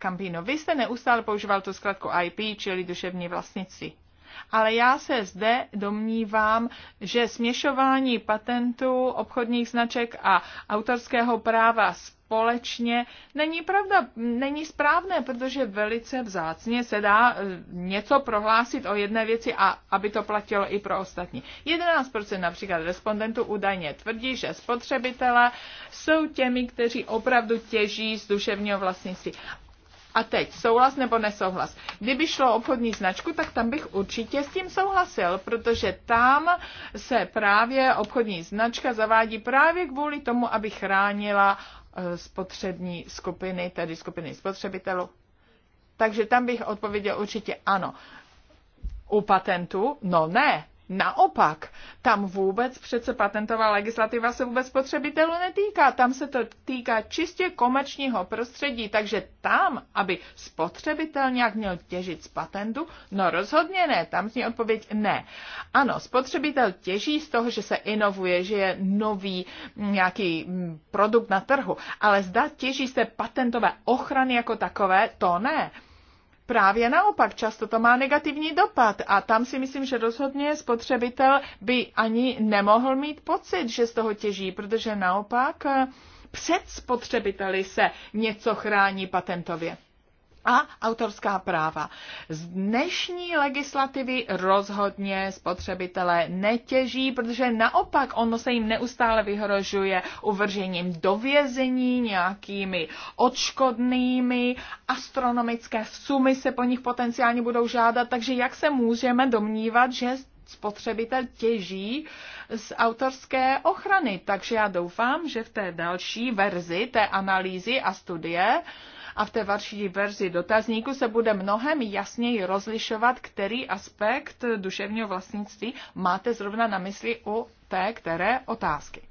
Campino. Vy jste neustále používal tu zkratku IP, čili duševní vlastnictví ale já se zde domnívám, že směšování patentů, obchodních značek a autorského práva společně není pravda, není správné, protože velice vzácně se dá eh, něco prohlásit o jedné věci a aby to platilo i pro ostatní. 11% například respondentů údajně tvrdí, že spotřebitelé jsou těmi, kteří opravdu těží z duševního vlastnictví. A teď souhlas nebo nesouhlas. Kdyby šlo obchodní značku, tak tam bych určitě s tím souhlasil, protože tam se právě obchodní značka zavádí právě kvůli tomu, aby chránila eh, spotřební skupiny, tedy skupiny spotřebitelů. Takže tam bych odpověděl určitě ano. U patentu? No ne, Naopak, tam vůbec přece patentová legislativa se vůbec spotřebitelů netýká. Tam se to týká čistě komerčního prostředí, takže tam, aby spotřebitel nějak měl těžit z patentu, no rozhodně ne, tam zní odpověď ne. Ano, spotřebitel těží z toho, že se inovuje, že je nový mm, nějaký mm, produkt na trhu, ale zda těží se patentové ochrany jako takové, to ne. Právě naopak, často to má negativní dopad a tam si myslím, že rozhodně spotřebitel by ani nemohl mít pocit, že z toho těží, protože naopak eh, před spotřebiteli se něco chrání patentově a autorská práva. Z dnešní legislativy rozhodně spotřebitelé netěží, protože naopak ono se jim neustále vyhrožuje uvržením do vězení, nějakými odškodnými, astronomické sumy se po nich potenciálně budou žádat, takže jak se můžeme domnívat, že spotřebitel těží z autorské ochrany. Takže já doufám, že v té další verzi té analýzy a studie uh, a v té vaší verzi dotazníku se bude mnohem jasněji rozlišovat, který aspekt duševního vlastnictví máte zrovna na mysli u té které otázky.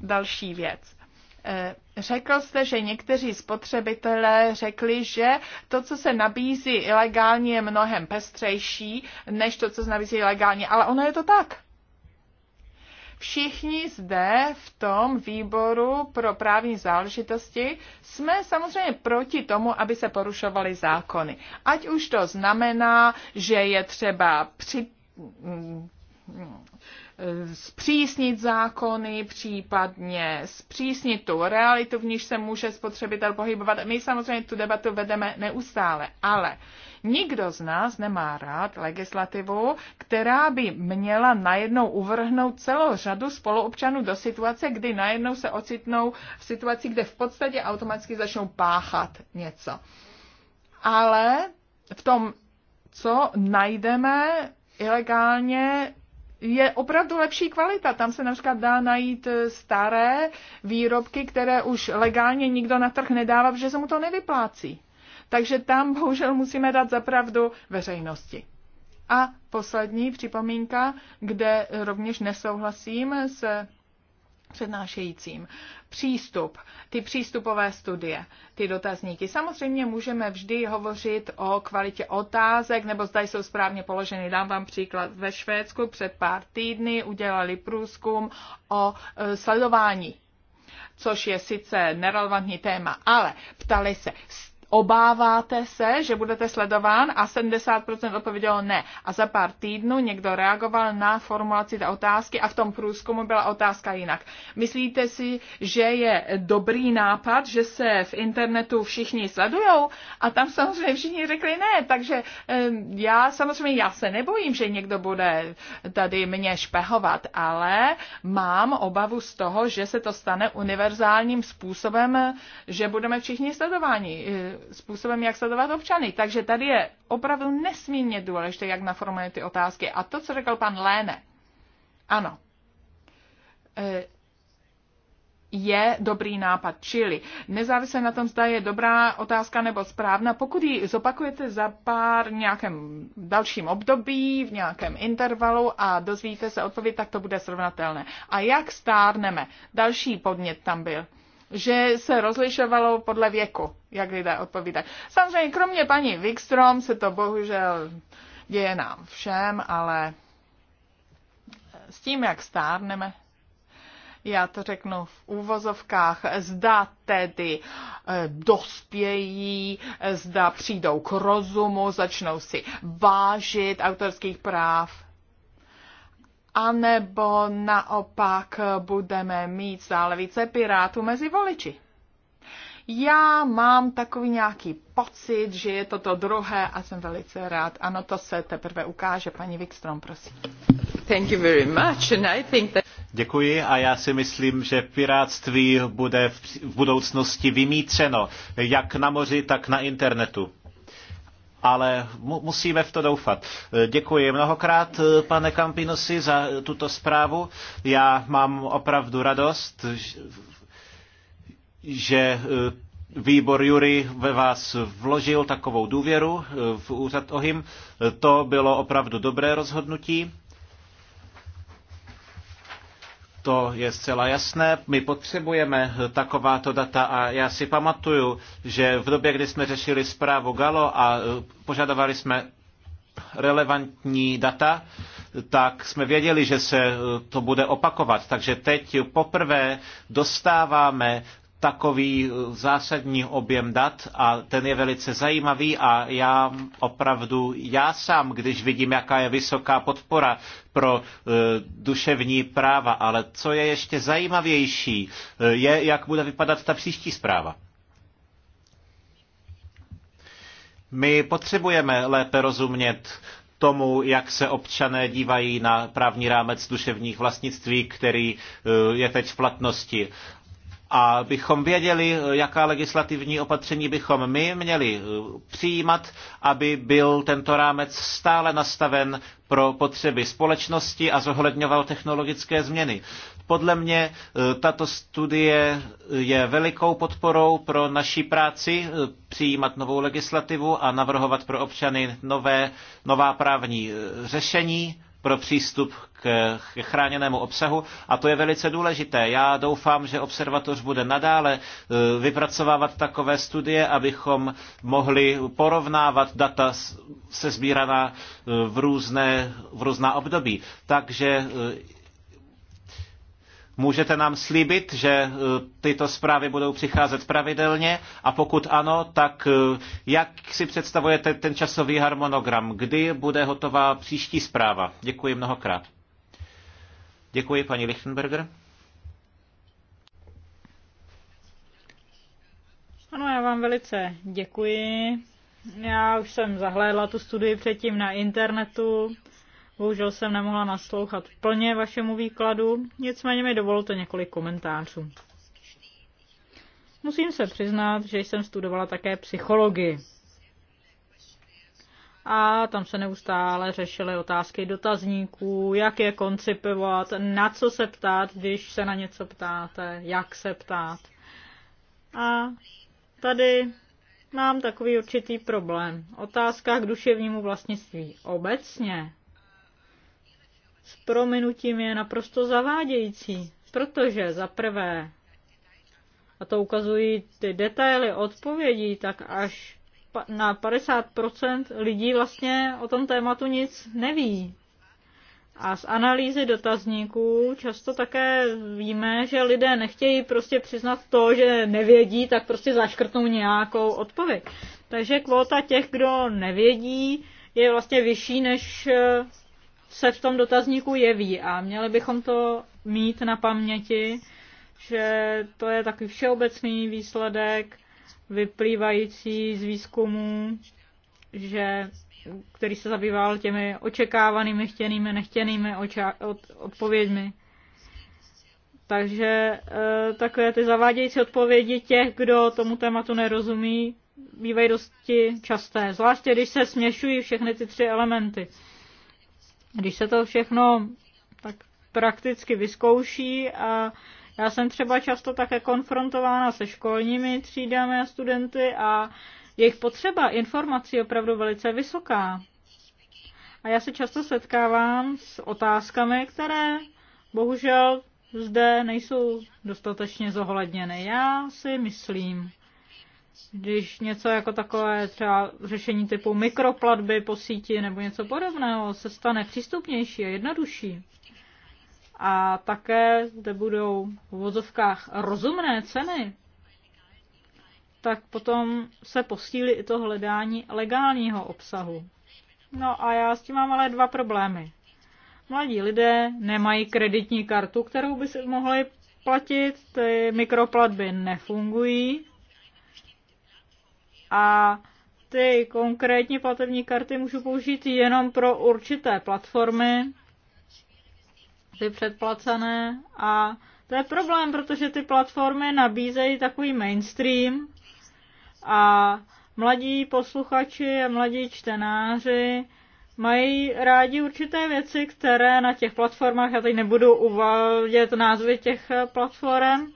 Další věc. Eh, řekl jste, že někteří spotřebitelé řekli, že to, co se nabízí ilegálně, je mnohem pestřejší, než to, co se nabízí ilegálně. Ale ono je to tak. Všichni zde v tom výboru pro právní záležitosti jsme samozřejmě proti tomu, aby se porušovaly zákony. Ať už to znamená, že je třeba při zpřísnit zákony, případně zpřísnit tu realitu, v níž se může spotřebitel pohybovat. My samozřejmě tu debatu vedeme neustále, ale nikdo z nás nemá rád legislativu, která by měla najednou uvrhnout celou řadu spoluobčanů do situace, kdy najednou se ocitnou v situaci, kde v podstatě automaticky začnou páchat něco. Ale v tom, co najdeme ilegálně, je opravdu lepší kvalita. Tam se například dá najít eh, staré výrobky, které už legálně nikdo na trh nedává, protože se mu to nevyplácí. Takže tam bohužel musíme dát zapravdu veřejnosti. A poslední připomínka, kde rovněž nesouhlasím s přednášejícím. Přístup, ty přístupové studie, ty dotazníky. Samozřejmě můžeme vždy hovořit o kvalitě otázek, nebo zda jsou správně položeny. Dám vám příklad. Ve Švédsku před pár týdny udělali průzkum o e, sledování což je sice nerelevantní téma, ale ptali se, obáváte se, že budete sledován a 70% odpovědělo ne. A za pár týdnů někdo reagoval na formulaci té otázky a v tom průzkumu byla otázka jinak. Myslíte si, že je dobrý nápad, že se v internetu všichni sledujou? A tam samozřejmě všichni řekli ne, takže já samozřejmě já se nebojím, že někdo bude tady mě špehovat, ale mám obavu z toho, že se to stane univerzálním způsobem, že budeme všichni sledováni způsobem, jak sledovat občany. Takže tady je opravdu nesmírně důležité, jak naformulovat ty otázky. A to, co řekl pan Léne, ano, e, je dobrý nápad. Čili nezávisle na tom, zda je dobrá otázka nebo správná, pokud ji zopakujete za pár nějakém dalším období, v nějakém intervalu a dozvíte se odpověď, tak to bude srovnatelné. A jak stárneme? Další podnět tam byl že se rozlišovalo podle věku, jak lidé odpovídají. Samozřejmě kromě paní Wikstrom se to bohužel děje nám všem, ale s tím, jak stárneme, já to řeknu v úvozovkách, zda tedy eh, dospějí, eh, zda přijdou k rozumu, začnou si vážit autorských práv anebo naopak budeme mít stále více pirátů mezi voliči. Já mám takový nějaký pocit, že je to to druhé a jsem velice rád. Ano, to se teprve ukáže. Paní Wikstrom, prosím. Thank you very much. And I think that... Děkuji a já si myslím, že piráctví bude v budoucnosti vymítřeno, jak na moři, tak na internetu ale mu, musíme v to doufat. Děkuji mnohokrát, pane Campinosi, za tuto zprávu. Já mám opravdu radost, že e, výbor Jury ve vás vložil takovou důvěru e, v úřad OHIM. E, to bylo opravdu dobré rozhodnutí to je zcela jasné. My potřebujeme takováto data a já si pamatuju, že v době, kdy jsme řešili zprávu Galo a e, požadovali jsme relevantní data, tak jsme věděli, že se e, to bude opakovat. Takže teď poprvé dostáváme takový eh, zásadní objem dat a ten je velice zajímavý a já opravdu, já sám, když vidím, jaká je vysoká podpora pro eh, duševní práva, ale co je ještě zajímavější, eh, je, jak bude vypadat ta příští zpráva. My potřebujeme lépe rozumět tomu, jak se občané dívají na právní rámec duševních vlastnictví, který je teď v platnosti a bychom věděli, jaká legislativní opatření bychom my měli eh, přijímat, aby byl tento rámec stále nastaven pro potřeby společnosti a zohledňoval technologické změny. Podle mě eh, tato studie eh, je velikou podporou pro naší práci přijímat novou legislativu a navrhovat pro občany nové, nová právní řešení pro přístup k chráněnému obsahu a to je velice důležité. Já doufám, že observatoř bude nadále e, vypracovávat takové studie, abychom mohli porovnávat data se sbíraná e, v, různé, v různá období. Takže e, Můžete nám slíbit, že eh, tyto zprávy budou přicházet pravidelně a pokud ano, tak eh, jak si představujete ten časový harmonogram? Kdy bude hotová příští zpráva? Děkuji mnohokrát. Děkuji, paní Lichtenberger. Ano, já vám velice děkuji. Já už jsem zahlédla tu studii předtím na internetu Bohužel jsem nemohla naslouchat plně vašemu výkladu, nicméně mi dovolte několik komentářů. Musím se přiznat, že jsem studovala také psychologii. A tam se neustále řešily otázky dotazníků, jak je koncipovat, na co se ptát, když se na něco ptáte, jak se ptát. A tady mám takový určitý problém. Otázka k duševnímu vlastnictví obecně s prominutím je naprosto zavádějící, protože za prvé, a to ukazují ty detaily odpovědí, tak až na 50% lidí vlastně o tom tématu nic neví. A z analýzy dotazníků často také víme, že lidé nechtějí prostě přiznat to, že nevědí, tak prostě zaškrtnou nějakou odpověď. Takže kvóta těch, kdo nevědí, je vlastně vyšší než se v tom dotazníku jeví a měli bychom to mít na paměti, že to je taky všeobecný výsledek vyplývající z výzkumu, že, který se zabýval těmi očekávanými, chtěnými, nechtěnými oča- od- odpověďmi. Takže e, takové ty zavádějící odpovědi těch, kdo tomu tématu nerozumí, bývají dosti časté, zvláště když se směšují všechny ty tři elementy. Když se to všechno tak prakticky vyzkouší a já jsem třeba často také konfrontována se školními třídami a studenty a jejich potřeba informací je opravdu velice vysoká. A já se často setkávám s otázkami, které bohužel zde nejsou dostatečně zohledněny. Já si myslím, když něco jako takové třeba řešení typu mikroplatby po síti nebo něco podobného se stane přístupnější a jednodušší. A také zde budou v vozovkách rozumné ceny, tak potom se posílí i to hledání legálního obsahu. No a já s tím mám ale dva problémy. Mladí lidé nemají kreditní kartu, kterou by si mohli platit, ty mikroplatby nefungují, a ty konkrétní platební karty můžu použít jenom pro určité platformy, ty předplacené a to je problém, protože ty platformy nabízejí takový mainstream a mladí posluchači a mladí čtenáři mají rádi určité věci, které na těch platformách, já teď nebudu uvádět názvy těch platform,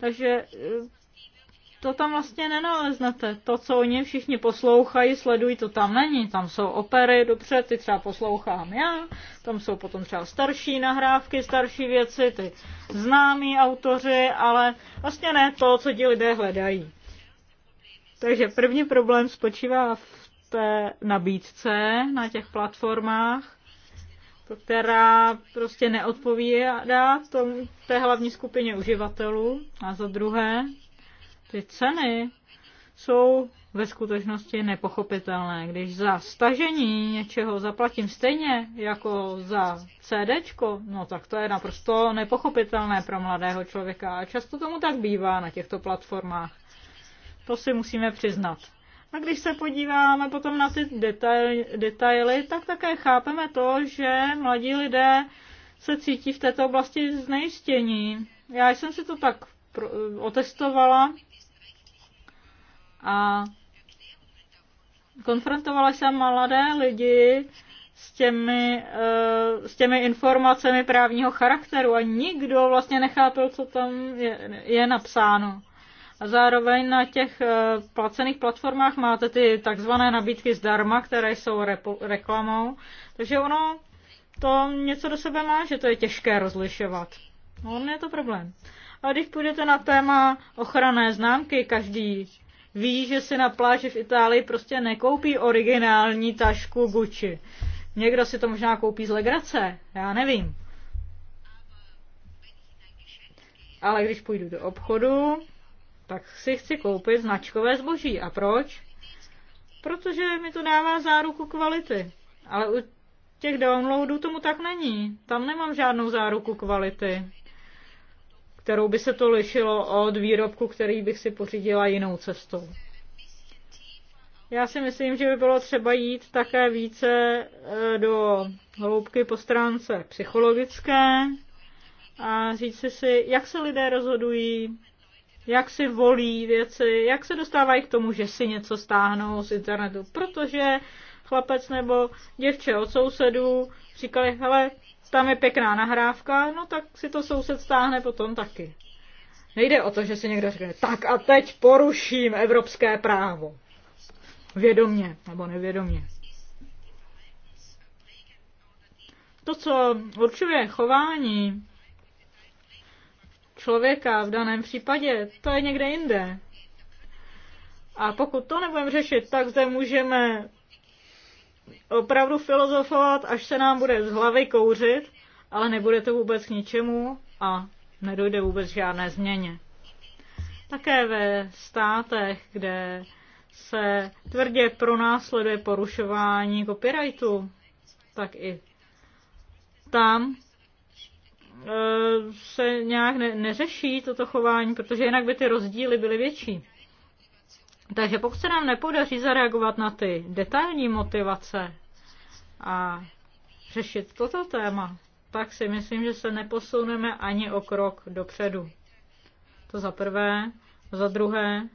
takže to tam vlastně nenaleznete. To, co oni všichni poslouchají, sledují, to tam není. Tam jsou opery, dobře, ty třeba poslouchám já, tam jsou potom třeba starší nahrávky, starší věci, ty známí autoři, ale vlastně ne to, co ti lidé hledají. Takže první problém spočívá v té nabídce na těch platformách, která prostě neodpovídá tom té hlavní skupině uživatelů. A za druhé, ty ceny jsou ve skutečnosti nepochopitelné. Když za stažení něčeho zaplatím stejně jako za CD, no tak to je naprosto nepochopitelné pro mladého člověka. A často tomu tak bývá na těchto platformách. To si musíme přiznat. A když se podíváme potom na ty detaily, detaily tak také chápeme to, že mladí lidé se cítí v této oblasti znejistění. Já jsem si to tak otestovala, a konfrontovala jsem mladé lidi s těmi, eh, s těmi informacemi právního charakteru a nikdo vlastně nechápil, co tam je, je napsáno. A zároveň na těch eh, placených platformách máte ty takzvané nabídky zdarma, které jsou repo, reklamou. Takže ono to něco do sebe má, že to je těžké rozlišovat. No, on je to problém. A když půjdete na téma ochranné známky, každý ví, že si na pláži v Itálii prostě nekoupí originální tašku Gucci. Někdo si to možná koupí z legrace, já nevím. Ale když půjdu do obchodu, tak si chci koupit značkové zboží. A proč? Protože mi to dává záruku kvality. Ale u těch downloadů tomu tak není. Tam nemám žádnou záruku kvality kterou by se to lišilo od výrobku, který bych si pořídila jinou cestou. Já si myslím, že by bylo třeba jít také více eh, do hloubky po stránce psychologické a říct si, jak se lidé rozhodují, jak si volí věci, jak se dostávají k tomu, že si něco stáhnou z internetu. Protože chlapec nebo děvče od sousedů říkali, hele, tam je pěkná nahrávka, no tak si to soused stáhne potom taky. Nejde o to, že si někdo řekne, tak a teď poruším evropské právo. Vědomně nebo nevědomně. To, co určuje chování člověka v daném případě, to je někde jinde. A pokud to nebudeme řešit, tak zde můžeme opravdu filozofovat, až se nám bude z hlavy kouřit, ale nebude to vůbec k ničemu a nedojde vůbec žádné změně. Také ve státech, kde se tvrdě pronásleduje porušování copyrightu, tak i tam e, se nějak neřeší toto chování, protože jinak by ty rozdíly byly větší. Takže pokud se nám nepodaří zareagovat na ty detailní motivace a řešit toto téma, tak si myslím, že se neposuneme ani o krok dopředu. To za prvé. Za druhé,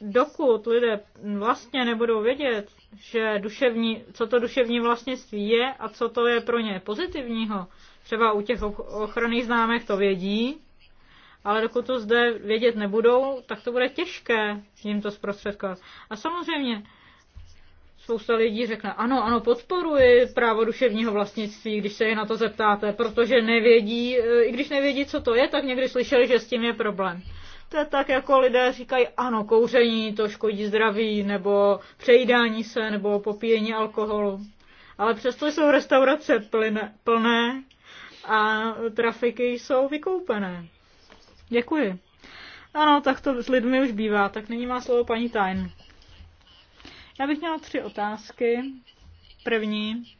dokud lidé vlastně nebudou vědět, že duševní, co to duševní vlastnictví je a co to je pro ně pozitivního, třeba u těch ochranných známek to vědí, ale dokud to zde vědět nebudou, tak to bude těžké jim to zprostředkovat. A samozřejmě spousta lidí řekne, ano, ano, podporuji právo duševního vlastnictví, když se je na to zeptáte, protože nevědí, e, i když nevědí, co to je, tak někdy slyšeli, že s tím je problém. To je tak, jako lidé říkají, ano, kouření to škodí zdraví, nebo přejídání se, nebo popíjení alkoholu. Ale přesto jsou restaurace plné a trafiky jsou vykoupené. Děkuji. Ano, tak to s lidmi už bývá, tak nyní má slovo paní Tajn. Já bych měla tři otázky. První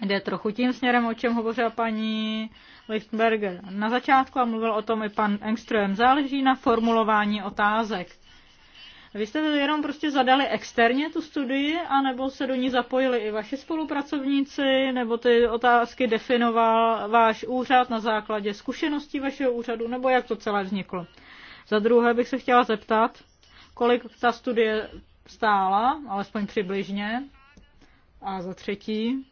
jde trochu tím směrem, o čem hovořila paní Lichtenberger. Na začátku a mluvil o tom i pan Engström. Záleží na formulování otázek. Vy jste jenom prostě zadali externě tu studii, anebo se do ní zapojili i vaši spolupracovníci, nebo ty otázky definoval váš úřad na základě zkušeností vašeho úřadu, nebo jak to celé vzniklo? Za druhé bych se chtěla zeptat, kolik ta studie stála, alespoň přibližně. A za třetí,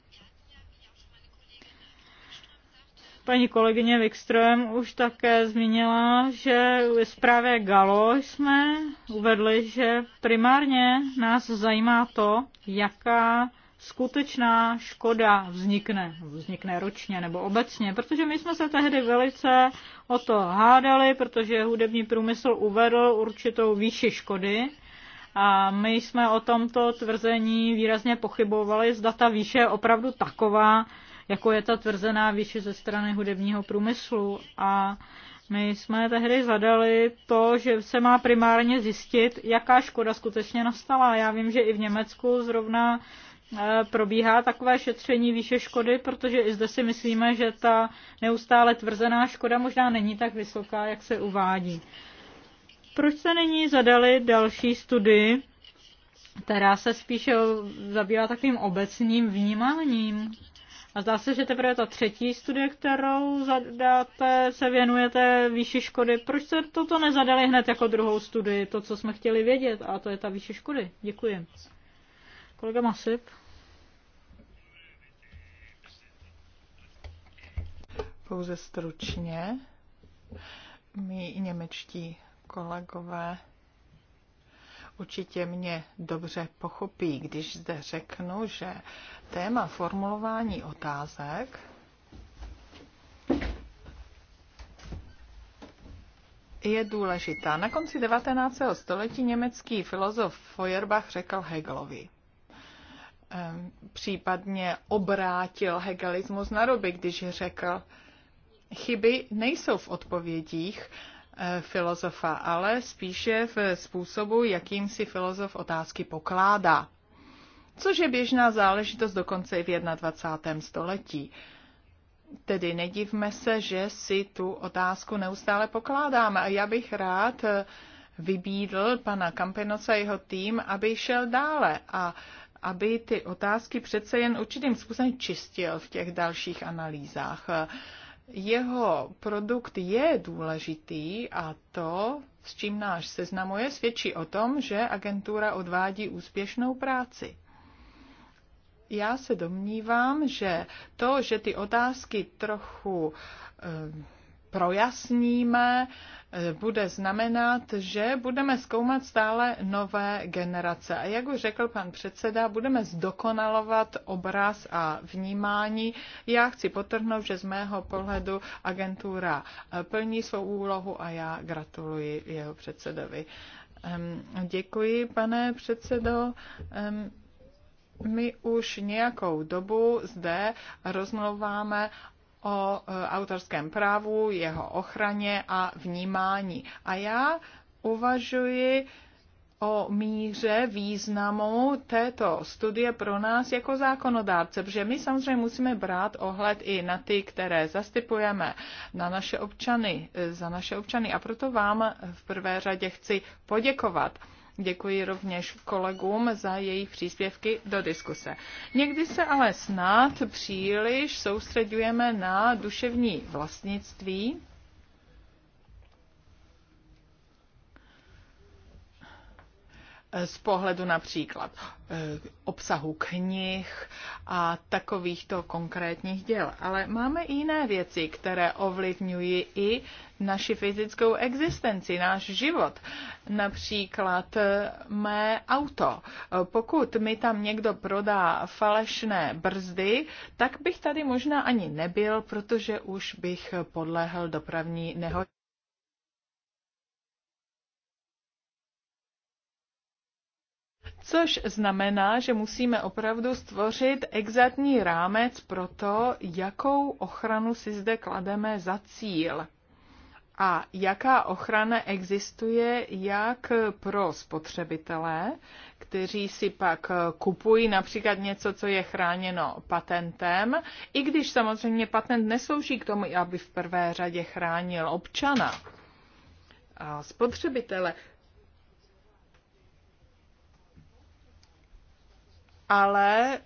Paní kolegyně Wikström už také zmínila, že ve zprávě Galo jsme uvedli, že primárně nás zajímá to, jaká skutečná škoda vznikne, vznikne ročně nebo obecně, protože my jsme se tehdy velice o to hádali, protože hudební průmysl uvedl určitou výši škody a my jsme o tomto tvrzení výrazně pochybovali, zda ta výše je opravdu taková, jako je ta tvrzená výše ze strany hudebního průmyslu. A my jsme tehdy zadali to, že se má primárně zjistit, jaká škoda skutečně nastala. Já vím, že i v Německu zrovna e, probíhá takové šetření výše škody, protože i zde si myslíme, že ta neustále tvrzená škoda možná není tak vysoká, jak se uvádí. Proč se nyní zadali další studii, která se spíše zabývá takovým obecným vnímáním a zdá se, že teprve ta třetí studie, kterou zadáte, se věnujete výši škody. Proč jste toto nezadali hned jako druhou studii, to, co jsme chtěli vědět, a to je ta výše škody? Děkuji. Kolega Masip. Pouze stručně. i němečtí kolegové určitě mě dobře pochopí, když zde řeknu, že téma formulování otázek je důležitá. Na konci 19. století německý filozof Feuerbach řekl Hegelovi. Ehm, případně obrátil hegelismus na ruby, když řekl, chyby nejsou v odpovědích, Eh, filozofa, ale spíše v způsobu, jakým si filozof otázky pokládá. Což je běžná záležitost dokonce i v 21. století. Tedy nedivme se, že si tu otázku neustále pokládáme. A já bych rád eh, vybídl pana Kampenosa a jeho tým, aby šel dále a aby ty otázky přece jen určitým způsobem čistil v těch dalších analýzách jeho produkt je důležitý a to, s čím náš seznamuje, svědčí o tom, že agentura odvádí úspěšnou práci. Já se domnívám, že to, že ty otázky trochu eh, projasníme, eh, bude znamenat, že budeme zkoumat stále nové generace. A jak už řekl pan předseda, budeme zdokonalovat obraz a vnímání. Já chci potrhnout, že z mého pohledu agentura eh, plní svou úlohu a já gratuluji jeho předsedovi. Děkuji, pane předsedo. My už nějakou dobu zde rozmluváme o e, autorském právu, jeho ochraně a vnímání. A já uvažuji o míře významu této studie pro nás jako zákonodárce, protože my samozřejmě musíme brát ohled i na ty, které zastupujeme, na naše občany, e, za naše občany. A proto vám v prvé řadě chci poděkovat Děkuji rovněž kolegům za jejich příspěvky do diskuse. Někdy se ale snad příliš soustředujeme na duševní vlastnictví z pohledu například eh, obsahu knih a takovýchto konkrétních děl. Ale máme i jiné věci, které ovlivňují i naši fyzickou existenci, náš život. Například eh, mé auto. Eh, pokud mi tam někdo prodá falešné brzdy, tak bych tady možná ani nebyl, protože už bych podlehl dopravní nehodě. Což znamená, že musíme opravdu stvořit exaktní rámec pro to, jakou ochranu si zde klademe za cíl a jaká ochrana existuje jak pro spotřebitele, kteří si pak kupují například něco, co je chráněno patentem, i když samozřejmě patent neslouží k tomu, aby v prvé řadě chránil občana a spotřebitele, ale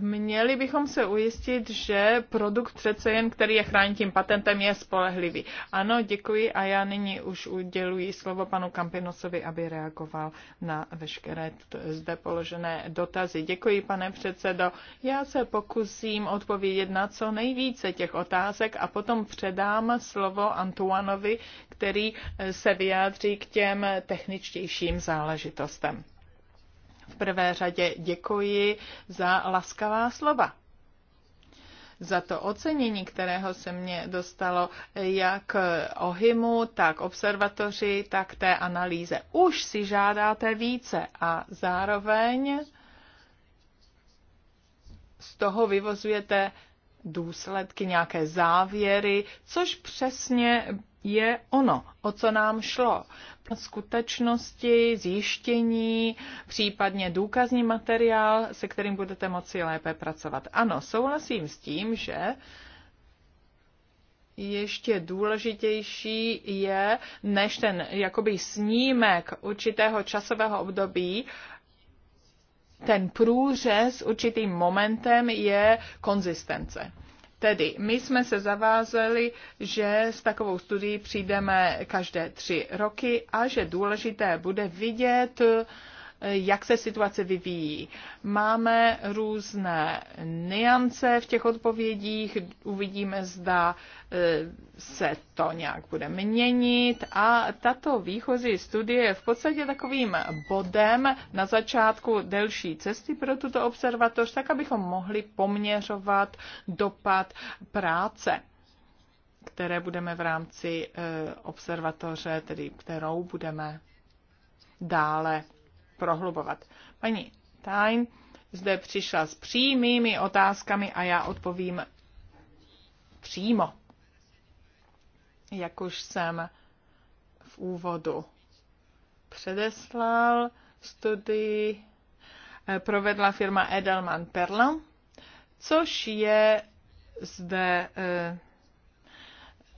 Měli bychom se ujistit, že produkt přece jen, který je chráněn tím patentem, je spolehlivý. Ano, děkuji a já nyní už uděluji slovo panu Kampinosovi, aby reagoval na veškeré zde položené dotazy. Děkuji, pane předsedo. Já se pokusím odpovědět na co nejvíce těch otázek a potom předám slovo Antuanovi, který se vyjádří k těm techničtějším záležitostem. V prvé řadě děkuji za laskavá slova za to ocenění, kterého se mě dostalo jak ohymu, tak observatoři, tak té analýze. Už si žádáte více a zároveň z toho vyvozujete důsledky, nějaké závěry, což přesně je ono, o co nám šlo skutečnosti, zjištění, případně důkazní materiál, se kterým budete moci lépe pracovat. Ano, souhlasím s tím, že ještě důležitější je, než ten jakoby snímek určitého časového období, ten průřez určitým momentem je konzistence. Tedy my jsme se zavázeli, že s takovou studií přijdeme každé tři roky a že důležité bude vidět, jak se situace vyvíjí. Máme různé niance v těch odpovědích, uvidíme, zda e, se to nějak bude měnit a tato výchozí studie je v podstatě takovým bodem na začátku delší cesty pro tuto observatoř, tak abychom mohli poměřovat dopad práce které budeme v rámci e, observatoře, tedy kterou budeme dále prohlubovat. Paní Tain zde přišla s přímými otázkami a já odpovím přímo. Jak už jsem v úvodu předeslal, studii eh, provedla firma Edelman Perlin, což je zde eh,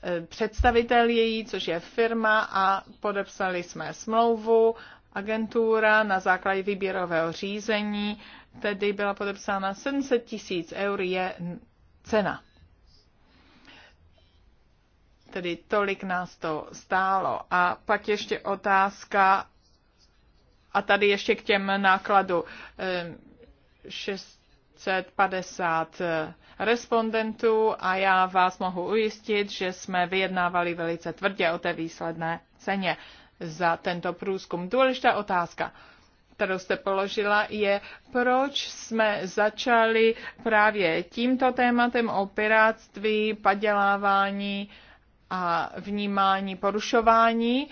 eh, představitel její, což je firma a podepsali jsme smlouvu agentura na základě výběrového řízení, tedy byla podepsána 700 tisíc eur je cena. Tedy tolik nás to stálo. A pak ještě otázka, a tady ještě k těm nákladu 650 eh, eh, respondentů a já vás mohu ujistit, že jsme vyjednávali velice tvrdě o té výsledné ceně za tento průzkum. Důležitá otázka kterou jste položila, je, proč jsme začali právě tímto tématem o pirátství, padělávání a vnímání porušování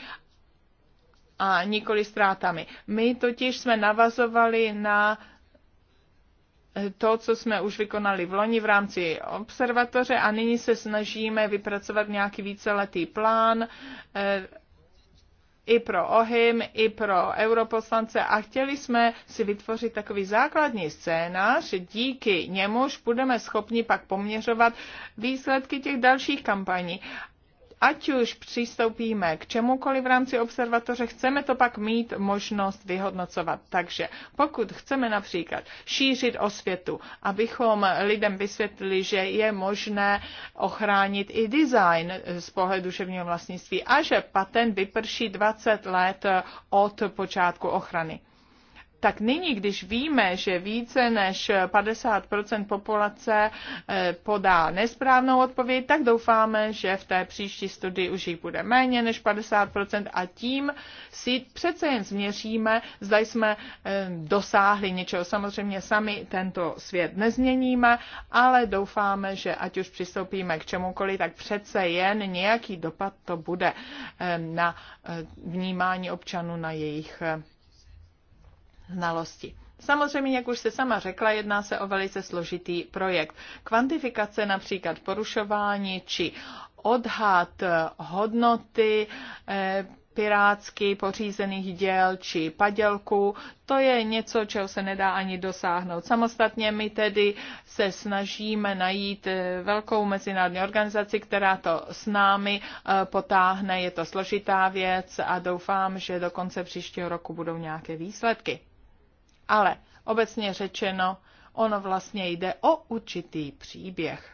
a nikoli ztrátami. My totiž jsme navazovali na to, co jsme už vykonali v loni v rámci observatoře a nyní se snažíme vypracovat nějaký víceletý plán, eh, i pro OHIM, i pro europoslance a chtěli jsme si vytvořit takový základní scénář, díky němuž budeme schopni pak poměřovat výsledky těch dalších kampaní ať už přistoupíme k čemukoliv v rámci observatoře, chceme to pak mít možnost vyhodnocovat. Takže pokud chceme například šířit osvětu, abychom lidem vysvětlili, že je možné ochránit i design z pohledu duševního vlastnictví a že patent vyprší 20 let od počátku ochrany tak nyní, když víme, že více než 50 populace eh, podá nesprávnou odpověď, tak doufáme, že v té příští studii už jich bude méně než 50 a tím si přece jen změříme, zda jsme eh, dosáhli něčeho. Samozřejmě sami tento svět nezměníme, ale doufáme, že ať už přistoupíme k čemukoliv, tak přece jen nějaký dopad to bude eh, na vnímání občanů, na jejich znalosti. Samozřejmě, jak už se sama řekla, jedná se o velice složitý projekt. Kvantifikace například porušování či odhad hodnoty eh, pirátsky pořízených děl či padělků, to je něco, čeho se nedá ani dosáhnout. Samostatně my tedy se snažíme najít eh, velkou mezinárodní organizaci, která to s námi eh, potáhne. Je to složitá věc a doufám, že do konce příštího roku budou nějaké výsledky. Ale obecně řečeno, ono vlastně jde o určitý příběh.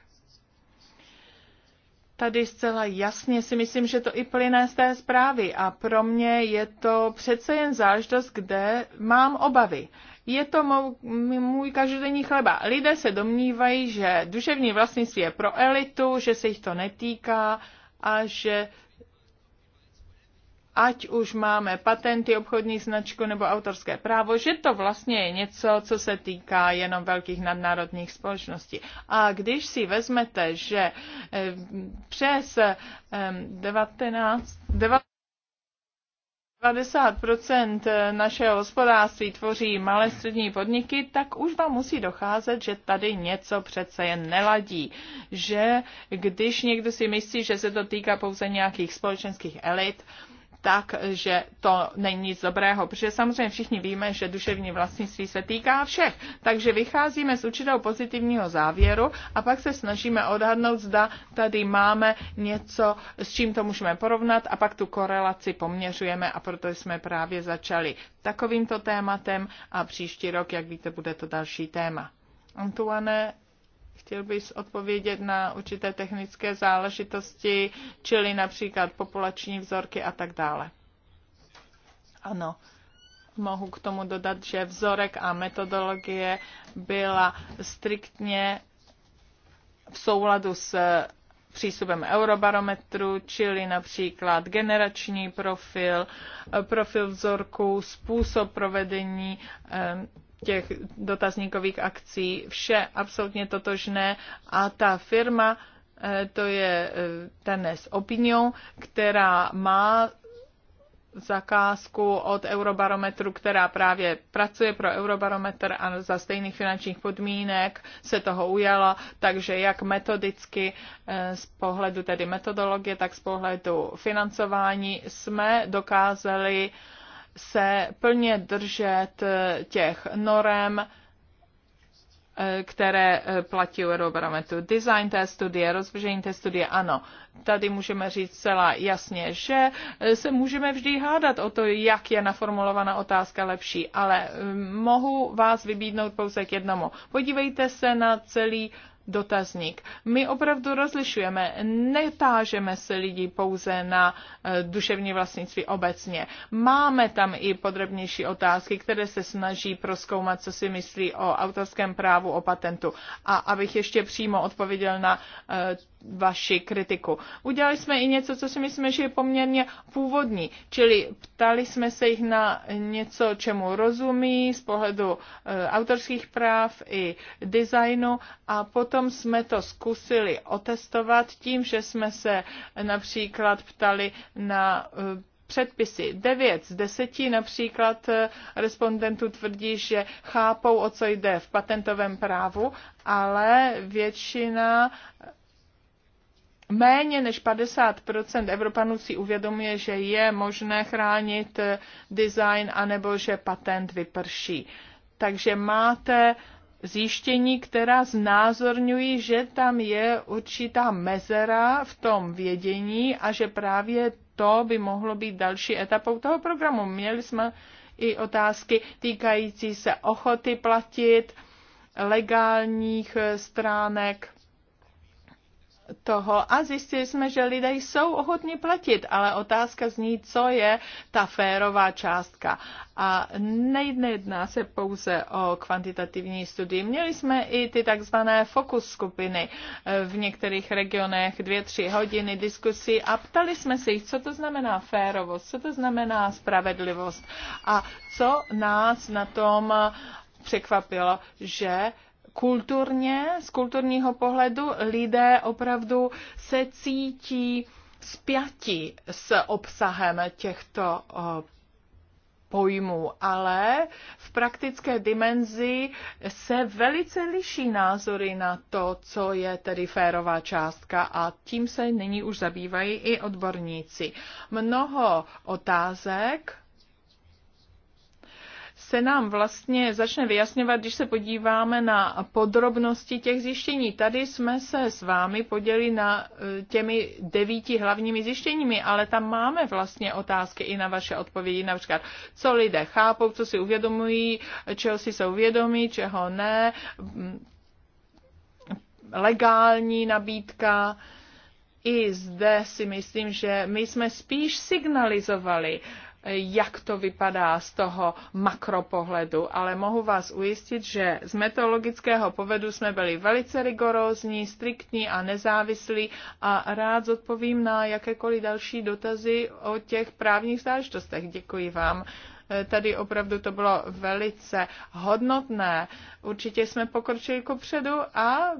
Tady zcela jasně si myslím, že to i plyné z té zprávy a pro mě je to přece jen záležitost, kde mám obavy. Je to mou, můj každodenní chleba. Lidé se domnívají, že duševní vlastnictví je pro elitu, že se jich to netýká a že ať už máme patenty, obchodní značku nebo autorské právo, že to vlastně je něco, co se týká jenom velkých nadnárodních společností. A když si vezmete, že eh, přes 19, eh, 90 eh, našeho hospodářství tvoří malé střední podniky, tak už vám musí docházet, že tady něco přece jen neladí. Že když někdo si myslí, že se to týká pouze nějakých společenských elit, tak, že to není nic dobrého, protože samozřejmě všichni víme, že duševní vlastnictví se týká všech. Takže vycházíme z určitého pozitivního závěru a pak se snažíme odhadnout, zda tady máme něco, s čím to můžeme porovnat a pak tu korelaci poměřujeme a proto jsme právě začali takovýmto tématem a příští rok, jak víte, bude to další téma. Antoine, chtěl bych odpovědět na určité technické záležitosti, čili například populační vzorky a tak dále. Ano, mohu k tomu dodat, že vzorek a metodologie byla striktně v souladu s přístupem eurobarometru, čili například generační profil, profil vzorku, způsob provedení eh, těch dotazníkových akcí vše absolutně totožné a ta firma, eh, to je eh, s Opinion, která má zakázku od Eurobarometru, která právě pracuje pro Eurobarometr a za stejných finančních podmínek se toho ujala, takže jak metodicky eh, z pohledu tedy metodologie, tak z pohledu financování jsme dokázali uh, se plně držet eh, těch norem, eh, které eh, platí Eurobarometru. Design té studie, rozvržení té studie, ano. Tady můžeme říct celá jasně, že se můžeme vždy hádat o to, jak je naformulovaná otázka lepší, ale mohu vás vybídnout pouze k jednomu. Podívejte se na celý dotazník. My opravdu rozlišujeme, netážeme se lidí pouze na eh, duševní vlastnictví obecně. Máme tam i podrobnější otázky, které se snaží proskoumat, co si myslí o autorském právu, o patentu. A abych ještě přímo odpověděl na eh, vaši kritiku. Udělali jsme i něco, co si myslíme, že je poměrně původní, čili ptali jsme se jich na něco, čemu rozumí z pohledu eh, autorských práv i designu a potom jsme to zkusili otestovat tím, že jsme se například ptali na eh, předpisy. 9 z 10 například eh, respondentů tvrdí, že chápou, o co jde v patentovém právu, ale většina méně než 50 Evropanů si uvědomuje, že je možné chránit design anebo že patent vyprší. Takže máte zjištění, která znázorňují, že tam je určitá mezera v tom vědění a že právě to by mohlo být další etapou toho programu. Měli jsme i otázky týkající se ochoty platit, legálních stránek toho a zjistili jsme, že lidé jsou ochotni platit, ale otázka zní, co je ta férová částka. A nejedná se pouze o kvantitativní studii. Měli jsme i ty takzvané fokus skupiny v některých regionech, dvě, tři hodiny diskusí a ptali jsme se jich, co to znamená férovost, co to znamená spravedlivost a co nás na tom překvapilo, že kulturně, z kulturního pohledu lidé opravdu se cítí zpěti s obsahem těchto pojmů, ale v praktické dimenzi se velice liší názory na to, co je tedy férová částka a tím se nyní už zabývají i odborníci. Mnoho otázek se nám vlastně začne vyjasňovat, když se podíváme na podrobnosti těch zjištění. Tady jsme se s vámi podělili na e, těmi devíti hlavními zjištěními, ale tam máme vlastně otázky i na vaše odpovědi, například co lidé chápou, co si uvědomují, čeho si jsou vědomí, čeho ne, mm, legální nabídka, i zde si myslím, že my jsme spíš signalizovali jak to vypadá z toho makropohledu, ale mohu vás ujistit, že z meteorologického povedu jsme byli velice rigorózní, striktní a nezávislí a rád zodpovím na jakékoliv další dotazy o těch právních záležitostech. Děkuji vám Eh, tady opravdu to bylo velice hodnotné. Určitě jsme pokročili ku předu a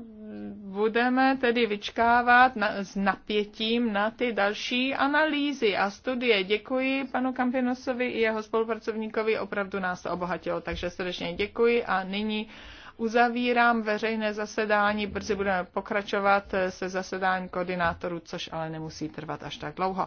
budeme tedy vyčkávat na, s napětím na ty další analýzy a studie. Děkuji panu Kampinosovi i jeho spolupracovníkovi, opravdu nás to obohatilo, takže srdečně děkuji a nyní uzavírám veřejné zasedání, brzy budeme pokračovat eh, se zasedáním koordinátorů, což ale nemusí trvat až tak dlouho.